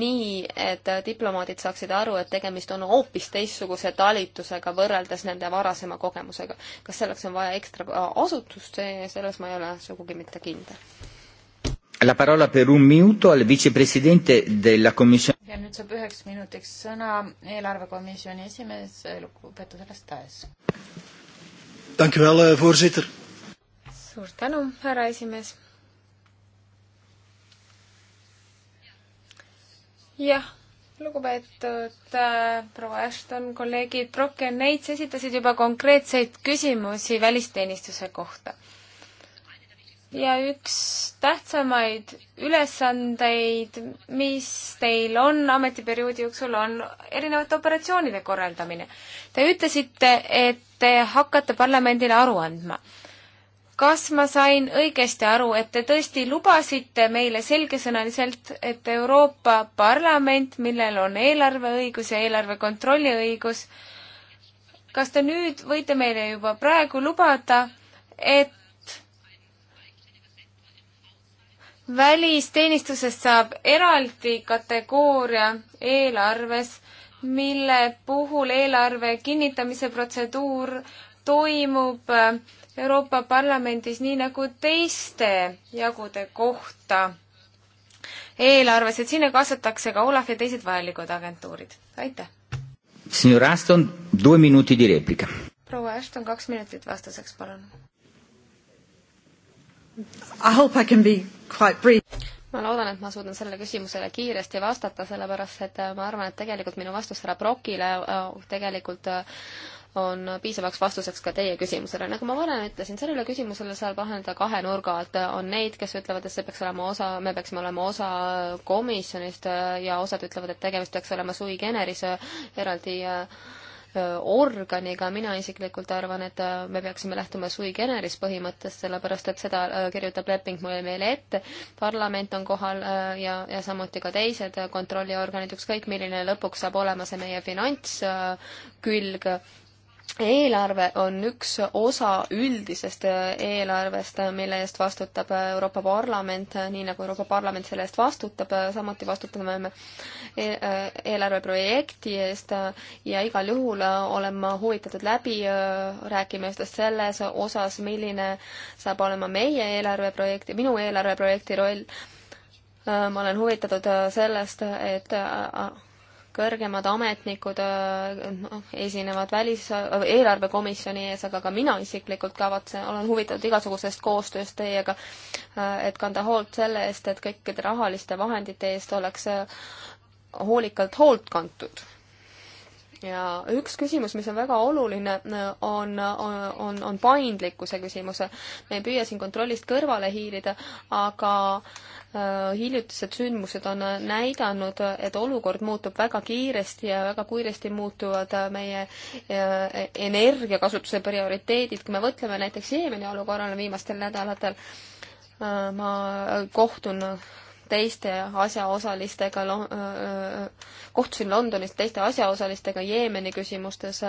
nii, et diplomaadid partnerid saaksid aru, et tegemist on hoopis teistsuguse talitusega võrreldes nende varasema kogemusega. kas selleks on vaja ekstra äh, asutust, selles ma ei ole sugugi mitte kindel. La parola per un minuto al vicepresidente della commissione. ja nüüd saab üheks minutiks sõna eelarvekomisjoni esimees Peeter Lastaes. Dank u wel, eh, voorzitter. suur tänu, härra esimees jah, lugupeetud äh, proua Ashton, kolleegid, Brock ja Neits esitasid juba konkreetseid küsimusi välisteenistuse kohta. ja üks tähtsamaid ülesandeid, mis teil on ametiperioodi jooksul, on erinevate operatsioonide korraldamine. Te ütlesite, et te hakkate parlamendile aru andma kas ma sain õigesti aru, et te tõesti lubasite meile selgesõnaliselt, et Euroopa Parlament, millel on eelarveõigus ja eelarve kontrolli õigus, kas te nüüd võite meile juba praegu lubada, et välisteenistusest saab eraldi kategooria eelarves, mille puhul eelarve kinnitamise protseduur toimub äh, Euroopa Parlamendis nii nagu teiste jagude kohta eelarves, et sinna kaasatakse ka Olav ja teised vajalikud agentuurid. aitäh! Signor Aston, due minuti di replica. proua Ashton, kaks minutit vastuseks, palun. I hope I can be quite brief ma loodan, et ma suudan sellele küsimusele kiiresti vastata, sellepärast et äh, ma arvan, et tegelikult minu vastus härra Brokile äh, tegelikult on piisavaks vastuseks ka teie küsimusele. nagu ma varem ütlesin, sellele küsimusele saab lahendada kahe nurga alt. on neid, kes ütlevad, et see peaks olema osa, me peaksime olema osa komisjonist ja osad ütlevad, et tegemist peaks olema sui generis eraldi äh, organiga, mina isiklikult arvan, et äh, me peaksime lähtuma sui generis põhimõttest, sellepärast et seda äh, kirjutab leping mulle meile ette, parlament on kohal ja, ja samuti ka teised kontrolliorganid, ükskõik milline lõpuks saab olema see meie finantskülg, eelarve on üks osa üldisest äh, eelarvest, äh, mille eest vastutab äh, Euroopa Parlament, nii nagu Euroopa Parlament selle eest vastutab, samuti vastutame me eelarveprojekti eest ja igal juhul olen ma huvitatud läbi rääkimistest selles osas, milline saab olema meie eelarveprojekti, minu eelarveprojekti roll. ma olen huvitatud sellest, et kõrgemad ametnikud äh, noh, esinevad välis, eelarvekomisjoni ees, aga ka mina isiklikult kavatsen, olen huvitatud igasugusest koostööst teiega, äh, et kanda hoolt selle eest, et kõikide rahaliste vahendite eest oleks äh, hoolikalt hoolt kantud. ja üks küsimus, mis on väga oluline, on, on, on, on paindlikkuse küsimus. me ei püüa siin kontrollist kõrvale hiilida, aga äh, Äh, hiljutised sündmused on näidanud, et olukord muutub väga kiiresti ja väga kiiresti muutuvad meie äh, energiakasutuse prioriteedid, kui me mõtleme näiteks Jeemeni olukorrale viimastel nädalatel, äh, ma kohtun teiste asjaosalistega, kohtusin Londonis teiste asjaosalistega Jeemeni küsimustes,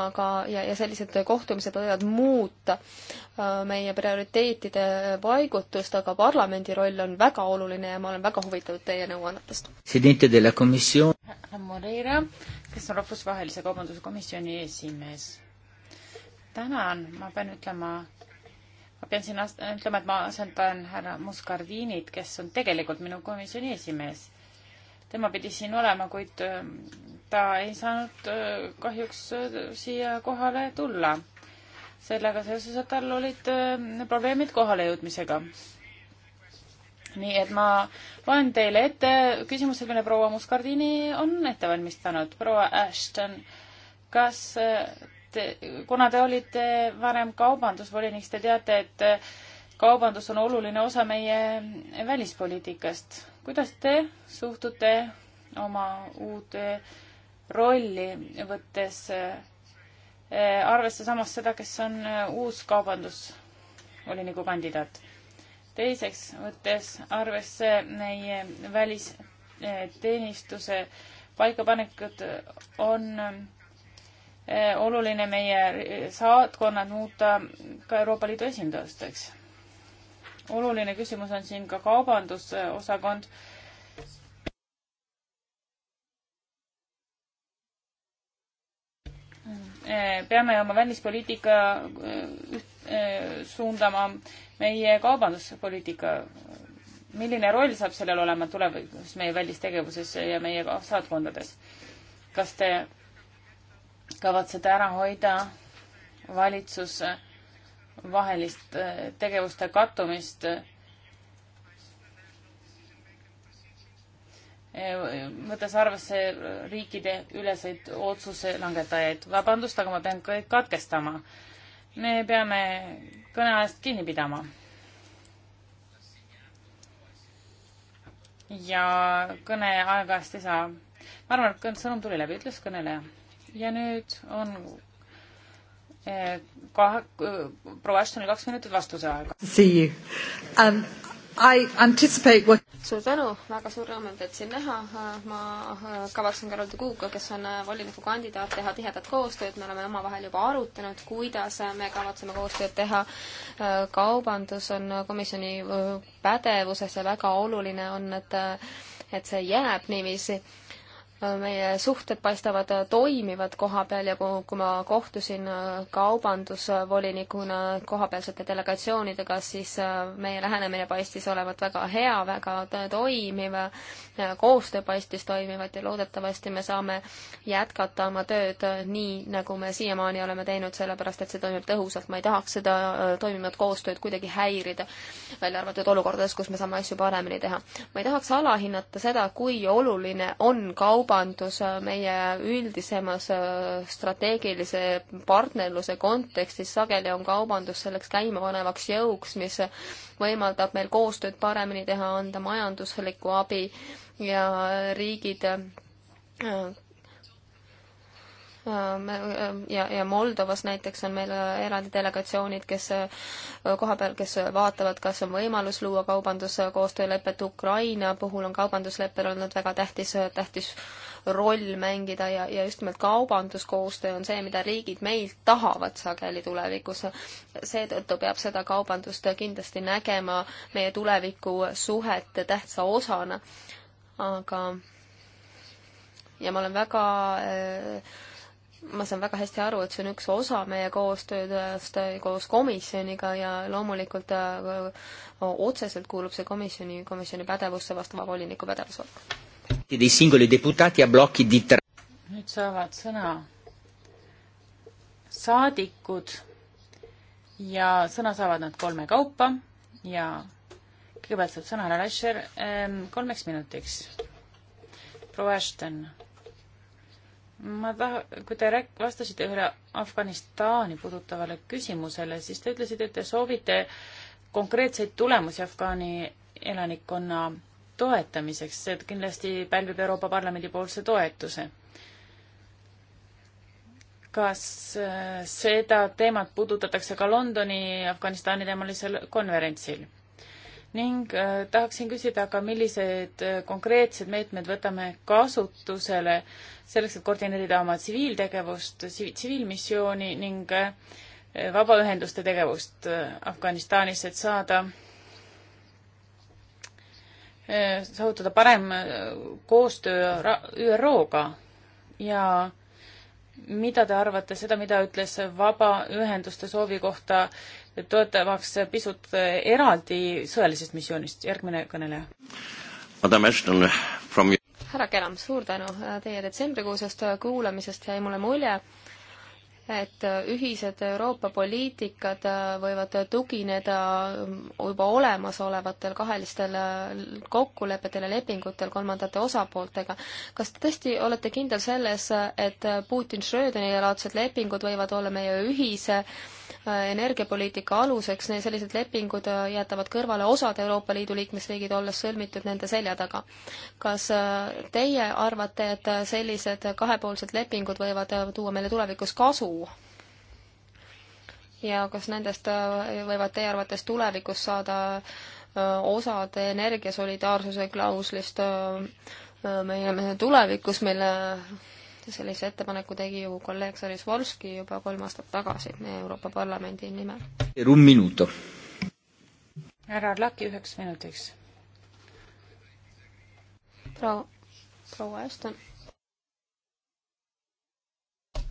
aga, ja, ja sellised kohtumised võivad muuta meie prioriteetide paigutust, aga parlamendi roll on väga oluline ja ma olen väga huvitatud teie nõuannetest. Moreira, kes on Rahvusvahelise Kaubanduskomisjoni esimees. tänan, ma pean ütlema, ma pean siin ütlema, et ma asendan härra Muscardinit, kes on tegelikult minu komisjoni esimees. tema pidi siin olema, kuid ähm, ta ei saanud äh, kahjuks äh, siia kohale tulla. sellega seoses, et tal olid ähm, probleemid kohalejõudmisega. nii et ma loen teile ette küsimused, mille proua Muscardini on ette valmistanud. proua Ashton, kas äh, et kuna te olite varem kaubandusvolinik, siis te teate, et kaubandus on oluline osa meie välispoliitikast. kuidas te suhtute oma uude rolli, võttes eh, arvesse samas seda, kes on eh, uus kaubandusvoliniku kandidaat? teiseks, võttes arvesse meie välisteenistuse paikapanekud on Eh, oluline meie saatkonnad muuta ka Euroopa Liidu esindajateks. oluline küsimus on siin ka kaubandusosakond. Eh, peame oma välispoliitika eh, suundama meie kaubanduspoliitika. milline roll saab sellel olema tulevikus meie välistegevuses ja meie saatkondades? kas te kavatsete ära hoida valitsuse vahelist äh, tegevuste kattumist äh, võttes arvesse riikide üleseid otsuse langetajaid. vabandust, aga ma pean kõik katkestama. me peame kõneajast kinni pidama. ja kõneaegast ei saa. ma arvan, et sõnum tuli läbi, ütles kõneleja ja nüüd on eh, kahe, eh, proua Ashtonil kaks minutit vastuse aega. See you um,. I anticipate what suur tänu, väga suur rõõm on teid siin näha. Eh, ma kavatsen Carol de Guga, kes on volinikukandidaat, teha tihedat koostööd. me oleme omavahel juba arutanud, kuidas me kavatseme koostööd teha. kaubandus on komisjoni pädevuses ja väga oluline on, et, et see jääb niiviisi meie suhted paistavad toimivad koha peal ja kui, kui ma kohtusin kaubandusvolinikuna kohapealsete delegatsioonidega, siis äh, meie lähenemine paistis olevat väga hea, väga toimiv, koostöö paistis toimivat ja loodetavasti me saame jätkata oma tööd nii, nagu me siiamaani oleme teinud, sellepärast et see toimib tõhusalt, ma ei tahaks seda äh, toimivat koostööd kuidagi häirida, välja arvatud olukordades, kus me saame asju paremini teha. ma ei tahaks alahinnata seda, kui oluline on kaubandus, kaubandus äh, meie üldisemas äh, strateegilise partnerluse kontekstis, sageli on kaubandus selleks käimapanevaks jõuks, mis võimaldab meil koostööd paremini teha, anda majanduslikku abi ja riigid äh, Äh, äh, ja, ja Moldovas näiteks on meil äh, eraldi delegatsioonid, kes koha peal, kes vaatavad, kas on võimalus luua kaubanduskoostöölepet. Ukraina puhul on kaubandusleppel olnud väga tähtis, tähtis roll mängida ja, ja just nimelt kaubanduskoostöö on see, mida riigid meilt tahavad sageli tulevikus. seetõttu peab seda kaubandust kindlasti nägema meie tulevikusuhete tähtsa osana. aga ja ma olen väga äh, ma saan väga hästi aru, et see on üks osa meie koostööst koos komisjoniga ja loomulikult äh, otseselt kuulub see komisjoni, komisjoni pädevusse vastava voliniku pädevuse hulka. nüüd saavad sõna saadikud ja sõna saavad nad kolme kaupa ja kõigepealt saab sõna härra Lasher ehm, kolmeks minutiks. proua Ashton ma taha, kui te rääk-, vastasite ühele Afganistani puudutavale küsimusele, siis te ütlesite, et te soovite konkreetseid tulemusi Afgaani elanikkonna toetamiseks, see kindlasti pälvib Euroopa Parlamendi poolse toetuse. kas äh, seda teemat puudutatakse ka Londoni Afganistani teemalisel konverentsil? ning äh, tahaksin küsida ka, millised äh, konkreetsed meetmed võtame kasutusele selleks, et koordineerida oma tsiviiltegevust, tsiviilmissiooni ning äh, vabaühenduste tegevust Afganistanis, et saada saavutada parem koostöö ÜRO-ga ja mida te arvate seda, mida ütles vabaühenduste soovi kohta toetamaks pisut eraldi sõjalisest missioonist. järgmine kõneleja. Madam Ashton, from you. härra Kelam, suur tänu äh, teie detsembrikuusest äh, kuulamisest jäi mulle mulje, et äh, ühised Euroopa poliitikad võivad tugineda ähm, juba olemasolevatel kahelistel kokkulepetel ja lepingutel kolmandate osapooltega. kas te tõesti olete kindel selles, et Putin-Schröderi laadsed lepingud võivad olla meie ühise äh, energiapoliitika aluseks, sellised lepingud jätavad kõrvale osad Euroopa Liidu liikmesriigid, olles sõlmitud nende selja taga. kas äh, teie arvate, et sellised kahepoolsed lepingud võivad äh, tuua meile tulevikus kasu? ja kas nendest äh, võivad teie arvates tulevikus saada osad energiasolidaarsuse klauslist meie tulevikus, mille sellise ettepaneku tegi ju kolleeg Saris Volski juba kolm aastat tagasi Euroopa Parlamendi nimel. härra Arlaki üheks minutiks. proua, proua Eston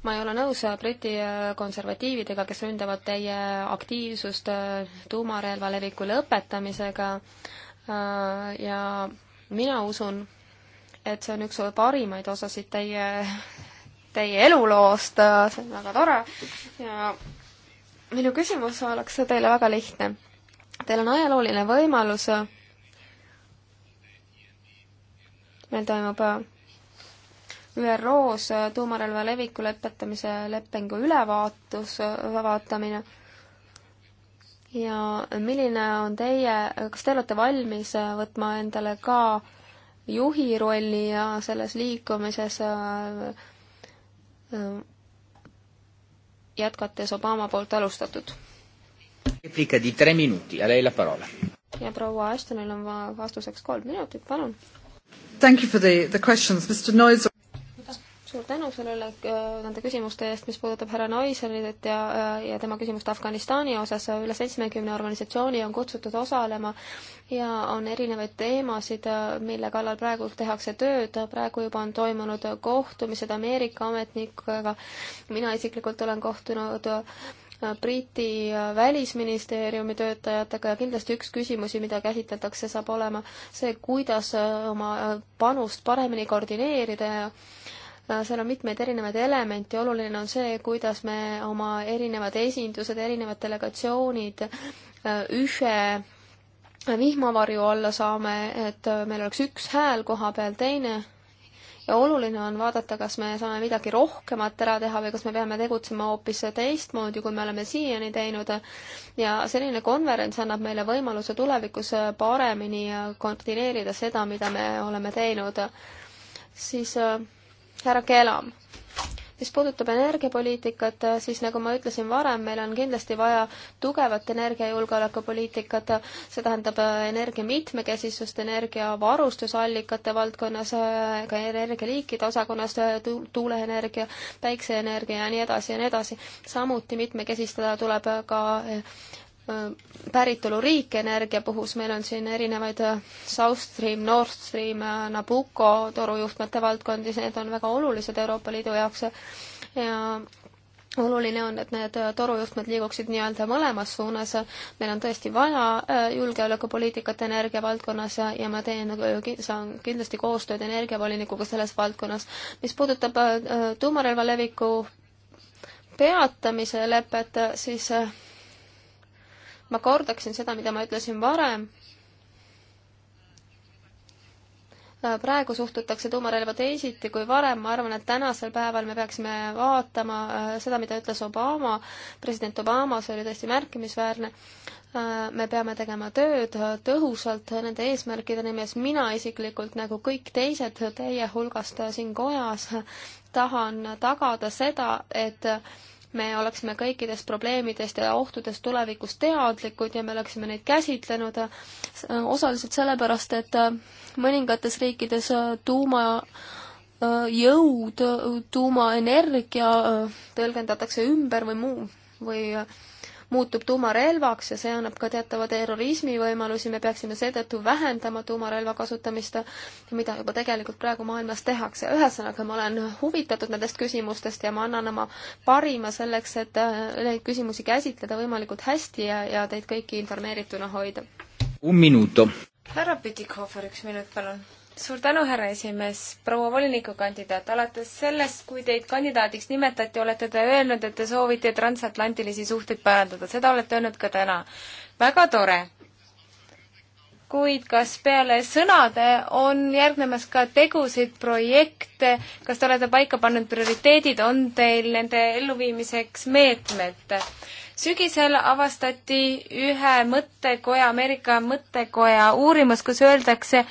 ma ei ole nõus Briti äh, konservatiividega, kes ründavad teie aktiivsust äh, tuumarelva leviku lõpetamisega äh, ja mina usun, et see on üks parimaid osasid teie, teie eluloost, see on väga tore ja minu küsimus oleks teile väga lihtne. Teil on ajalooline võimalus, meil toimub ÜRO-s tuumarelva leviku lõpetamise lepingu ülevaatus, vaatamine ja milline on teie, kas te olete valmis võtma endale ka äh, juhi rolli ja selles liikumises äh, äh, jätkates Obama poolt alustatud. ja proua Ashtonil on vastuseks kolm minutit, palun. Thank you for the, the questions, Mr Noise suur tänu sellele, äh, nende küsimuste eest, mis puudutab härra Noiserit ja, äh, ja tema küsimust Afganistani osas. üle seitsmekümne organisatsiooni on kutsutud osalema ja on erinevaid teemasid, äh, mille kallal praegu tehakse tööd. praegu juba on toimunud kohtumised Ameerika ametnikega. mina isiklikult olen kohtunud Briti välisministeeriumi töötajatega ja kindlasti üks küsimusi, mida käsitletakse, saab olema see, kuidas oma panust paremini koordineerida ja Äh, seal on mitmeid erinevaid elemente, oluline on see, kuidas me oma erinevad esindused, erinevad delegatsioonid äh, ühe vihmavarju alla saame, et äh, meil oleks üks hääl koha peal, teine ja oluline on vaadata, kas me saame midagi rohkemat ära teha või kas me peame tegutsema hoopis teistmoodi, kui me oleme siiani teinud. ja selline konverents annab meile võimaluse tulevikus paremini koordineerida seda, mida me oleme teinud. siis äh, härra Kelam mis puudutab energiapoliitikat, siis nagu ma ütlesin varem, meil on kindlasti vaja tugevat energiajulgeolekupoliitikat, see tähendab äh, energia mitmekesisust, energia varustusallikate valdkonnas, äh, ka energialiikide osakonnas äh, tu, tuuleenergia, päikseenergia ja nii edasi ja nii edasi. samuti mitmekesistada tuleb ka Äh, päritoluriik energia puhul, meil on siin erinevaid äh, South Stream, Nord Stream, äh, Nabucco torujuhtmete valdkondi, need on väga olulised Euroopa Liidu jaoks ja oluline on, et need torujuhtmed liiguksid nii-öelda mõlemas suunas. meil on tõesti vaja julgeolekupoliitikat energiavaldkonnas ja, ja ma teen, saan kindlasti koostööd energiavolinikuga selles valdkonnas. mis puudutab tuumarelva leviku peatamise lepet, siis ma kordaksin seda, mida ma ütlesin varem. Äh, praegu suhtutakse tuumarelva teisiti kui varem, ma arvan, et tänasel päeval me peaksime vaatama äh, seda, mida ütles Obama, president Obama, see oli tõesti märkimisväärne. Äh, me peame tegema tööd tõhusalt nende eesmärkide nimes, mina isiklikult nagu kõik teised teie hulgast siin kojas tahan tagada seda, et me oleksime kõikidest probleemidest ja ohtudest tulevikus teadlikud ja me oleksime neid käsitlenud äh, osaliselt sellepärast, et äh, mõningates riikides äh, tuumajõud, tuumaenergia tõlgendatakse ümber või muu või muutub tuumarelvaks ja see annab ka teatava terrorismi võimalusi, me peaksime seetõttu vähendama tuumarelva kasutamist, mida juba tegelikult praegu maailmas tehakse. ühesõnaga, ma olen huvitatud nendest küsimustest ja ma annan oma parima selleks, et äh, neid küsimusi käsitleda võimalikult hästi ja, ja teid kõiki informeerituna hoida. un minuto. härra Pidikhofer, üks minut, palun suur tänu, härra esimees, proua volinikukandidaat, alates sellest, kui teid kandidaadiks nimetati, olete te öelnud, et te soovite transatlantilisi suhteid parandada, seda olete öelnud ka täna. väga tore. kuid kas peale sõnade on järgnemas ka tegusid, projekte, kas te olete paika pannud prioriteedid, on teil nende elluviimiseks meetmed? sügisel avastati ühe mõttekoja, Ameerika mõttekoja uurimus, kus öeldakse,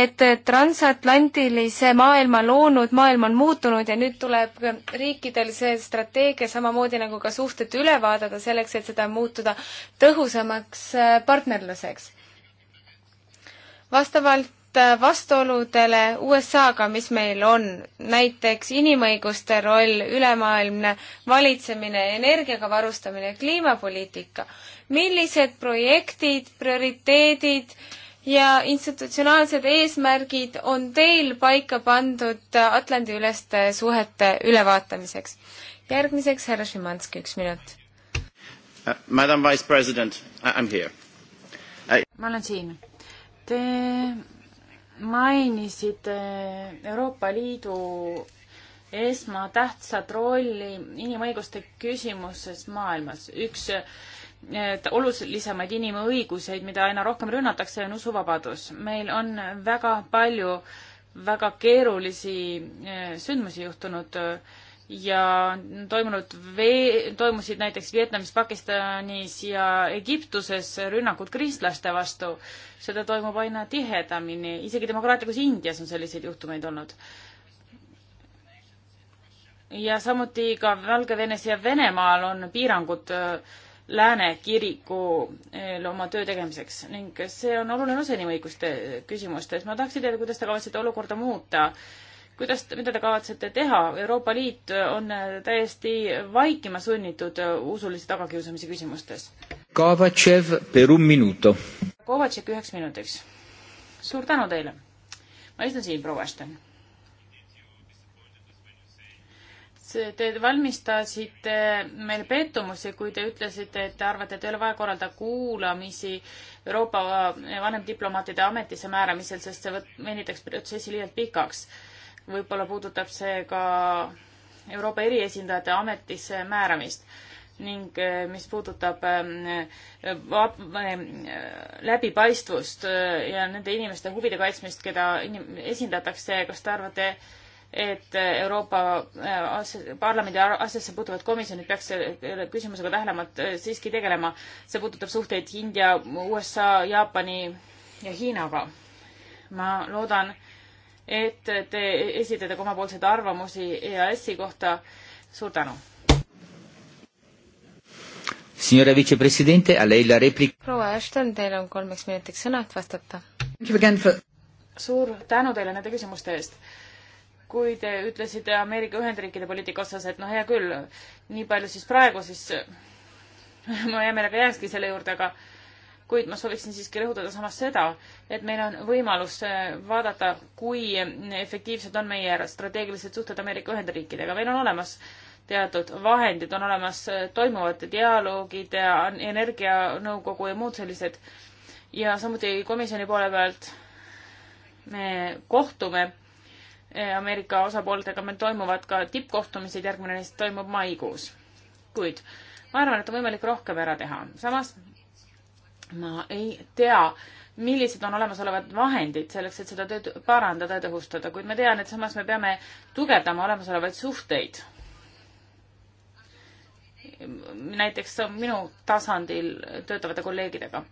et transatlantilise maailma loonud maailm on muutunud ja nüüd tuleb riikidel see strateegia samamoodi nagu ka suhted üle vaadata selleks, et seda muutuda tõhusamaks partnerluseks. vastavalt Äh, vastuoludele USA-ga, mis meil on, näiteks inimõiguste roll, ülemaailmne valitsemine, energiaga varustamine, kliimapoliitika. millised projektid, prioriteedid ja institutsionaalsed eesmärgid on teil paika pandud äh, Atlandi-üleste suhete ülevaatamiseks? järgmiseks härra Šimanski, üks minut uh,. Madam Vice President, I am here I.... ma olen siin. Te mainisid Euroopa Liidu esmatähtsat rolli inimõiguste küsimuses maailmas. üks eh, olulisemaid inimõiguseid, mida aina rohkem rünnatakse, on usuvabadus. meil on väga palju väga keerulisi eh, sündmusi juhtunud äh, ja toimunud vee-, toimusid näiteks Vietnamis, Pakistanis ja Egiptuses rünnakud kristlaste vastu. seda toimub aina tihedamini, isegi demokraatlikus Indias on selliseid juhtumeid olnud. ja samuti ka Valgevenes ja Venemaal on piirangud äh, Lääne kirikul äh, oma töö tegemiseks ning see on oluline osa inimõiguste äh, küsimustest. ma tahaksin teada, kuidas te kavatsete olukorda muuta kuidas, mida te kavatsete teha? Euroopa Liit on täiesti vaikima sunnitud usulise tagakiusamise küsimustes. Kovatšev, Peru minuto. Kovatšev üheks minutiks. suur tänu teile. ma istun siin, proua Ashton. Te valmistasite meile pettumusi, kui te ütlesite, et te arvate, et ei ole vaja korraldada kuulamisi Euroopa vanemdiplomaatide ametisse määramisel, sest see venitaks protsessi liialt pikaks võib-olla puudutab see ka Euroopa eriesindajate ametisse määramist ning eh, mis puudutab ehm, vab-, ehm, läbipaistvust eh, ja nende inimeste huvide kaitsmist, keda inim-, esindatakse, kas te arvate, et Euroopa eh, asja, Parlamendi asjasse puutuvad komisjonid peaks selle küsimusega tähelepanu siiski tegelema. see puudutab suhteid India, USA, Jaapani ja Hiinaga. ma loodan, et te esitate ka omapoolseid arvamusi EAS-i kohta. suur tänu. Signora vicepresidente, a lei la replica. proua Ashton, teil on kolmeks minutiks sõna, et vastata. suur tänu teile nende küsimuste eest kui te ütlesite Ameerika Ühendriikide poliitika osas, et noh, hea küll, nii palju siis praegu, siis [laughs] ma hea meelega nagu jääkski selle juurde, aga kuid ma sooviksin siiski rõhutada samas seda, et meil on võimalus äh, vaadata, kui efektiivsed on meie strateegilised suhted Ameerika Ühendriikidega. meil on olemas teatud vahendid, on olemas äh, toimuvad dialoogid ja energianõukogu ja muud sellised. ja samuti komisjoni poole pealt me kohtume äh, Ameerika osapooltega, meil toimuvad ka tippkohtumised, järgmine neist toimub maikuus. kuid ma arvan, et on võimalik rohkem ära teha. samas ma ei tea, millised on olemasolevad vahendid selleks, et seda tööd parandada ja tõhustada, kuid ma tean, et samas me peame tugevdama olemasolevaid suhteid. näiteks minu tasandil töötavate kolleegidega.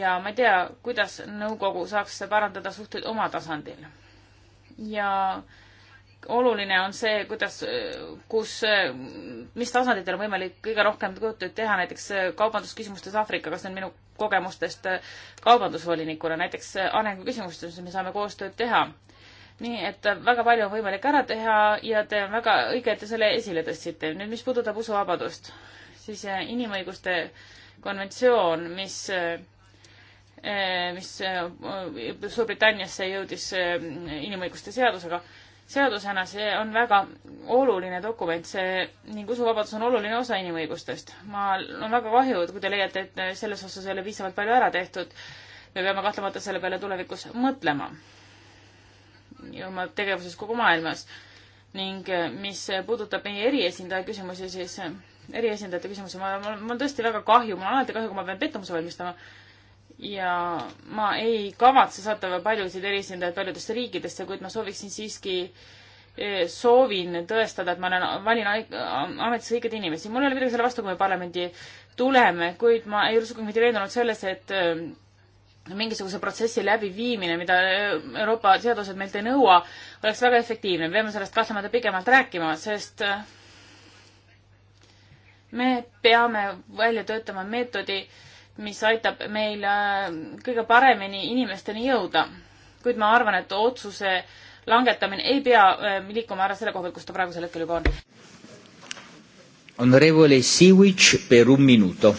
ja ma ei tea, kuidas nõukogu saaks parandada suhteid oma tasandil. ja äh, oluline on see, kuidas, kus, mis tasanditel on võimalik kõige rohkem koostööd teha, näiteks kaubandusküsimustes Aafrikaga, see on minu kogemustest kaubandusvolinikuna, näiteks arenguküsimustes me saame koostööd teha. nii et väga palju on võimalik ära teha ja te väga õigete selle esile tõstsite. nüüd, mis puudutab usuvabadust, siis eh, inimõiguste konventsioon, mis eh, mis eh, Suurbritanniasse jõudis inimõiguste seadusega seadusena, see on väga oluline dokument, see ning usuvabadus on oluline osa inimõigustest. ma, on väga kahju, et kui te leiate, et selles osas ei ole piisavalt palju ära tehtud, me peame kahtlemata selle peale tulevikus mõtlema ja oma tegevuses kogu maailmas. ning eh, mis puudutab meie eriesindaja küsimusi, siis eh, eriesindajate küsimusi, ma, mul on tõesti väga kahju, mul on alati kahju, kui ma pean pettumuse valmistama ja ma ei kavatse saata veel paljusid erisindajaid paljudesse riikidesse, kuid ma sooviksin siiski, eh, soovin tõestada, et ma olen, valin ametisse õigeid inimesi. mul ei ole midagi selle vastu, kui me parlamendi tuleme, kuid ma ei ole sugugi mitte veendunud selles, et eh, mingisuguse protsessi läbiviimine, mida eh, Euroopa seadused meilt ei nõua, oleks väga efektiivne. me peame sellest kahtlemata pikemalt rääkima, sest me peame välja töötama meetodi, mis aitab meil äh, kõige paremini inimesteni jõuda. kuid ma arvan, et otsuse langetamine ei pea äh, liikuma ära selle koha pealt, kus ta praegusel hetkel juba on. Onorevole Sivic per un minuto.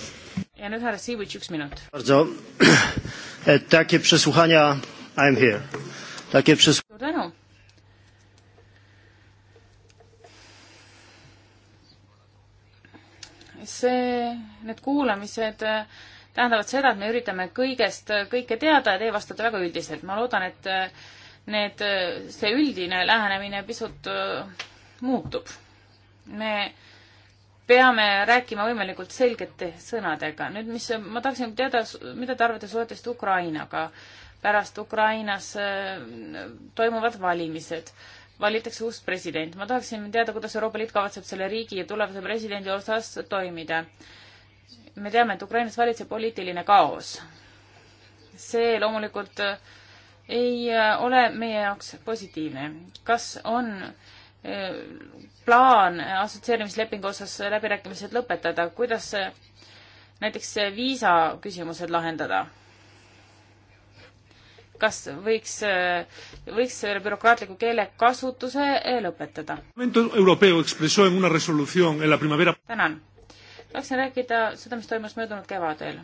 ja nüüd härra Sivic, üks minut. [clears throat] E, takie przesłuchania, I am here. Takie przesłuchania. suur tänu. see, need kuulamised äh, tähendavad seda, et me üritame kõigest kõike teada ja teie vastate väga üldiselt. ma loodan, et äh, need, äh, see üldine lähenemine pisut äh, muutub. me peame rääkima võimalikult selgete sõnadega. nüüd, mis ma tahaksin teada, mida te arvate suhetest Ukrainaga? pärast Ukrainas toimuvad valimised, valitakse uus president. ma tahaksin teada, kuidas Euroopa Liit kavatseb selle riigi ja tulevase presidendi osas toimida me teame, et Ukrainas valitseb poliitiline kaos. see loomulikult äh, ei äh, ole meie jaoks positiivne. kas on äh, plaan assotsieerimislepingu osas läbirääkimised lõpetada, kuidas näiteks viisa küsimused lahendada? kas võiks, võiks selle bürokraatliku keele kasutuse lõpetada? tänan tahaksin rääkida seda, mis toimus möödunud kevadel.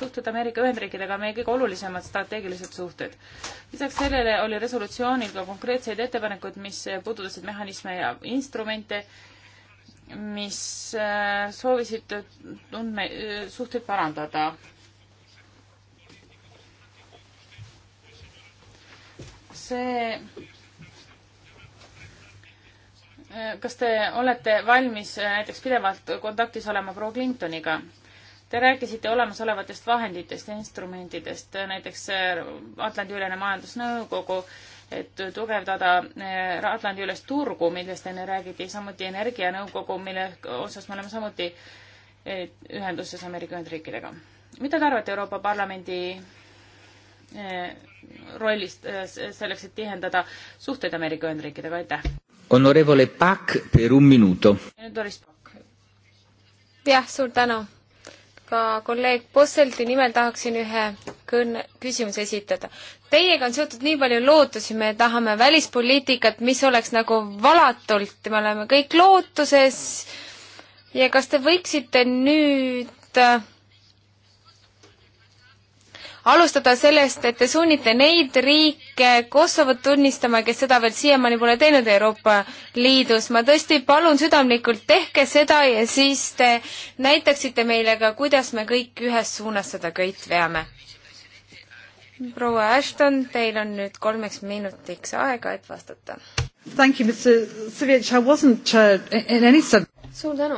suhted Ameerika Ühendriikidega on meie kõige olulisemad strateegilised suhted. lisaks sellele oli resolutsioonil ka konkreetseid ettepanekuid, mis puudutasid mehhanisme ja instrumente, mis äh, soovisid tundme, äh, suhteid parandada. see kas te olete valmis äh, näiteks pidevalt kontaktis olema proua Clintoniga? Te rääkisite olemasolevatest vahenditest ja instrumentidest, äh, näiteks äh, Atlandi-ülene majandusnõukogu, et tugevdada Atlandi-ülest turgu, millest enne räägiti, samuti energianõukogu, mille osas me oleme samuti ühenduses Ameerika Ühendriikidega. mida te arvate Euroopa Parlamendi rollist selleks, et tihendada suhteid Ameerika Ühendriikidega, aitäh! Honorevole Pakk per un minuto. jah, suur tänu. ka kolleeg Posselti nimel tahaksin ühe kõne, küsimuse esitada. Teiega on seotud nii palju lootusi, me tahame välispoliitikat, mis oleks nagu valatult, me oleme kõik lootuses ja kas te võiksite nüüd äh, alustada sellest, et te sunnite neid riike Kosovot tunnistama, kes seda veel siiamaani pole teinud Euroopa Liidus. ma tõesti palun südamlikult, tehke seda ja siis te näitaksite meile ka, kuidas me kõik ühes suunas seda köit veame. proua Ashton, teil on nüüd kolmeks minutiks aega, et vastata. Uh, suur tänu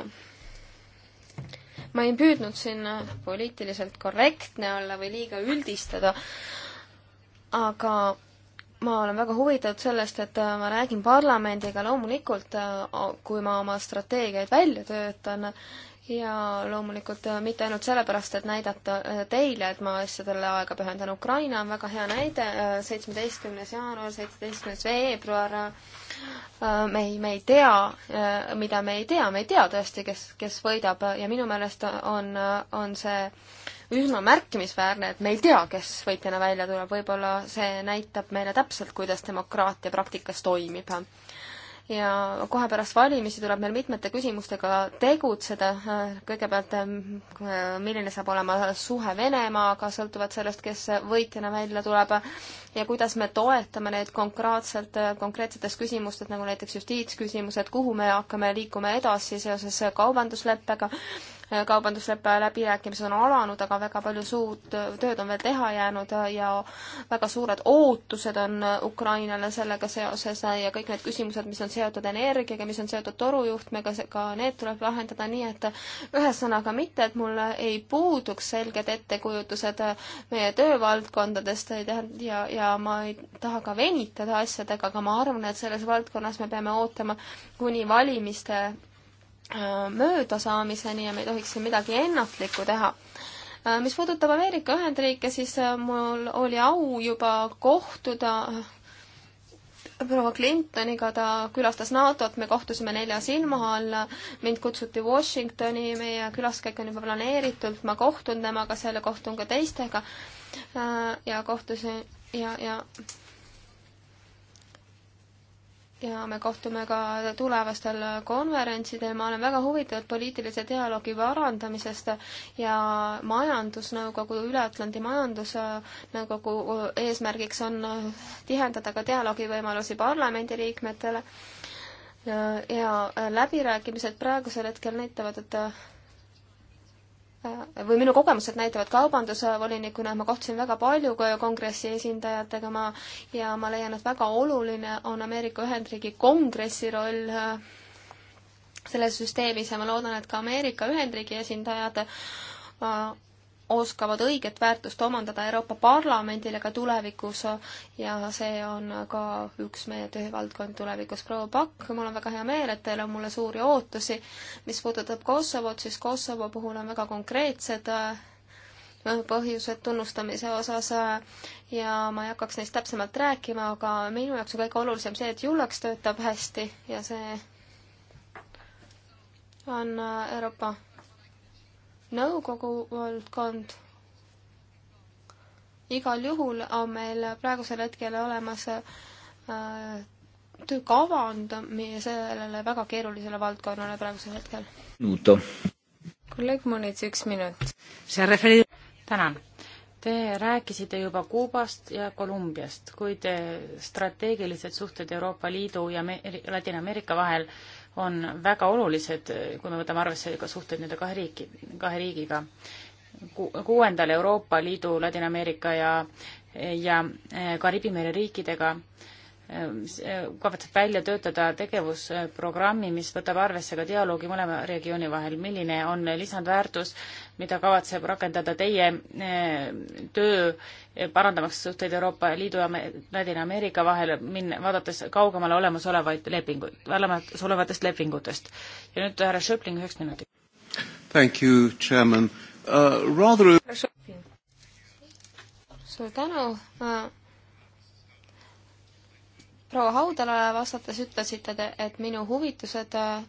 ma ei püüdnud siin poliitiliselt korrektne olla või liiga üldistada, aga ma olen väga huvitatud sellest, et äh, ma räägin parlamendiga loomulikult, äh, kui ma oma strateegiaid välja töötan ja loomulikult äh, mitte ainult sellepärast, et näidata äh, teile, et ma asjadele aega pühendan. Ukraina on väga hea näide, äh, seitsmeteistkümnes jaanuar, seitsmeteistkümnes veebruar. me ei, me ei tea, mida me ei tea, me ei tea tõesti, kes, kes võidab ja minu meelest on, on see üsna märkimisväärne, et me ei tea, kes võitjana välja tuleb, võib-olla see näitab meile täpselt, kuidas demokraatia praktikas toimib ja kohe pärast valimisi tuleb meil mitmete küsimustega tegutseda, kõigepealt ähm, milline saab olema suhe Venemaaga, sõltuvalt sellest, kes võitjana välja tuleb, ja kuidas me toetame neid konkreetselt, äh, konkreetsetes küsimustes, nagu näiteks justiitsküsimused, kuhu me hakkame liikuma edasi seoses kaubandusleppega, kaubandusleppe läbirääkimised on alanud, aga väga palju suurt tööd on veel teha jäänud ja väga suured ootused on Ukrainale sellega seoses ja kõik need küsimused, mis on seotud energiaga, mis on seotud torujuhtmega, ka need tuleb lahendada nii, et ühesõnaga mitte, et mul ei puuduks selged ettekujutused meie töövaldkondadest ja, ja ma ei taha ka venitada asjadega, aga ma arvan, et selles valdkonnas me peame ootama kuni valimiste Äh, möödasaamiseni ja me ei tohiks siin midagi ennatlikku teha. Äh, mis puudutab Ameerika Ühendriike, siis äh, mul oli au juba kohtuda proua Clintoniga, ta külastas NATO-t, me kohtusime nelja silma all, mind kutsuti Washingtoni, meie külaskäik on juba planeeritud, ma kohtun temaga seal ja kohtun ka teistega ja kohtusin ja, ja ja me kohtume ka tulevastel konverentsidel, ma olen väga huvitatud poliitilise dialoogi parandamisest ja majandusnõukogu, Üle-Atlandi majandusnõukogu eesmärgiks on tihendada ka dialoogivõimalusi parlamendiliikmetele ja läbirääkimised praegusel hetkel näitavad, et Äh, või minu kogemused näitavad kaubandusvolinikuna, ma kohtusin väga palju kongressi esindajatega ma ja ma leian, et väga oluline on Ameerika Ühendriigi kongressi roll äh, selles süsteemis ja ma loodan, et ka Ameerika Ühendriigi esindajad äh, oskavad õiget väärtust omandada Euroopa Parlamendile ka tulevikus ja see on ka üks meie töövaldkond tulevikus. proua Pakk, mul on väga hea meel, et teil on mulle suuri ootusi. mis puudutab Kosovot, siis Kosovo puhul on väga konkreetsed äh, põhjused tunnustamise osas äh, ja ma ei hakkaks neist täpsemalt rääkima, aga minu jaoks on kõige olulisem see, et Julaks töötab hästi ja see on äh, Euroopa nõukogu valdkond. igal juhul on meil praegusel hetkel olemas äh, töökavand meie sellele väga keerulisele valdkonnale praegusel hetkel. kolleeg Munits, üks minut. tänan Te rääkisite juba Kuubast ja Kolumbiast, kuid äh, strateegilised suhted Euroopa Liidu ja Ladina-Ameerika vahel on väga olulised, kui me võtame arvesse ka suhted nende kahe riiki, kahe riigiga. Kuuendal Euroopa Liidu, Ladina-Ameerika ja, ja eh, Kariibi mere riikidega äh, Ehm, eh, kavatseb välja töötada tegevusprogrammi, mis võtab arvesse ka dialoogi mõlema regiooni vahel. milline on lisandväärtus, mida kavatseb rakendada teie eh, töö eh, parandamaks suhteid Euroopa Liidu ja Ladina-Ameerika vahel, min-, vaadates kaugemale olemasolevaid lepinguid, olemasolevatest lepingutest. ja nüüd härra Schöpling üheks minutiks. Thank you, chairman uh,. Rather suur tänu uh proua Haudalale vastates ütlesite te, et minu huvitused äh,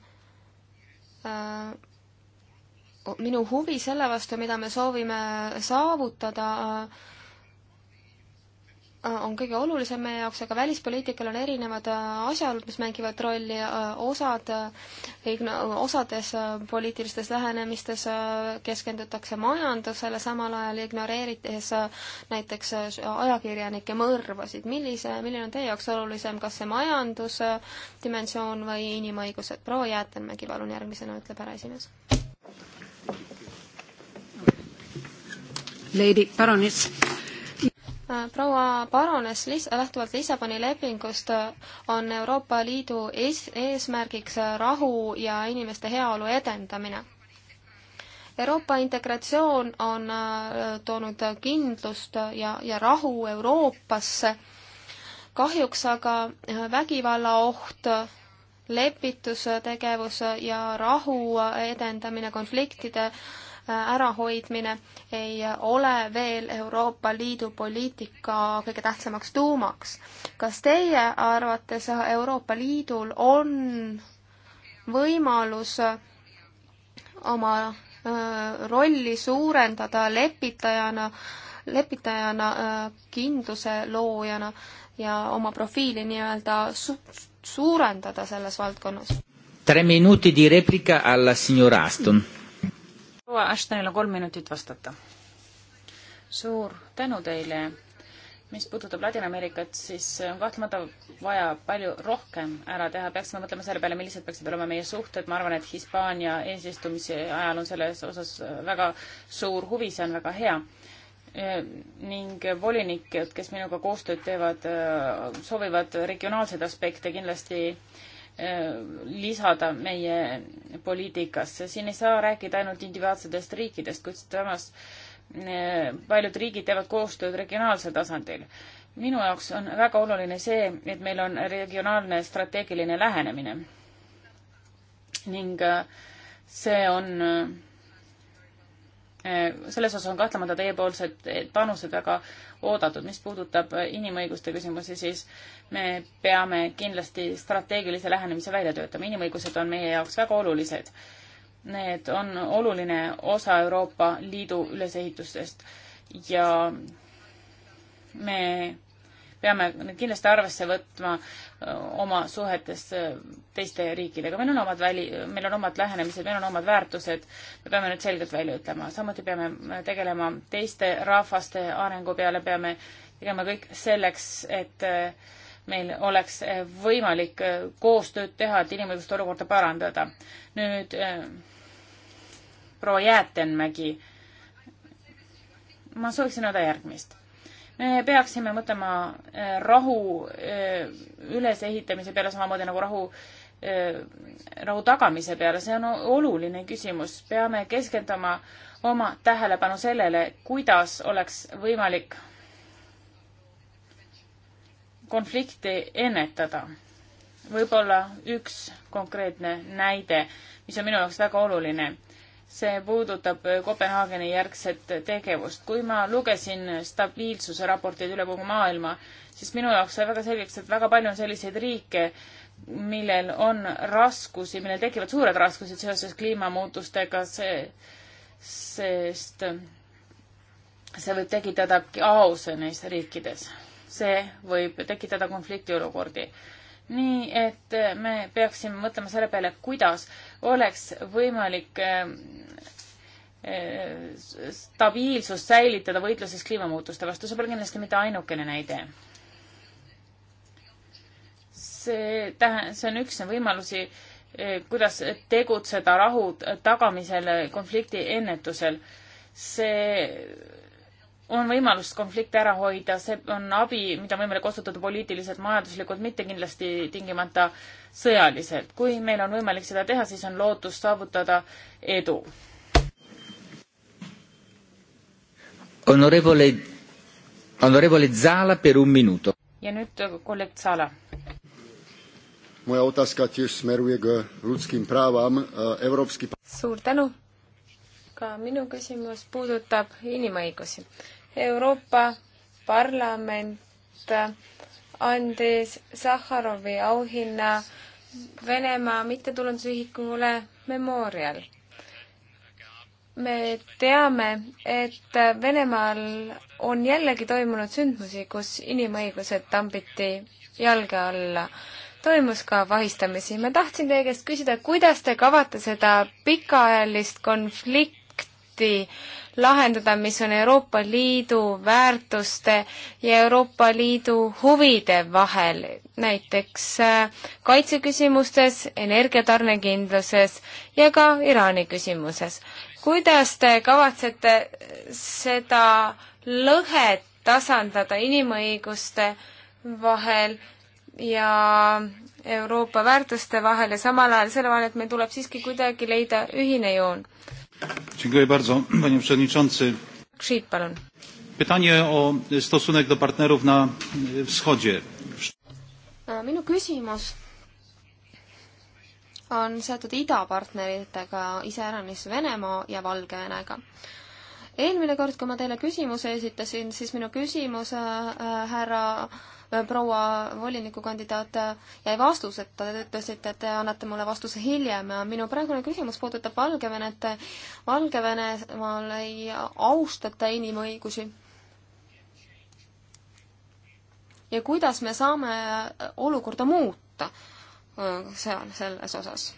minu huvi selle vastu, mida me soovime saavutada äh,, Äh, on kõige olulisem meie jaoks, aga välispoliitikal on erinevad äh, asjaolud, mis mängivad rolli, äh, osad, osades poliitilistes lähenemistes keskendutakse majandusele, samal ajal ignoreerides näiteks ajakirjanike mõrvasid. millise, milline on teie jaoks olulisem, kas see majandusdimensioon või inimõigused? proua Jäätenmägi, palun järgmisena, ütleb härra esimees. Lady Baroness proua Barones, lähtuvalt Lissaboni lepingust äh, on Euroopa Liidu ees, eesmärgiks äh, rahu ja inimeste heaolu edendamine. Euroopa integratsioon on äh, toonud kindlust ja, ja rahu Euroopasse, kahjuks aga vägivallaoht, lepitustegevus ja rahu edendamine konfliktide äh, ärahoidmine ei ole veel Euroopa Liidu poliitika kõige tähtsamaks tuumaks. kas teie arvates Euroopa Liidul on võimalus oma rolli suurendada lepitajana, lepitajana, kindluse loojana ja oma profiili nii-öelda su suurendada selles valdkonnas? tre minuti di replica alla signor Aston proua Ashtonil on kolm minutit vastata. suur tänu teile. mis puudutab Ladina-Ameerikat, siis on kahtlemata vaja palju rohkem ära teha, peaksime mõtlema selle peale, millised peaksid olema meie suhted, ma arvan, et Hispaania eesistumise ajal on selles osas väga suur huvi, see on väga hea e, ning volinikud, kes minuga koostööd teevad, e, soovivad regionaalseid aspekte kindlasti äh, lisada meie poliitikasse. siin ei saa rääkida ainult individuaalsetest riikidest, kuid samas eh, paljud riigid teevad koostööd regionaalsel tasandil. minu jaoks on väga oluline see, et meil on regionaalne strateegiline lähenemine. ning eh, see on, eh, selles osas on kahtlemata teiepoolsed panused väga oodatud. mis puudutab inimõiguste küsimusi, siis me peame kindlasti strateegilise lähenemise välja töötama. inimõigused on meie jaoks väga olulised. Need on oluline osa Euroopa Liidu ülesehitustest ja me peame kindlasti arvesse võtma oma suhetes teiste riikidega. meil on omad väli, meil on omad lähenemised, meil on omad väärtused, me peame need selgelt välja ütlema. samuti peame tegelema teiste rahvaste arengu peale, peame tegema kõik selleks, et meil oleks võimalik koostööd teha, et inimõiguste olukorda parandada. nüüd proua Jäätenmägi. ma sooviksin öelda järgmist me peaksime mõtlema äh, rahu äh, ülesehitamise peale, samamoodi nagu rahu, äh, rahu tagamise peale, see on oluline küsimus, peame keskenduma oma tähelepanu sellele, kuidas oleks võimalik konflikti ennetada. võib-olla üks konkreetne näide, mis on minu jaoks väga oluline see puudutab Kopenhaageni järgset tegevust. kui ma lugesin stabiilsuse raporteid üle kogu maailma, siis minu jaoks sai väga selgeks, et väga palju on selliseid riike, millel on raskusi, millel tekivad suured raskused seoses kliimamuutustega, see, sest see võib tekitada kaose neis riikides. see võib tekitada konfliktiolukordi. nii et me peaksime mõtlema selle peale, kuidas oleks võimalik ähm, äh, stabiilsust säilitada võitluses kliimamuutuste vastu, see pole kindlasti mitte ainukene näide. see tähe-, see on üks võimalusi, äh, kuidas tegutseda rahu tagamisel, konflikti ennetusel. see on võimalus konflikte ära hoida, see on abi, mida on võimalik osutada poliitiliselt, majanduslikult, mitte kindlasti tingimata sõjaliselt. kui meil on võimalik seda teha, siis on lootus saavutada edu. Honorevole, honorevole Zala per un minuto. ja nüüd kolleeg Zala. Moja otázka tiež smeruje k ľudským právam. E, Európsky... Suur tänu ka minu küsimus puudutab inimõigusi. Euroopa Parlament andis Sahharovi auhinna Venemaa mittetulundusühikule Memorial. me teame, et Venemaal on jällegi toimunud sündmusi, kus inimõigused tambiti jalge alla. toimus ka vahistamisi. ma tahtsin teie käest küsida, kuidas te kavate seda pikaajalist konflikti äh, lahendada, mis on Euroopa Liidu väärtuste ja Euroopa Liidu huvide vahel, näiteks äh, kaitseküsimustes, energiatarnekindluses ja ka Iraani küsimuses. kuidas te kavatsete seda lõhet tasandada inimõiguste vahel ja Euroopa väärtuste vahel ja samal ajal selle vahel, et meil tuleb siiski kuidagi leida ühine joon panie przewodniczący! pytanie o stosunek do partnerów na wschodzie. minu küsimus on seotud idapartneritega, iseäranis Venemaa ja Valgevenega. eelmine kord, kui ma teile küsimuse esitasin, siis minu küsimus äh, härra äh, proua volinikukandidaat äh, jäi vastuseta, te ütlesite, et te annate mulle vastuse hiljem. minu praegune küsimus puudutab Valgevenet. Valgevenemaal ei austata inimõigusi. ja kuidas me saame äh, olukorda muuta äh, seal, selles osas?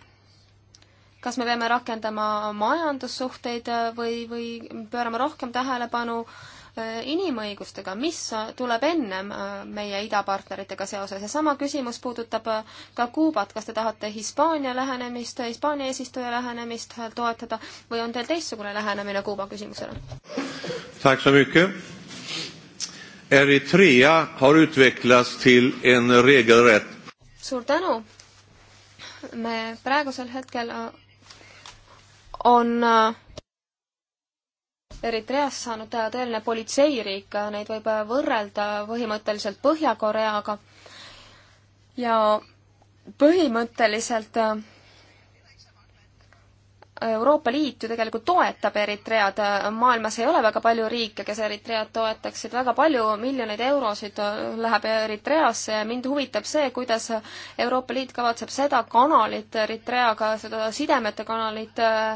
kas me peame rakendama majandussuhteid või, või pöörama rohkem tähelepanu äh, Äh, inimõigustega, mis tuleb ennem äh, meie idapartneritega seoses ja sama küsimus puudutab äh, ka Kuubat, kas te tahate Hispaania lähenemist, Hispaania eesistuja lähenemist toetada või on teil teistsugune lähenemine Kuuba küsimusele? Eritrea har utvecklats till en regelrätt suur tänu! me praegusel hetkel on Eritreast saanud äh, tõeline politseiriik, äh, neid võib äh, võrrelda põhimõtteliselt Põhja-Koreaga ja põhimõtteliselt Euroopa Liit ju tegelikult toetab Eritread, maailmas ei ole väga palju riike, kes Eritread toetaksid, väga palju miljoneid eurosid läheb Eritreasse ja mind huvitab see, kuidas Euroopa Liit kavatseb seda kanalit Eritreaga, seda sidemete kanalit äh,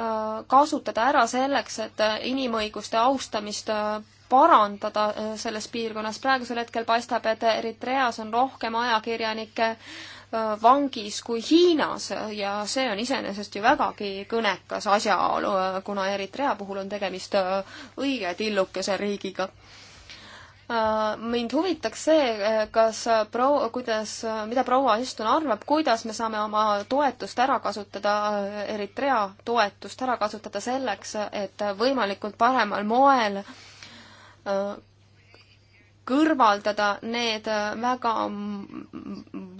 Äh, kasutada ära selleks, et äh, inimõiguste austamist äh, parandada selles piirkonnas. praegusel hetkel paistab, et Eritreas on rohkem ajakirjanikke vangis kui Hiinas ja see on iseenesest ju vägagi kõnekas asjaolu, kuna Eritrea puhul on tegemist õige tillukese riigiga Äh, mind huvitaks see, äh, kas äh, proua, kuidas, mida proua Ashton arvab, kuidas me saame oma toetust ära kasutada, Eritrea toetust ära kasutada selleks, et võimalikult paremal moel kõrvaldada need väga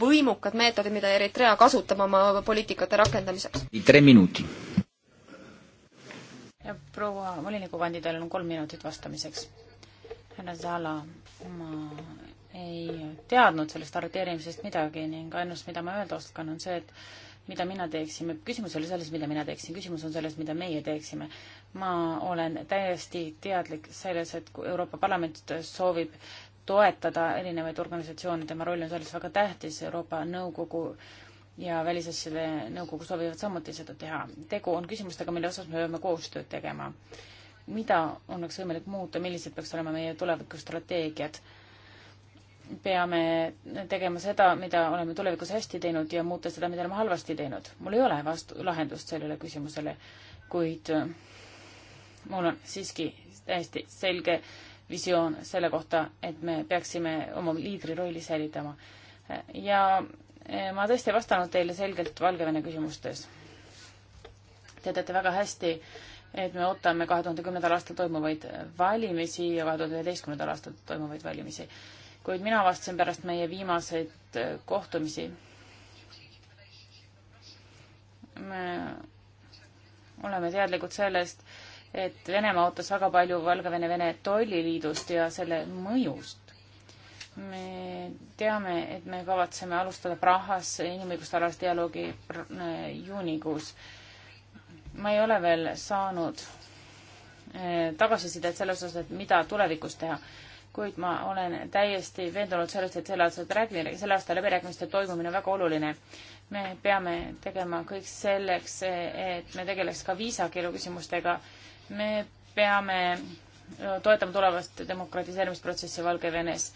võimukad meetodid, mida Eritrea kasutab oma poliitikate rakendamiseks. kolm minutit. proua volinikukandidaal on kolm minutit vastamiseks härra Zala, ma ei teadnud sellest arreteerimisest midagi ning ainus, mida ma öelda oskan, on see, et mida mina teeksin. küsimus ei ole selles, mida mina teeksin, küsimus on selles, mida meie teeksime. ma olen täiesti teadlik selles, et kui Euroopa Parlament soovib toetada erinevaid organisatsioone, tema roll on selles väga tähtis, Euroopa Nõukogu ja Välisasjade Nõukogu soovivad samuti seda teha. tegu on küsimustega, mille osas me peame koostööd tegema mida oleks võimalik muuta, millised peaks olema meie tulevikustrateegiad. peame tegema seda, mida oleme tulevikus hästi teinud ja muuta seda, mida oleme halvasti teinud. mul ei ole vastu, lahendust sellele küsimusele, kuid äh, mul on siiski täiesti selge visioon selle kohta, et me peaksime oma liidrirolli säilitama. ja äh, ma tõesti ei vastanud teile selgelt Valgevene küsimustes. Te teate väga hästi, et me ootame kahe tuhande kümnendal aastal toimuvaid valimisi ja kahe tuhande üheteistkümnendal aastal toimuvaid valimisi. kuid mina vastasin pärast meie viimaseid kohtumisi. me oleme teadlikud sellest, et Venemaa ootas väga palju Valgevene-Vene tolliliidust ja selle mõjust. me teame, et me kavatseme alustada Prahas inimõiguste alast dialoogi juunikuus ma ei ole veel saanud eh, tagasisidet selles osas, et mida tulevikus teha, kuid ma olen täiesti veendunud selles, et selle aasta räägi-, selle aasta läbirääkimiste toimumine on väga oluline. me peame tegema kõik selleks, et me tegeleks ka viisakeelu küsimustega. me peame eh, toetama tulevast demokratiseerimisprotsessi Valgevenes.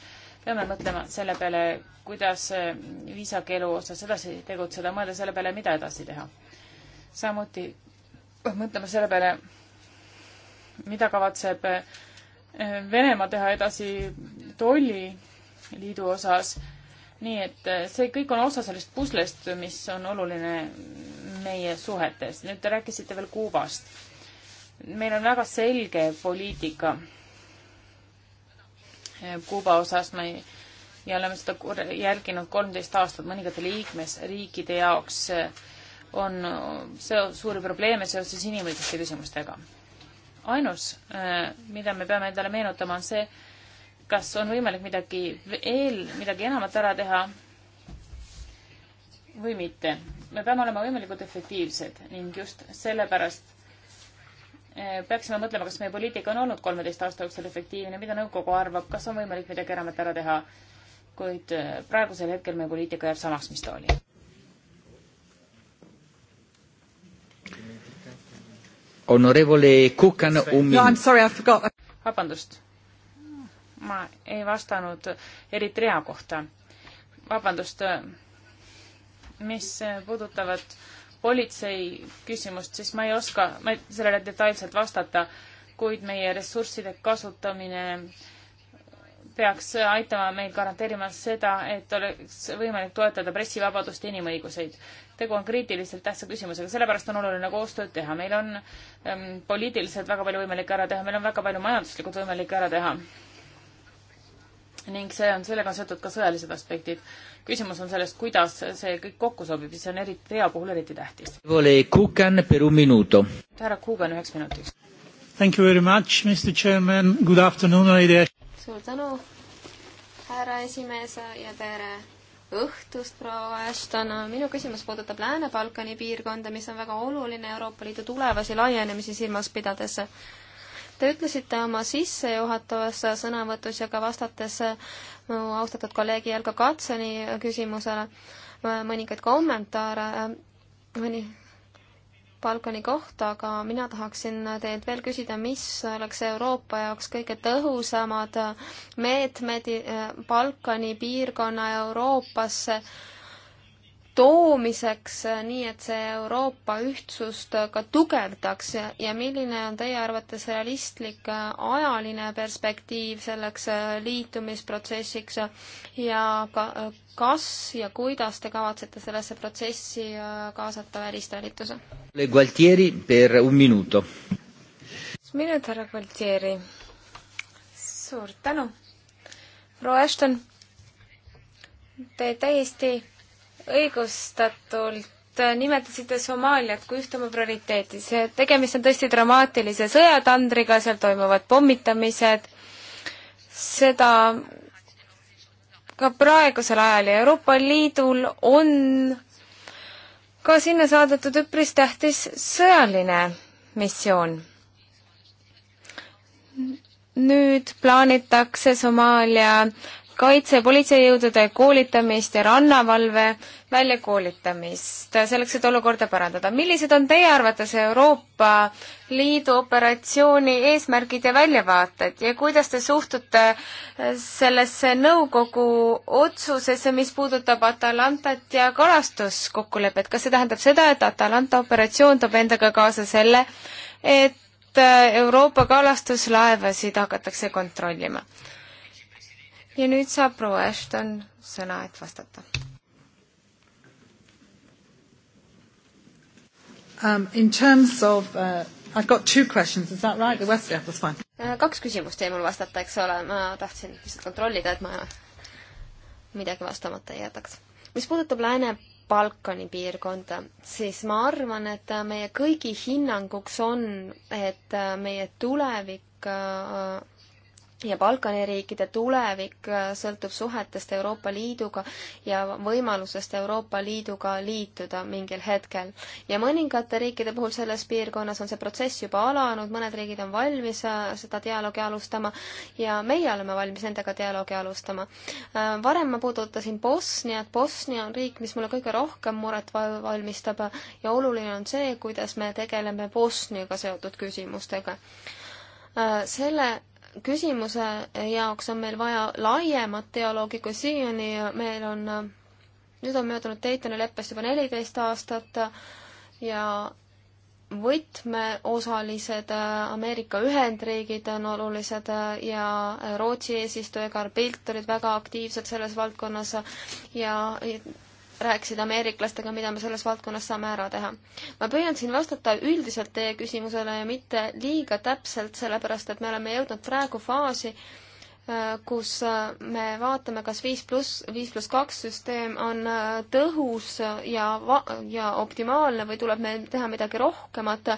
peame mõtlema selle peale, kuidas eh, viisakeelu osas edasi tegutseda, mõelda selle peale, mida edasi teha samuti mõtlema selle peale, mida kavatseb eh, Venemaa teha edasi tolliliidu osas. nii et eh, see kõik on osa sellest puslest, mis on oluline meie suhetes. nüüd te rääkisite veel Kuubast. meil on väga selge poliitika eh, Kuuba osas, me ei, ja oleme seda jälginud kolmteist aastat mõningate liikmesriikide jaoks äh, on seo-, suuri probleeme seoses inimõiguste küsimustega. ainus, äh, mida me peame endale meenutama, on see, kas on võimalik midagi veel, midagi enamat ära teha või mitte. me peame olema võimalikult efektiivsed ning just sellepärast äh, peaksime mõtlema, kas meie poliitika on olnud kolmeteist aasta jooksul efektiivne, mida nõukogu arvab, kas on võimalik midagi enamat ära teha. kuid äh, praegusel hetkel meie poliitika jääb samaks, mis ta oli. Honorevole Kukan, un minut. No I m sorry, I forgot. vabandust, ma ei vastanud Eritrea kohta. vabandust, mis puudutavad politsei küsimust, siis ma ei oska ma ei, sellele detailselt vastata, kuid meie ressursside kasutamine äh, peaks aitama meil garanteerima seda, et oleks võimalik toetada pressivabadust ja inimõiguseid. tegu on kriitiliselt tähtsa küsimusega, sellepärast on oluline koostööd teha. meil on ähm, poliitiliselt väga palju võimalik ära teha, meil on väga palju majanduslikult võimalik ära teha. ning see on, sellega on seotud ka sõjalised aspektid. küsimus on selles, kuidas see kõik kokku sobib, siis see on eriti Rea puhul eriti tähtis. härra Kukan üheks minutiks. Thank you very much, Mr Chairman, good afternoon, ladies suur tänu, härra esimees ja tere õhtust, proua Ashton. minu küsimus puudutab Lääne-Balkani piirkonda, mis on väga oluline Euroopa Liidu tulevasi laienemisi silmas pidades. Te ütlesite oma sissejuhatavas sõnavõtus ja ka vastates mu austatud kolleegi Jelka Katseni küsimusele mõningaid kommentaare, mõni Balkani kohta, aga mina tahaksin teilt veel küsida, mis oleks Euroopa jaoks kõige tõhusamad meetmed äh, Balkani piirkonna Euroopasse toomiseks, äh, nii et see Euroopa ühtsust ka tugevdaks ja, ja milline on teie arvates realistlik äh, ajaline perspektiiv selleks liitumisprotsessiks ja ka kas ja kuidas te kavatsete sellesse protsessi äh, kaasata välistalituse? Gualtieri per un minuto. minut, härra Gualtieri. suur tänu. proua Ashton, te täiesti õigustatult nimetasite Somaaliat kui ühte oma prioriteeti. see, tegemist on tõesti dramaatilise sõjatandriga, seal toimuvad pommitamised, seda ka praegusel ajal ja Euroopa Liidul on ka sinna saadetud üpris tähtis sõjaline missioon. nüüd plaanitakse Somaalia kaitse politseijõudude koolitamist ja rannavalve väljakoolitamist, selleks, et olukorda parandada. millised on teie arvates Euroopa Liidu operatsiooni eesmärgid ja väljavaated ja kuidas te suhtute sellesse nõukogu otsusesse, mis puudutab Atalantat ja kalastuskokkulepet, kas see tähendab seda, et Atalanta operatsioon toob endaga kaasa selle, et Euroopa kalastuslaevasid hakatakse kontrollima? ja nüüd saab proua Ashton sõna, et vastata um,. In terms of uh, I've got two questions, is that right? The West, yeah, that's fine. Uh, kaks küsimust jäi mul vastata, eks ole, ma tahtsin lihtsalt kontrollida, et ma midagi vastamata ei jätaks. mis puudutab Lääne Balkani piirkonda, siis ma arvan, et meie kõigi hinnanguks on, et uh, meie tulevik uh, ja Balkani riikide tulevik äh, sõltub suhetest Euroopa Liiduga ja võimalusest Euroopa Liiduga liituda mingil hetkel. ja mõningate riikide puhul selles piirkonnas on see protsess juba alanud, mõned riigid on valmis äh, seda dialoogi alustama ja meie oleme valmis nendega dialoogi alustama. Äh, varem ma puudutasin Bosniat, Bosnia on riik, mis mulle kõige rohkem muret valmistab ja oluline on see, kuidas me tegeleme Bosniaga seotud küsimustega. selle küsimuse jaoks on meil vaja laiemat dialoogi kui siiani, meil on, nüüd on möödunud Daytoni leppest juba neliteist aastat ja võtmeosalised Ameerika Ühendriigid on olulised ja Rootsi eesistuja Carl Bildt olid väga aktiivsed selles valdkonnas ja rääkisid ameeriklastega, mida me selles valdkonnas saame ära teha. ma püüan siin vastata üldiselt teie küsimusele ja mitte liiga täpselt, sellepärast et me oleme jõudnud praegu faasi, äh, kus äh, me vaatame, kas viis pluss, viis pluss kaks süsteem on äh, tõhus ja va-, ja optimaalne või tuleb meil teha midagi rohkemat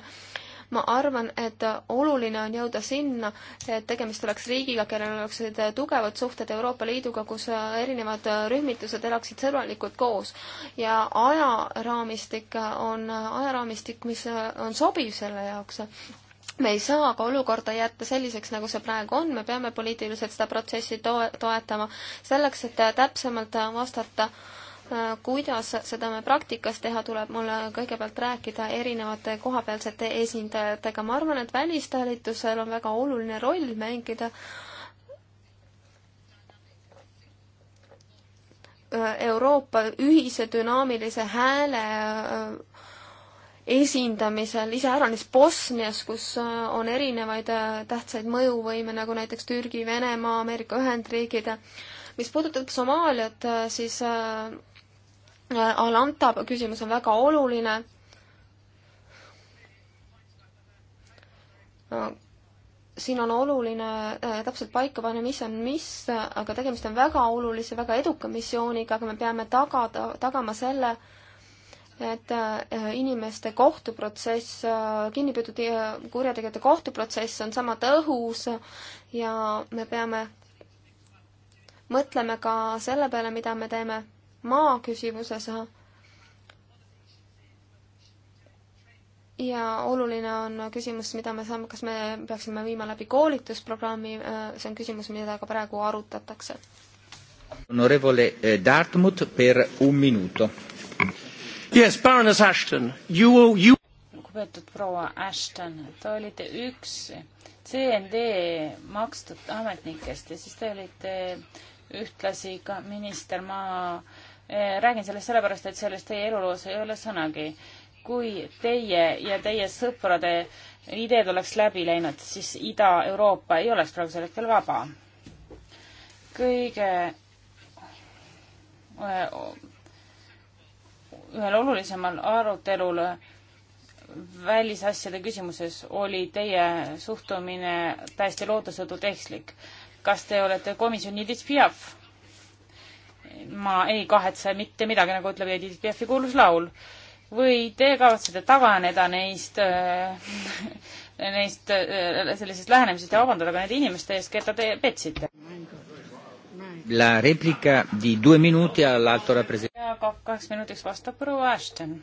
ma arvan, et oluline on jõuda sinna, et tegemist oleks riigiga, kellel oleksid tugevad suhted Euroopa Liiduga, kus erinevad rühmitused elaksid sõbralikult koos. ja ajaraamistik on ajaraamistik, mis on sobiv selle jaoks me ei saa aga olukorda jätta selliseks, nagu see praegu on, me peame poliitiliselt seda protsessi toe-, toetama selleks, et täpsemalt vastata äh, Äh, kuidas seda me praktikas teha tuleb, mul kõigepealt rääkida erinevate kohapealsete esindajatega. ma arvan, et välistalitusel on väga oluline roll mängida äh, Euroopa ühise dünaamilise hääle äh, esindamisel, iseäranis Bosnias, kus on erinevaid tähtsaid mõjuvõime, nagu näiteks Türgi, Venemaa, Ameerika Ühendriigid. mis puudutab Somaaliat, siis Alanta küsimus on väga oluline. siin on oluline äh, täpselt paika panna, mis on mis, aga tegemist on väga olulise, väga eduka missiooniga, aga me peame tagada, tagama selle, et äh, inimeste kohtuprotsess, äh, kinni peetud kurjategijate kohtuprotsess on sama tõhus ja me peame mõtlema ka selle peale, mida me teeme maa küsimuses. ja oluline on küsimus, mida me saame, kas me peaksime viima läbi koolitusprogrammi, see on küsimus, mida ka praegu arutatakse. Honorevole eh, Dartmouth per un minuto. Yes, Baroness Ashton, you, you lugupeetud proua Ashton, te olite üks CND makstud ametnikest ja siis te olite ühtlasi ka minister maa Eh, räägin sellest sellepärast, et sellest teie eluloos ei ole sõnagi. kui teie ja teie sõprade ideed oleks läbi läinud, siis Ida-Euroopa ei oleks praegusel hetkel vaba. kõige eh, ühel olulisemal arutelul välisasjade küsimuses oli teie suhtumine täiesti lootusetult ekslik. kas te olete komisjoni dispiaf? ma ei kahetse mitte midagi, nagu ütleb Edith Piafi kuulus laul. või te kavatsete taganeda neist äh,, [laughs] neist äh, sellisest lähenemisest ja vabandada ka nende inimeste ees, keda te petsite? La replica di due minuti all'alto rappresentante. ja kaks minutiks vastab proua Ashton.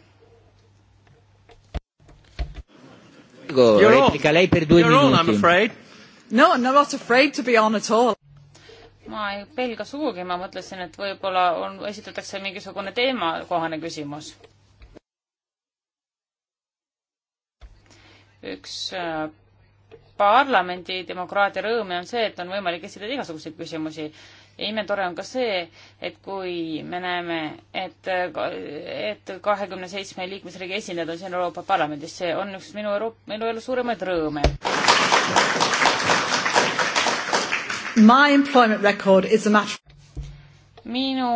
Replica lei per due minuti. No, I'm not afraid to be on at all ma ei pelga sugugi, ma mõtlesin, et võib-olla on, esitatakse mingisugune teemakohane küsimus. üks äh, parlamendi demokraatia rõõme on see, et on võimalik esitada igasuguseid küsimusi. ja imetore on ka see, et kui me näeme, et, et kahekümne seitsme liikmesriigi esindajad on siin Euroopa Parlamendis, see on üks minu Euroopa, minu elu suuremaid rõõme. My employment record is a matter minu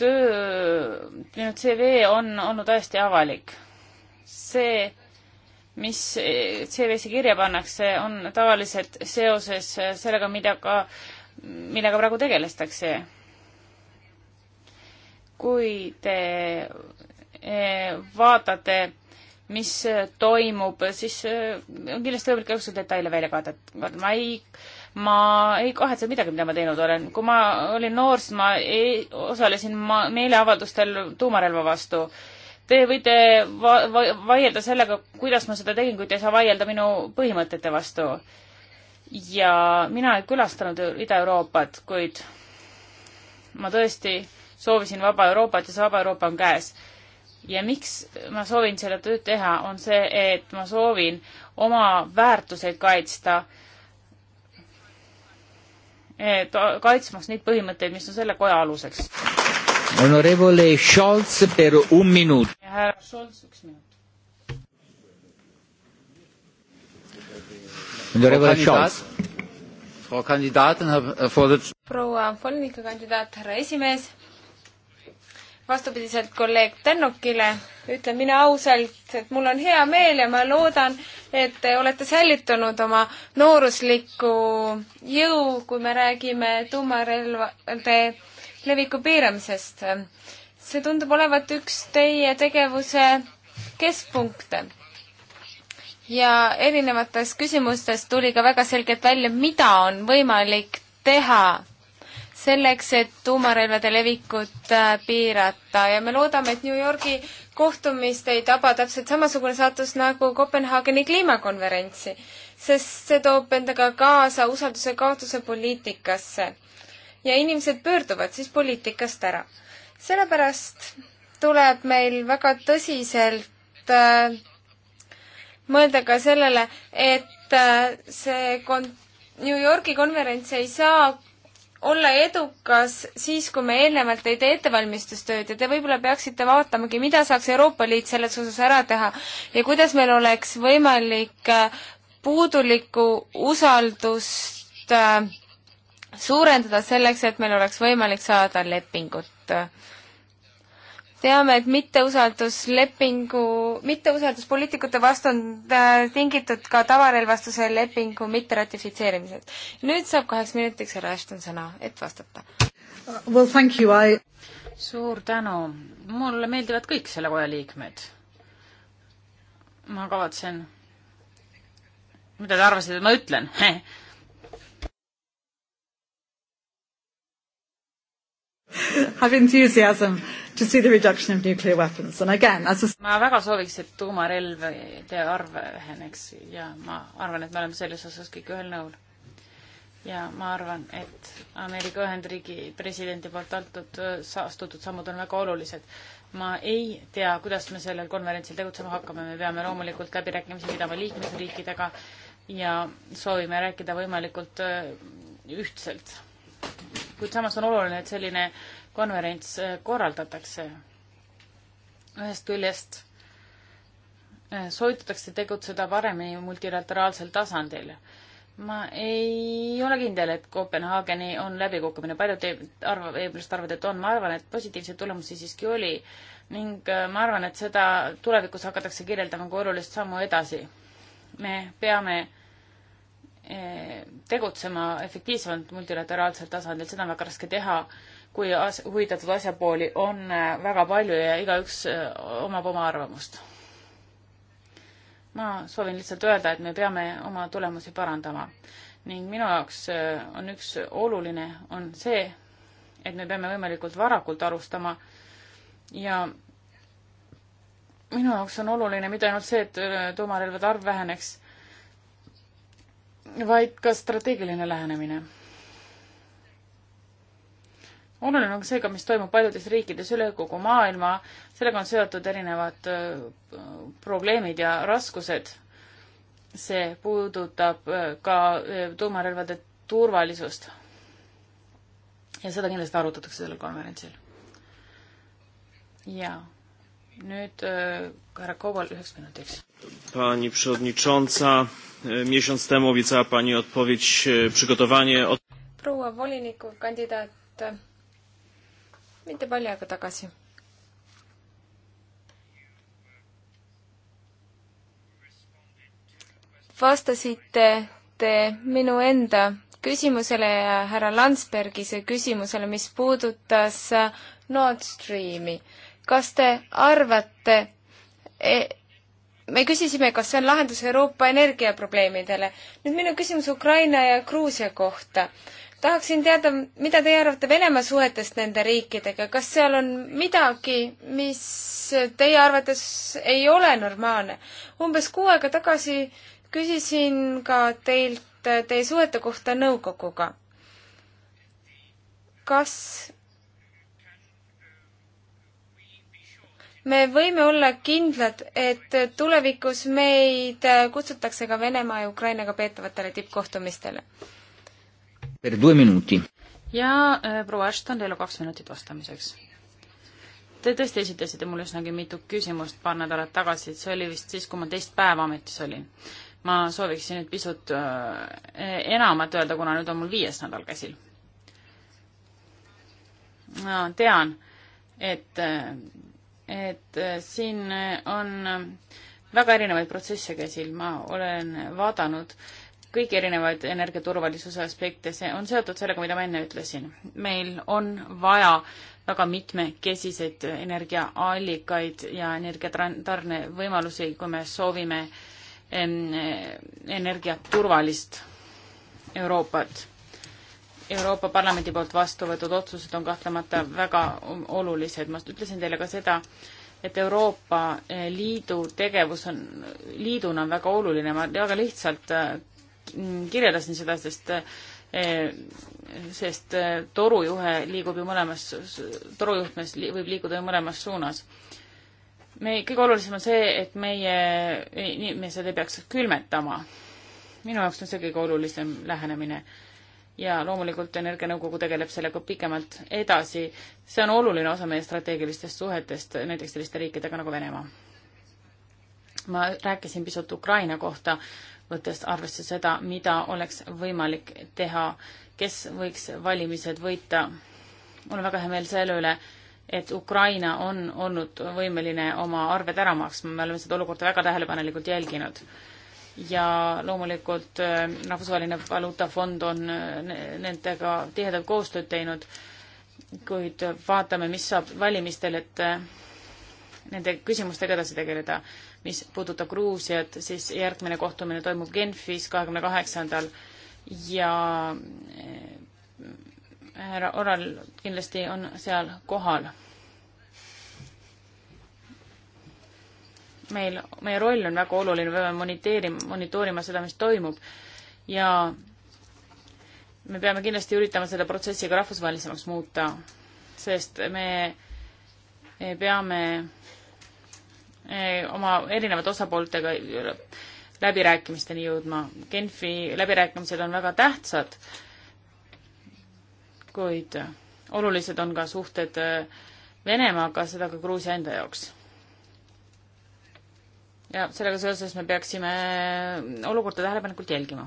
töö, minu CV on olnud täiesti avalik. see, mis CV-sse kirja pannakse, on tavaliselt seoses sellega, mida ka, millega praegu tegelestakse. kui te eh, vaatate, mis toimub, siis on eh, kindlasti võimalik igasuguseid detaile välja vaadata. ma ei äh, ma ei kahetse midagi, mida ma teinud olen. kui ma olin noor, siis ma ei, osalesin ma meeleavaldustel tuumarelva vastu. Te võite va-, va-, vaielda sellega, kuidas ma seda tegin, kuid te ei saa vaielda minu põhimõtete vastu. ja mina ei külastanud Ida-Euroopat, kuid ma tõesti soovisin vaba Euroopat ja see vaba Euroopa on käes. ja miks ma soovin seda tööd teha, on see, et ma soovin oma väärtuseid kaitsta kaitsmaks neid põhimõtteid, mis on selle koja aluseks. Honorevole Scholz per un minut. härra Scholz, üks minut. Honorevole Scholz. Äh, proua volinikkandidaat, härra esimees vastupidiselt kolleeg Tennukile ütlen mina ausalt, et mul on hea meel ja ma loodan, et te olete säilitanud oma noorusliku jõu, kui me räägime tuumarelvade leviku piiramisest. see tundub olevat üks teie tegevuse keskpunkte. ja erinevates küsimustes tuli ka väga selgelt välja, mida on võimalik teha selleks, et tuumarelvade levikut äh, piirata ja me loodame, et New Yorgi kohtumist ei taba täpselt samasugune saatus nagu Kopenhaageni kliimakonverentsi, sest see toob endaga kaasa usalduse kaotuse poliitikasse. ja inimesed pöörduvad siis poliitikast ära. sellepärast tuleb meil väga tõsiselt äh, mõelda ka sellele, et äh, see kon-, New Yorgi konverents ei saa olla edukas siis, kui me eelnevalt ei tee ettevalmistustööd ja te võib-olla peaksite vaatamagi, mida saaks Euroopa Liit selles osas ära teha ja kuidas meil oleks võimalik äh, puudulikku usaldust äh, suurendada selleks, et meil oleks võimalik saada lepingut teame, et mitteusalduslepingu, mitteusalduspoliitikute vastu on äh, tingitud ka tavarelvastuse lepingu mitteratifitseerimised. nüüd saab kaheks minutiks härra Ashton sõna, et vastata uh,. Well, thank you, I suur tänu. mulle meeldivad kõik selle koja liikmed. ma kavatsen, mida te arvasite, et ma ütlen [laughs] [laughs] have enthusiasm to see the reduction of nuclear weapons and again as a ma väga sooviks, et tuumarelvade arv väheneks ja ma arvan, et me oleme selles osas kõik ühel nõul. ja ma arvan, et Ameerika Ühendriigi presidendi poolt antud, astutud sammud on väga olulised. ma ei tea, kuidas me sellel konverentsil tegutsema hakkame, me peame loomulikult läbirääkimisi pidama liikmesriikidega ja soovime rääkida võimalikult ühtselt. kuid samas on oluline, et selline äh, konverents äh, korraldatakse. ühest küljest äh, soovitakse tegutseda paremini multilateraalsel tasandil. ma ei ole kindel, et Kopenhaageni on läbikukkumine, paljud arvavad, eemlast arvavad, et on, ma arvan, et positiivseid tulemusi siiski oli ning äh, ma arvan, et seda tulevikus hakatakse kirjeldama kui olulist sammu edasi. me peame tegutsema efektiivsemalt multilateraalsel tasandil, seda on väga raske teha äh, kui as-, huvitatud asjapooli on äh, väga palju ja igaüks äh, omab oma arvamust. ma soovin lihtsalt öelda, et me peame oma tulemusi parandama ning minu jaoks äh, on üks oluline, on see, et me peame võimalikult varakult alustama ja minu jaoks on oluline mitte ainult see, et tuumarelvade arv väheneks, vaid ka strateegiline lähenemine oluline on see ka, mis toimub paljudes riikides üle kogu maailma, sellega on seotud erinevad äh, probleemid ja raskused. see puudutab äh, ka äh, tuumarelvade turvalisust. ja seda kindlasti arutatakse sellel konverentsil. ja nüüd härra Kobal üheks minutiks. Pani przewodnicząca, e, miesiąc temu obiecała pani odpowiedź, e, przygotowanie od... proua voliniku kandidaat mitte palju aega tagasi. vastasite te minu enda küsimusele ja härra Landsbergise küsimusele, mis puudutas Nord Streami. kas te arvate e, me küsisime, kas see on lahendus Euroopa energiaprobleemidele. nüüd minu küsimus Ukraina ja Gruusia kohta tahaksin teada, mida teie arvate Venemaa suhetest nende riikidega, kas seal on midagi, mis teie arvates ei ole normaalne? umbes kuu aega tagasi küsisin ka teilt teie suhete kohta nõukoguga. kas me võime olla kindlad, et tulevikus meid kutsutakse ka Venemaa ja Ukrainaga peetavatele tippkohtumistele? ja äh, proua Ashton, teil on kaks minutit vastamiseks. Te tõesti esitasite mulle üsnagi mitu küsimust paar nädalat tagasi, see oli vist siis, kui ma teist päeva ametis olin. ma sooviksin nüüd pisut äh, enamat öelda, kuna nüüd on mul viies nädal käsil. ma tean, et, äh, et siin on väga erinevaid protsesse käsil, ma olen vaadanud äh, kõiki erinevaid energiaturvalisuse aspekte, see on seotud sellega, mida ma enne ütlesin. meil on vaja väga mitmekesiseid energiaallikaid ja energiatarne võimalusi, kui me soovime energiaturvalist Euroopat. Euroopa Parlamendi poolt vastu võetud otsused on kahtlemata väga olulised, ma ütlesin teile ka seda, et Euroopa Liidu tegevus on, liiduna on väga oluline, ma väga lihtsalt Mm, kirjeldasin seda, sest eh, sest eh, torujuhe liigub ju mõlemas, torujuhtmes võib liikuda ju mõlemas suunas. me, kõige olulisem on see, et meie inimesed ei peaks külmetama. minu jaoks on see kõige olulisem lähenemine. ja loomulikult Energianõukogu tegeleb sellega pikemalt edasi. see on oluline osa meie strateegilistest suhetest näiteks selliste riikidega nagu Venemaa. ma rääkisin pisut Ukraina kohta võttes arvesse seda, mida oleks võimalik teha, kes võiks valimised võita. mul on väga hea meel selle üle, et Ukraina on olnud võimeline oma arved ära maksma, me oleme seda olukorda väga tähelepanelikult jälginud. ja loomulikult äh, Rahvusvaheline Valuutafond on äh, nendega tihedat koostööd teinud, kuid vaatame, mis saab valimistel, et äh, nende küsimustega edasi tegeleda mis puudutab Gruusiat, siis järgmine kohtumine toimub Genfis kahekümne kaheksandal ja eh, härra Oral kindlasti on seal kohal. meil, meie roll on väga oluline, me peame moniteerima, monitoorima seda, mis toimub ja me peame kindlasti üritama seda protsessi ka rahvusvahelisemaks muuta, sest me peame Eh, oma erinevate osapooltega läbirääkimisteni jõudma. Genfi läbirääkimised on väga tähtsad, kuid olulised on ka suhted eh, Venemaaga, seda ka Gruusia enda jaoks. ja sellega seoses me peaksime eh, olukorda tähelepanelikult jälgima.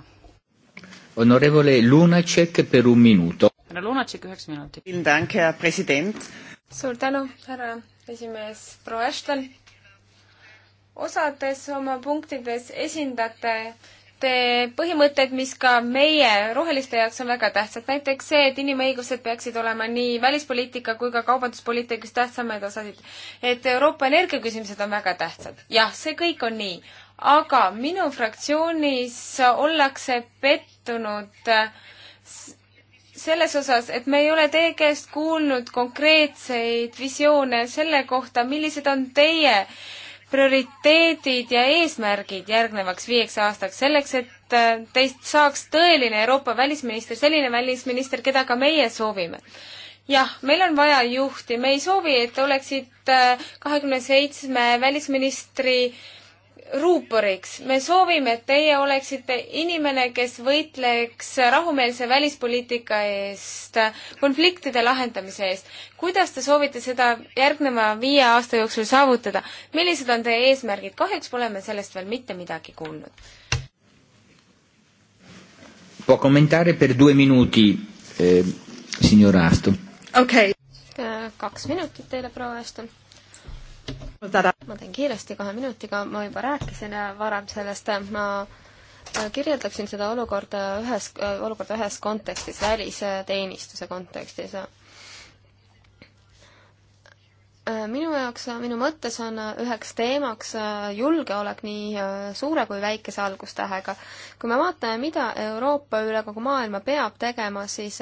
Honorevole Lunacek per un minuto. härra Lunacek, üheks minutiks. suur tänu, härra esimees, proua Ashton osades oma punktides esindate te põhimõtteid, mis ka meie roheliste jaoks on väga tähtsad, näiteks see, et inimõigused peaksid olema nii välispoliitika kui ka kaubanduspoliitikas tähtsamaid osasid. et Euroopa energiaküsimused on väga tähtsad. jah, see kõik on nii, aga minu fraktsioonis ollakse pettunud selles osas, et me ei ole teie käest kuulnud konkreetseid visioone selle kohta, millised on teie äh, prioriteedid ja eesmärgid järgnevaks viieks aastaks, selleks et äh, teist saaks tõeline Euroopa välisminister, selline välisminister, keda ka meie soovime. jah, meil on vaja juhti, me ei soovi, et oleksid äh, kahekümne seitsme välisministri äh, ruuporiks. me soovime, et teie oleksite inimene, kes võitleks rahumeelse välispoliitika eest, konfliktide lahendamise eest. kuidas te soovite seda järgneva viie aasta jooksul saavutada? millised on teie eesmärgid? kahjuks pole me sellest veel mitte midagi kuulnud. Può commentare per due minuti eh,, signor Aston. okei okay.. Äh, kaks minutit teile, proua Aston ma teen kiiresti kahe minutiga, ma juba rääkisin äh, varem sellest, ma äh, kirjeldaksin seda olukorda ühes, äh, olukorda ühes kontekstis, välisteenistuse kontekstis. minu jaoks, minu mõttes on üheks teemaks julgeolek nii suure kui väikese algustähega. kui me vaatame, mida Euroopa üle kogu maailma peab tegema, siis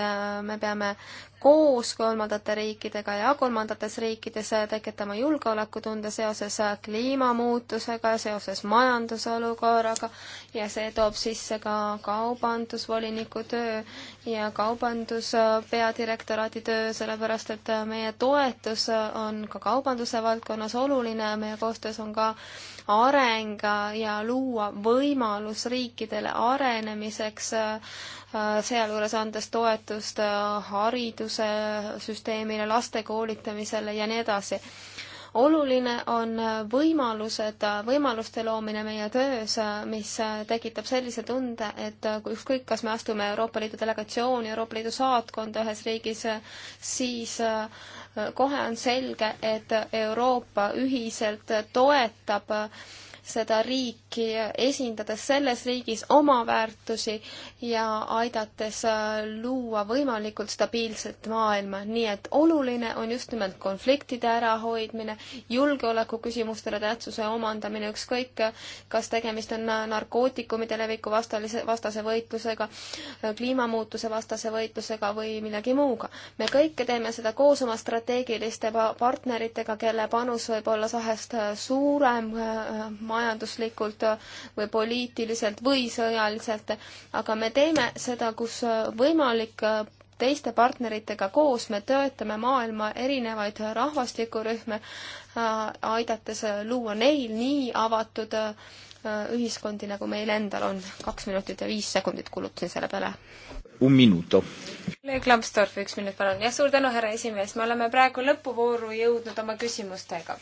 me peame koos kolmandate riikidega ja kolmandates riikides tekitama julgeolekutunde seoses kliimamuutusega, seoses majandusolukorraga ja see toob sisse ka kaubandusvoliniku töö ja kaubanduspeadirektoraadi töö, sellepärast et meie toetus on ka kaubanduse valdkonnas oluline, meie koostöös on ka areng ja luua võimalus riikidele arenemiseks sealjuures andes toetust äh, haridussüsteemile, laste koolitamisele ja nii edasi. oluline on võimalused, võimaluste loomine meie töös, mis tekitab sellise tunde, et ükskõik, kas me astume Euroopa Liidu delegatsiooni, Euroopa Liidu saatkonda ühes riigis, siis äh, kohe on selge, et Euroopa ühiselt toetab seda riiki, riiki, esindades selles riigis oma väärtusi ja aidates äh, luua võimalikult stabiilset maailma. nii et oluline on just nimelt konfliktide ärahoidmine, julgeolekuküsimustele tähtsuse omandamine, ükskõik kas tegemist on äh, narkootikumide leviku vastalise, vastase võitlusega, äh, kliimamuutuse vastase võitlusega või millegi muuga. me kõike teeme seda koos oma strateegiliste partneritega, kelle panus võib olla sahest suurem majanduslikult majanduslikult või poliitiliselt või sõjaliselt, aga me teeme seda, kus võimalik teiste partneritega koos me töötame maailma erinevaid rahvastikurühme, aidates luua neil nii avatud ühiskondi, nagu meil endal on. kaks minutit ja viis sekundit kulutasin selle peale. Un minuto. kolleeg Lambsdorff, üks minut palun. jah, suur tänu, härra esimees, me oleme praegu lõpuvooru jõudnud oma küsimustega.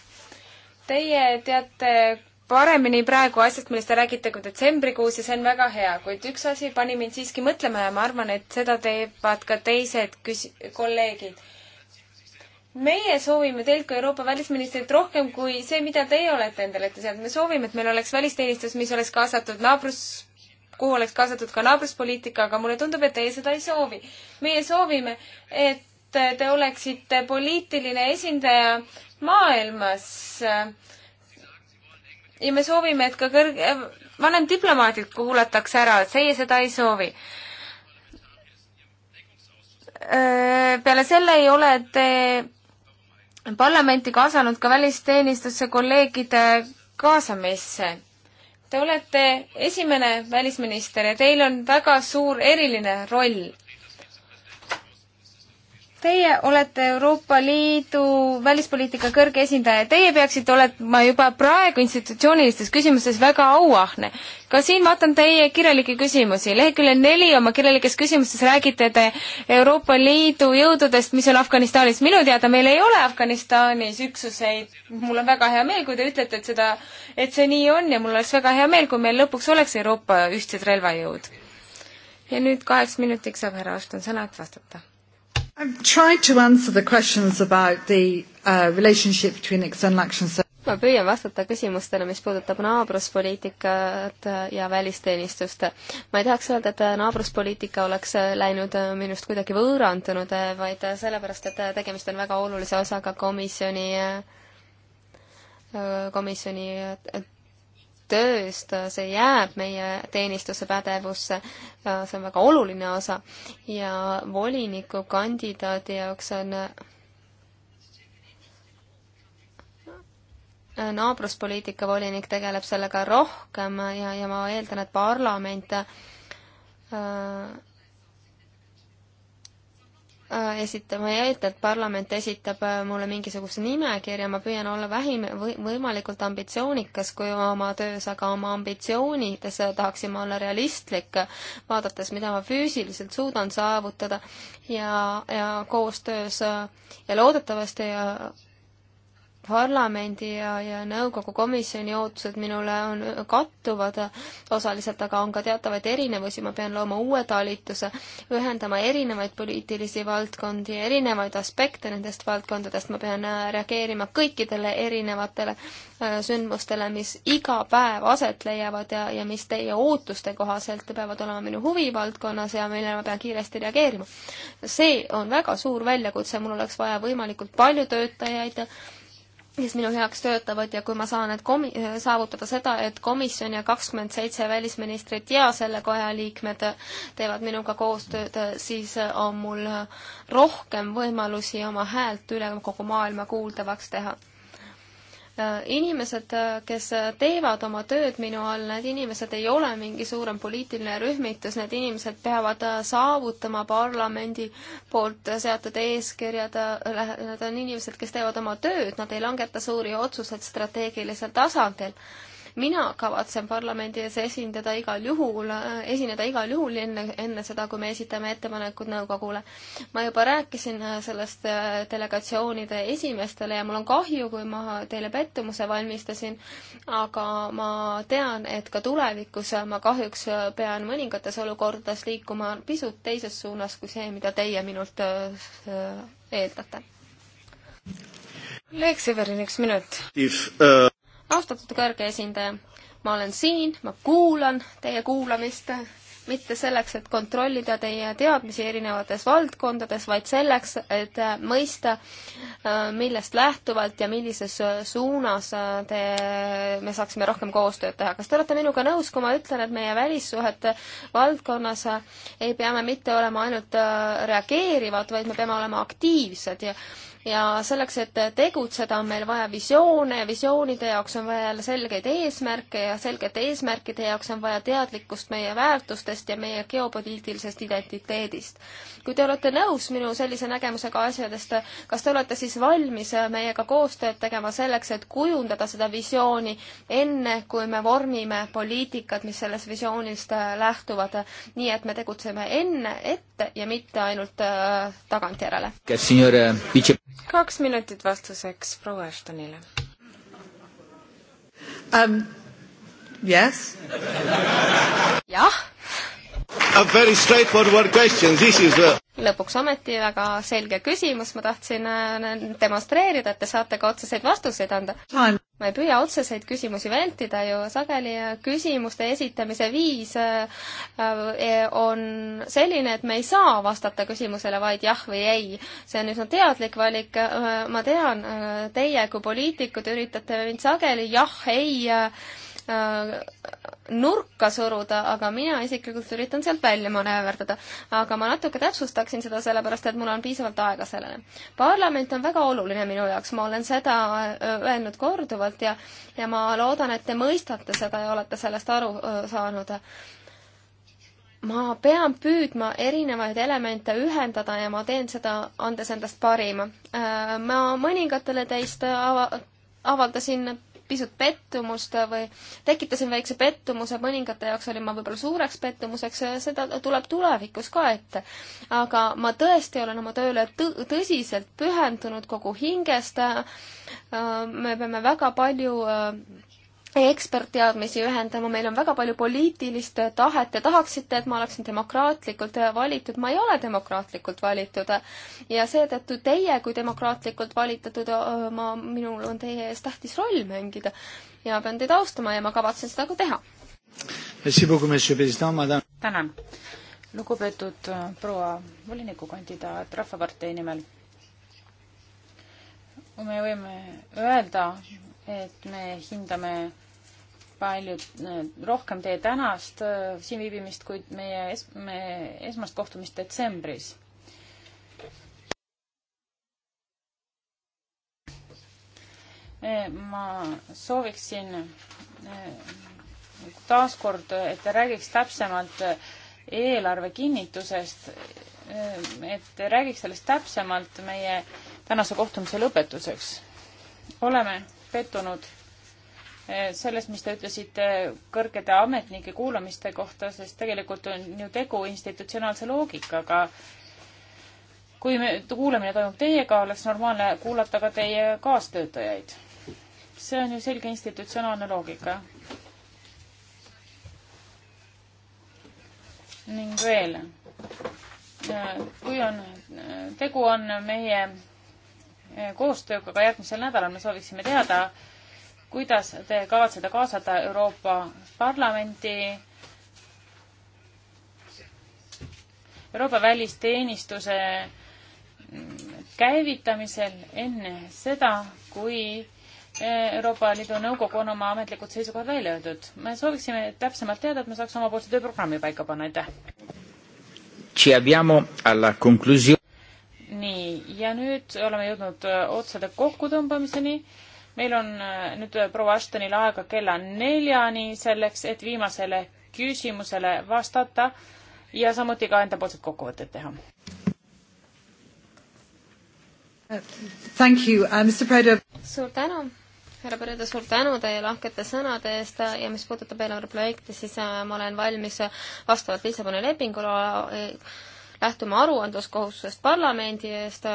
Teie teate paremini praegu asjast, millest te räägite, kui detsembrikuus ja see on väga hea, kuid üks asi pani mind siiski mõtlema ja ma arvan, et seda teevad ka teised küs-, kolleegid. meie soovime teilt kui Euroopa välisministrilt rohkem kui see, mida teie olete endale ette seadnud. me soovime, et meil oleks välisteenistus, mis oleks kaasatud naabrus, kuhu oleks kaasatud ka naabruspoliitika, aga mulle tundub, et teie seda ei soovi. meie soovime, et te oleksite poliitiline esindaja maailmas äh, ja me soovime, et ka kõrge, äh, vanemdiplomaadid kuulatakse ära, teie seda ei soovi. Äh, peale selle ei ole te parlamenti kaasanud ka välisteenistusse kolleegide kaasamisse. Te olete esimene välisminister ja teil on väga suur eriline roll Teie olete Euroopa Liidu välispoliitika kõrge esindaja, teie peaksite olema juba praegu institutsioonilistes küsimustes väga auahne. ka siin vaatan teie kirjalikke küsimusi, leheküljel neli oma kirjalikes küsimustes räägite te Euroopa Liidu jõududest, mis on Afganistanis. minu teada meil ei ole Afganistanis üksuseid, mul on väga hea meel, kui te ütlete, et seda, et see nii on ja mul oleks väga hea meel, kui meil lõpuks oleks Euroopa ühtsed relvajõud. ja nüüd kaheks minutiks saab härra Ashton sõna, et vastata I've tried to answer the questions about the uh, relationship between external action service ma püüan vastata küsimustele, mis puudutab naabruspoliitikat äh, ja välisteenistust. ma ei tahaks öelda, et äh, naabruspoliitika oleks äh, läinud minust kuidagi võõrandunud, vaid sellepärast, et tegemist on väga olulise osaga komisjoni, komisjoni tööst, see jääb meie teenistuse pädevusse, see on väga oluline osa ja volinikukandidaadi jaoks on äh, naabruspoliitika volinik tegeleb sellega rohkem ja, ja ma eeldan, et parlament äh, Äh, esitama ja ette, et parlament esitab äh, mulle mingisuguse nimekirja, ma püüan olla vähim või, võimalikult ambitsioonikas kui oma töös, aga oma ambitsioonides äh, tahaksin ma olla realistlik, vaadates, mida ma füüsiliselt suudan saavutada ja, ja koostöös ja loodetavasti ja parlamendi ja, ja nõukogu komisjoni ootused minule on, kattuvad osaliselt, aga on ka teatavaid erinevusi, ma pean looma uue talituse, ühendama erinevaid poliitilisi valdkondi, erinevaid aspekte nendest valdkondadest, ma pean äh, reageerima kõikidele erinevatele äh, sündmustele, mis iga päev aset leiavad ja, ja mis teie ootuste kohaselt peavad olema minu huvivaldkonnas ja millele ma pean kiiresti reageerima. see on väga suur väljakutse, mul oleks vaja võimalikult palju töötajaid, kes minu heaks töötavad ja kui ma saan need komi-, äh, saavutada seda, et komisjon ja kakskümmend seitse välisministrit ja selle koja liikmed teevad minuga koostööd, siis on mul rohkem võimalusi oma häält üle kogu maailma kuuldavaks teha. Äh, inimesed, äh, kes äh, teevad oma tööd minu all, need inimesed ei ole mingi suurem poliitiline rühmitus, need inimesed peavad saavutama parlamendi poolt seatud eeskirjad, need on inimesed, kes teevad oma tööd, nad ei langeta suuri otsuseid strateegilisel tasandil mina kavatsen parlamendi ees esindada igal juhul, äh, esineda igal juhul enne, enne seda, kui me esitame ettepanekud nõukogule. ma juba rääkisin äh, sellest äh, delegatsioonide esimestele ja mul on kahju, kui ma teile pettumuse valmistasin, aga ma tean, et ka tulevikus ma kahjuks pean mõningates olukordades liikuma pisut teises suunas kui see, mida teie minult eeldate. Leek Severin, üks minut. Uh austatud kõrge esindaja, ma olen siin, ma kuulan teie kuulamist, mitte selleks, et kontrollida teie teadmisi erinevates valdkondades, vaid selleks, et mõista, äh, millest lähtuvalt ja millises äh, suunas äh, te, me saaksime rohkem koostööd teha. kas te olete minuga nõus, kui ma ütlen, et meie välissuhete valdkonnas ei pea me mitte olema ainult reageerivad, vaid me peame olema aktiivsed ja ja selleks, et tegutseda, on meil vaja visioone, visioonide jaoks on vaja selgeid eesmärke ja selgete eesmärkide jaoks on vaja teadlikkust meie väärtustest ja meie geopoliitilisest identiteedist. kui te olete nõus minu sellise nägemusega asjadest, kas te olete siis valmis meiega koostööd tegema selleks, et kujundada seda visiooni enne, kui me vormime poliitikat, mis sellest visioonist lähtuvad, nii et me tegutseme enne, ette ja mitte ainult äh, tagantjärele? kaks minutit vastuseks proua Ashtonile um,. Yes. jah The... lõpuks ometi väga selge küsimus, ma tahtsin äh, demonstreerida, et te saate ka otseseid vastuseid anda. ma ei püüa otseseid küsimusi vältida ju, sageli äh, küsimuste esitamise viis äh, on selline, et me ei saa vastata küsimusele vaid jah või ei. see on üsna teadlik valik, ma tean, teie kui poliitikud üritate mind sageli jah, ei Äh, nurka suruda, aga mina isiklikult üritan sealt välja manööverdada. aga ma natuke täpsustaksin seda, sellepärast et mul on piisavalt aega sellele. parlament on väga oluline minu jaoks, ma olen seda äh, öelnud korduvalt ja, ja ma loodan, et te mõistate seda ja olete sellest aru äh, saanud ma pean püüdma erinevaid elemente ühendada ja ma teen seda, andes endast parima. ma mõningatele teist ava-, avaldasin pisut pettumust või tekitasin väikse pettumuse, mõningate jaoks olin ma võib-olla suureks pettumuseks, seda tuleb tulevikus ka ette. aga ma tõesti olen oma tööle tõ-, tõsiselt pühendunud kogu hingest, äh, me peame väga palju äh, ekspertteadmisi ühendama, meil on väga palju poliitilist tahet ja tahaksite, et ma oleksin demokraatlikult valitud, ma ei ole demokraatlikult valitud. ja seetõttu teie kui demokraatlikult valitud, ma, minul on teie ees tähtis roll mängida ja pean teid austama ja ma kavatsen seda ka teha. tänan. lugupeetud äh, proua volinikukandidaat Rahvapartei nimel. me võime öelda, et me hindame palju äh, rohkem teie tänast äh, siin viibimist, kuid meie es-, me esmast kohtumist detsembris. Äh, ma sooviksin taaskord, et te räägiks täpsemalt eelarve kinnitusest, et te räägiks sellest täpsemalt meie tänase kohtumise lõpetuseks. oleme pettunud sellest, mis te ütlesite kõrgete ametnike kuulamiste kohta, sest tegelikult on ju tegu institutsionaalse loogikaga. kui me, kuulamine toimub teiega, oleks normaalne kuulata ka teie kaastöötajaid. see on ju selge institutsionaalne loogika. ning veel, kui on, tegu on meie koostööga ka järgmisel nädalal, me sooviksime teada, kuidas te kavatsete kaasata Euroopa Parlamenti Euroopa välisteenistuse mm, käivitamisel enne seda, kui eh, Euroopa Liidu Nõukogu on oma ametlikud seisukohad välja öeldud. me sooviksime täpsemalt teada, et me saaks omapoolse tööprogrammi paika panna, aitäh. nii, ja nüüd oleme jõudnud eh, otsade kokkutõmbamiseni meil on äh, nüüd äh, proua Ashtonil aega kella neljani selleks, et viimasele küsimusele vastata ja samuti ka endapoolsed kokkuvõtted teha. Thank you uh,, Mr Preda. suur tänu, härra Preda, suur tänu teie lahkete sõnade eest ja mis puudutab eelarveprojekti, siis äh, ma olen valmis vastavalt Lissaboni lepingule lähtuma aruandluskohustusest parlamendi eest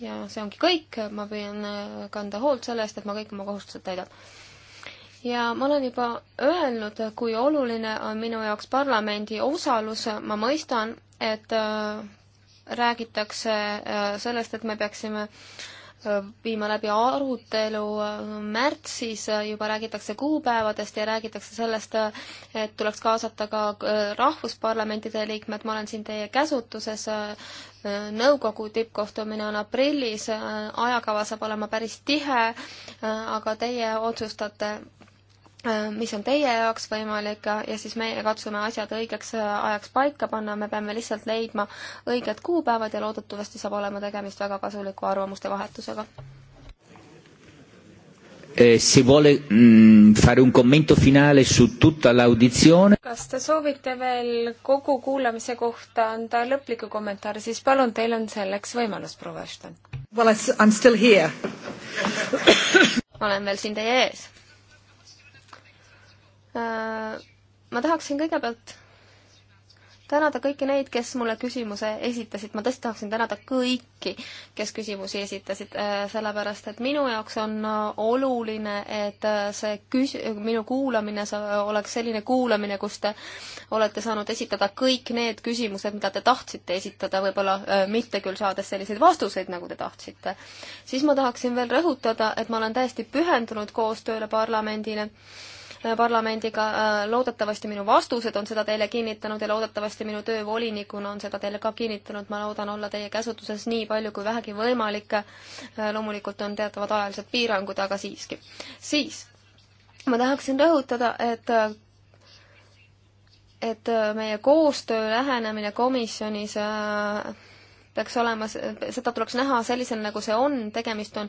ja see ongi kõik, ma püüan äh, kanda hoolt selle eest, et ma kõik oma kohustused täidan. ja ma olen juba öelnud, kui oluline on minu jaoks parlamendi osalus, ma mõistan, et äh, räägitakse äh, sellest, et me peaksime äh, viima läbi arutelu äh, märtsis, äh, juba räägitakse kuupäevadest ja räägitakse sellest, äh, et tuleks kaasata ka rahvusparlamentide liikmed, ma olen siin teie käsutuses, nõukogu tippkohtumine on aprillis, ajakava saab olema päris tihe, aga teie otsustate Äh, mis on teie jaoks võimalik ja siis meie katsume asjad õigeks äh, ajaks paika panna, me peame lihtsalt leidma õiged kuupäevad ja loodetavasti saab olema tegemist väga kasuliku arvamuste vahetusega. Eh, Se vuole mm, fare un commento finale su tutta l'audizione. kas te soovite veel kogu kuulamise kohta anda lõpliku kommentaari, siis palun, teil on selleks võimalus, proua Ashton. Well, I am still here ma [coughs] olen veel siin teie ees Äh, ma tahaksin kõigepealt tänada kõiki neid, kes mulle küsimuse esitasid, ma tõesti tahaksin tänada kõiki, kes küsimusi esitasid, äh, sellepärast et minu jaoks on äh, oluline, et see küs-, minu kuulamine oleks selline kuulamine, kus te olete saanud esitada kõik need küsimused, mida te tahtsite esitada, võib-olla mitte küll saades selliseid vastuseid, nagu te tahtsite. siis ma tahaksin veel rõhutada, et ma olen täiesti pühendunud koostööle parlamendile parlamendiga. Äh, loodetavasti minu vastused on seda teile kinnitanud ja loodetavasti minu töö volinikuna on seda teile ka kinnitanud. ma loodan olla teie käsutuses nii palju kui vähegi võimalik. Äh, loomulikult on teatavad ajalised piirangud, aga siiski. siis ma tahaksin rõhutada, et et meie koostöö lähenemine komisjonis äh, peaks olema, seda tuleks näha sellisena, nagu see on, tegemist on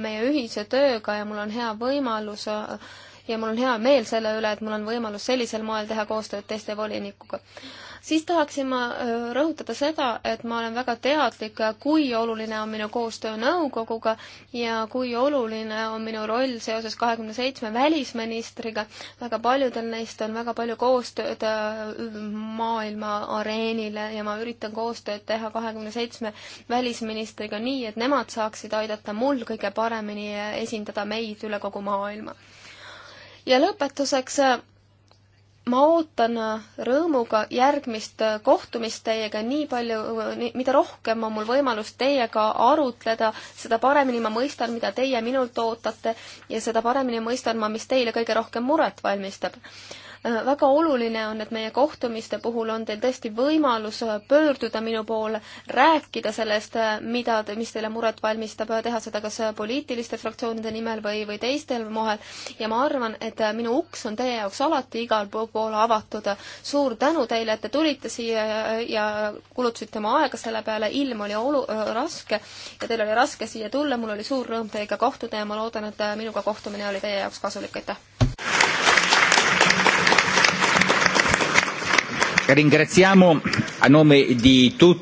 meie ühise tööga ja mul on hea võimalus ja mul on hea meel selle üle, et mul on võimalus sellisel moel teha koostööd teiste volinikuga. siis tahaksin ma äh, rõhutada seda, et ma olen väga teadlik, äh, kui oluline on minu koostöö nõukoguga ja kui oluline on minu roll seoses kahekümne seitsme välisministriga. väga paljudel neist on väga palju koostööd äh, maailma areenile ja ma üritan koostööd teha kahekümne seitsme välisministriga nii, et nemad saaksid aidata mul kõige paremini esindada meid üle kogu maailma ja lõpetuseks äh, ma ootan äh, rõõmuga järgmist äh, kohtumist teiega nii palju, mida rohkem on mul võimalust teiega arutleda, seda paremini ma mõistan, mida teie minult ootate ja seda paremini mõistan ma, mis teile kõige rohkem muret valmistab. Äh, väga oluline on, et meie kohtumiste puhul on teil tõesti võimalus äh, pöörduda minu poole, rääkida sellest, äh, mida, mis teile muret valmistab, teha seda kas poliitiliste fraktsioonide nimel või, või teistel moel. ja ma arvan, et minu uks on teie jaoks alati igal pool avatud. suur tänu teile, et te tulite siia ja kulutasite oma aega selle peale, ilm oli olu-, raske ja teil oli raske siia tulla, mul oli suur rõõm teiega kohtuda ja ma loodan, et minuga kohtumine oli teie jaoks kasulik, aitäh! Ringraziamo a nome di tutti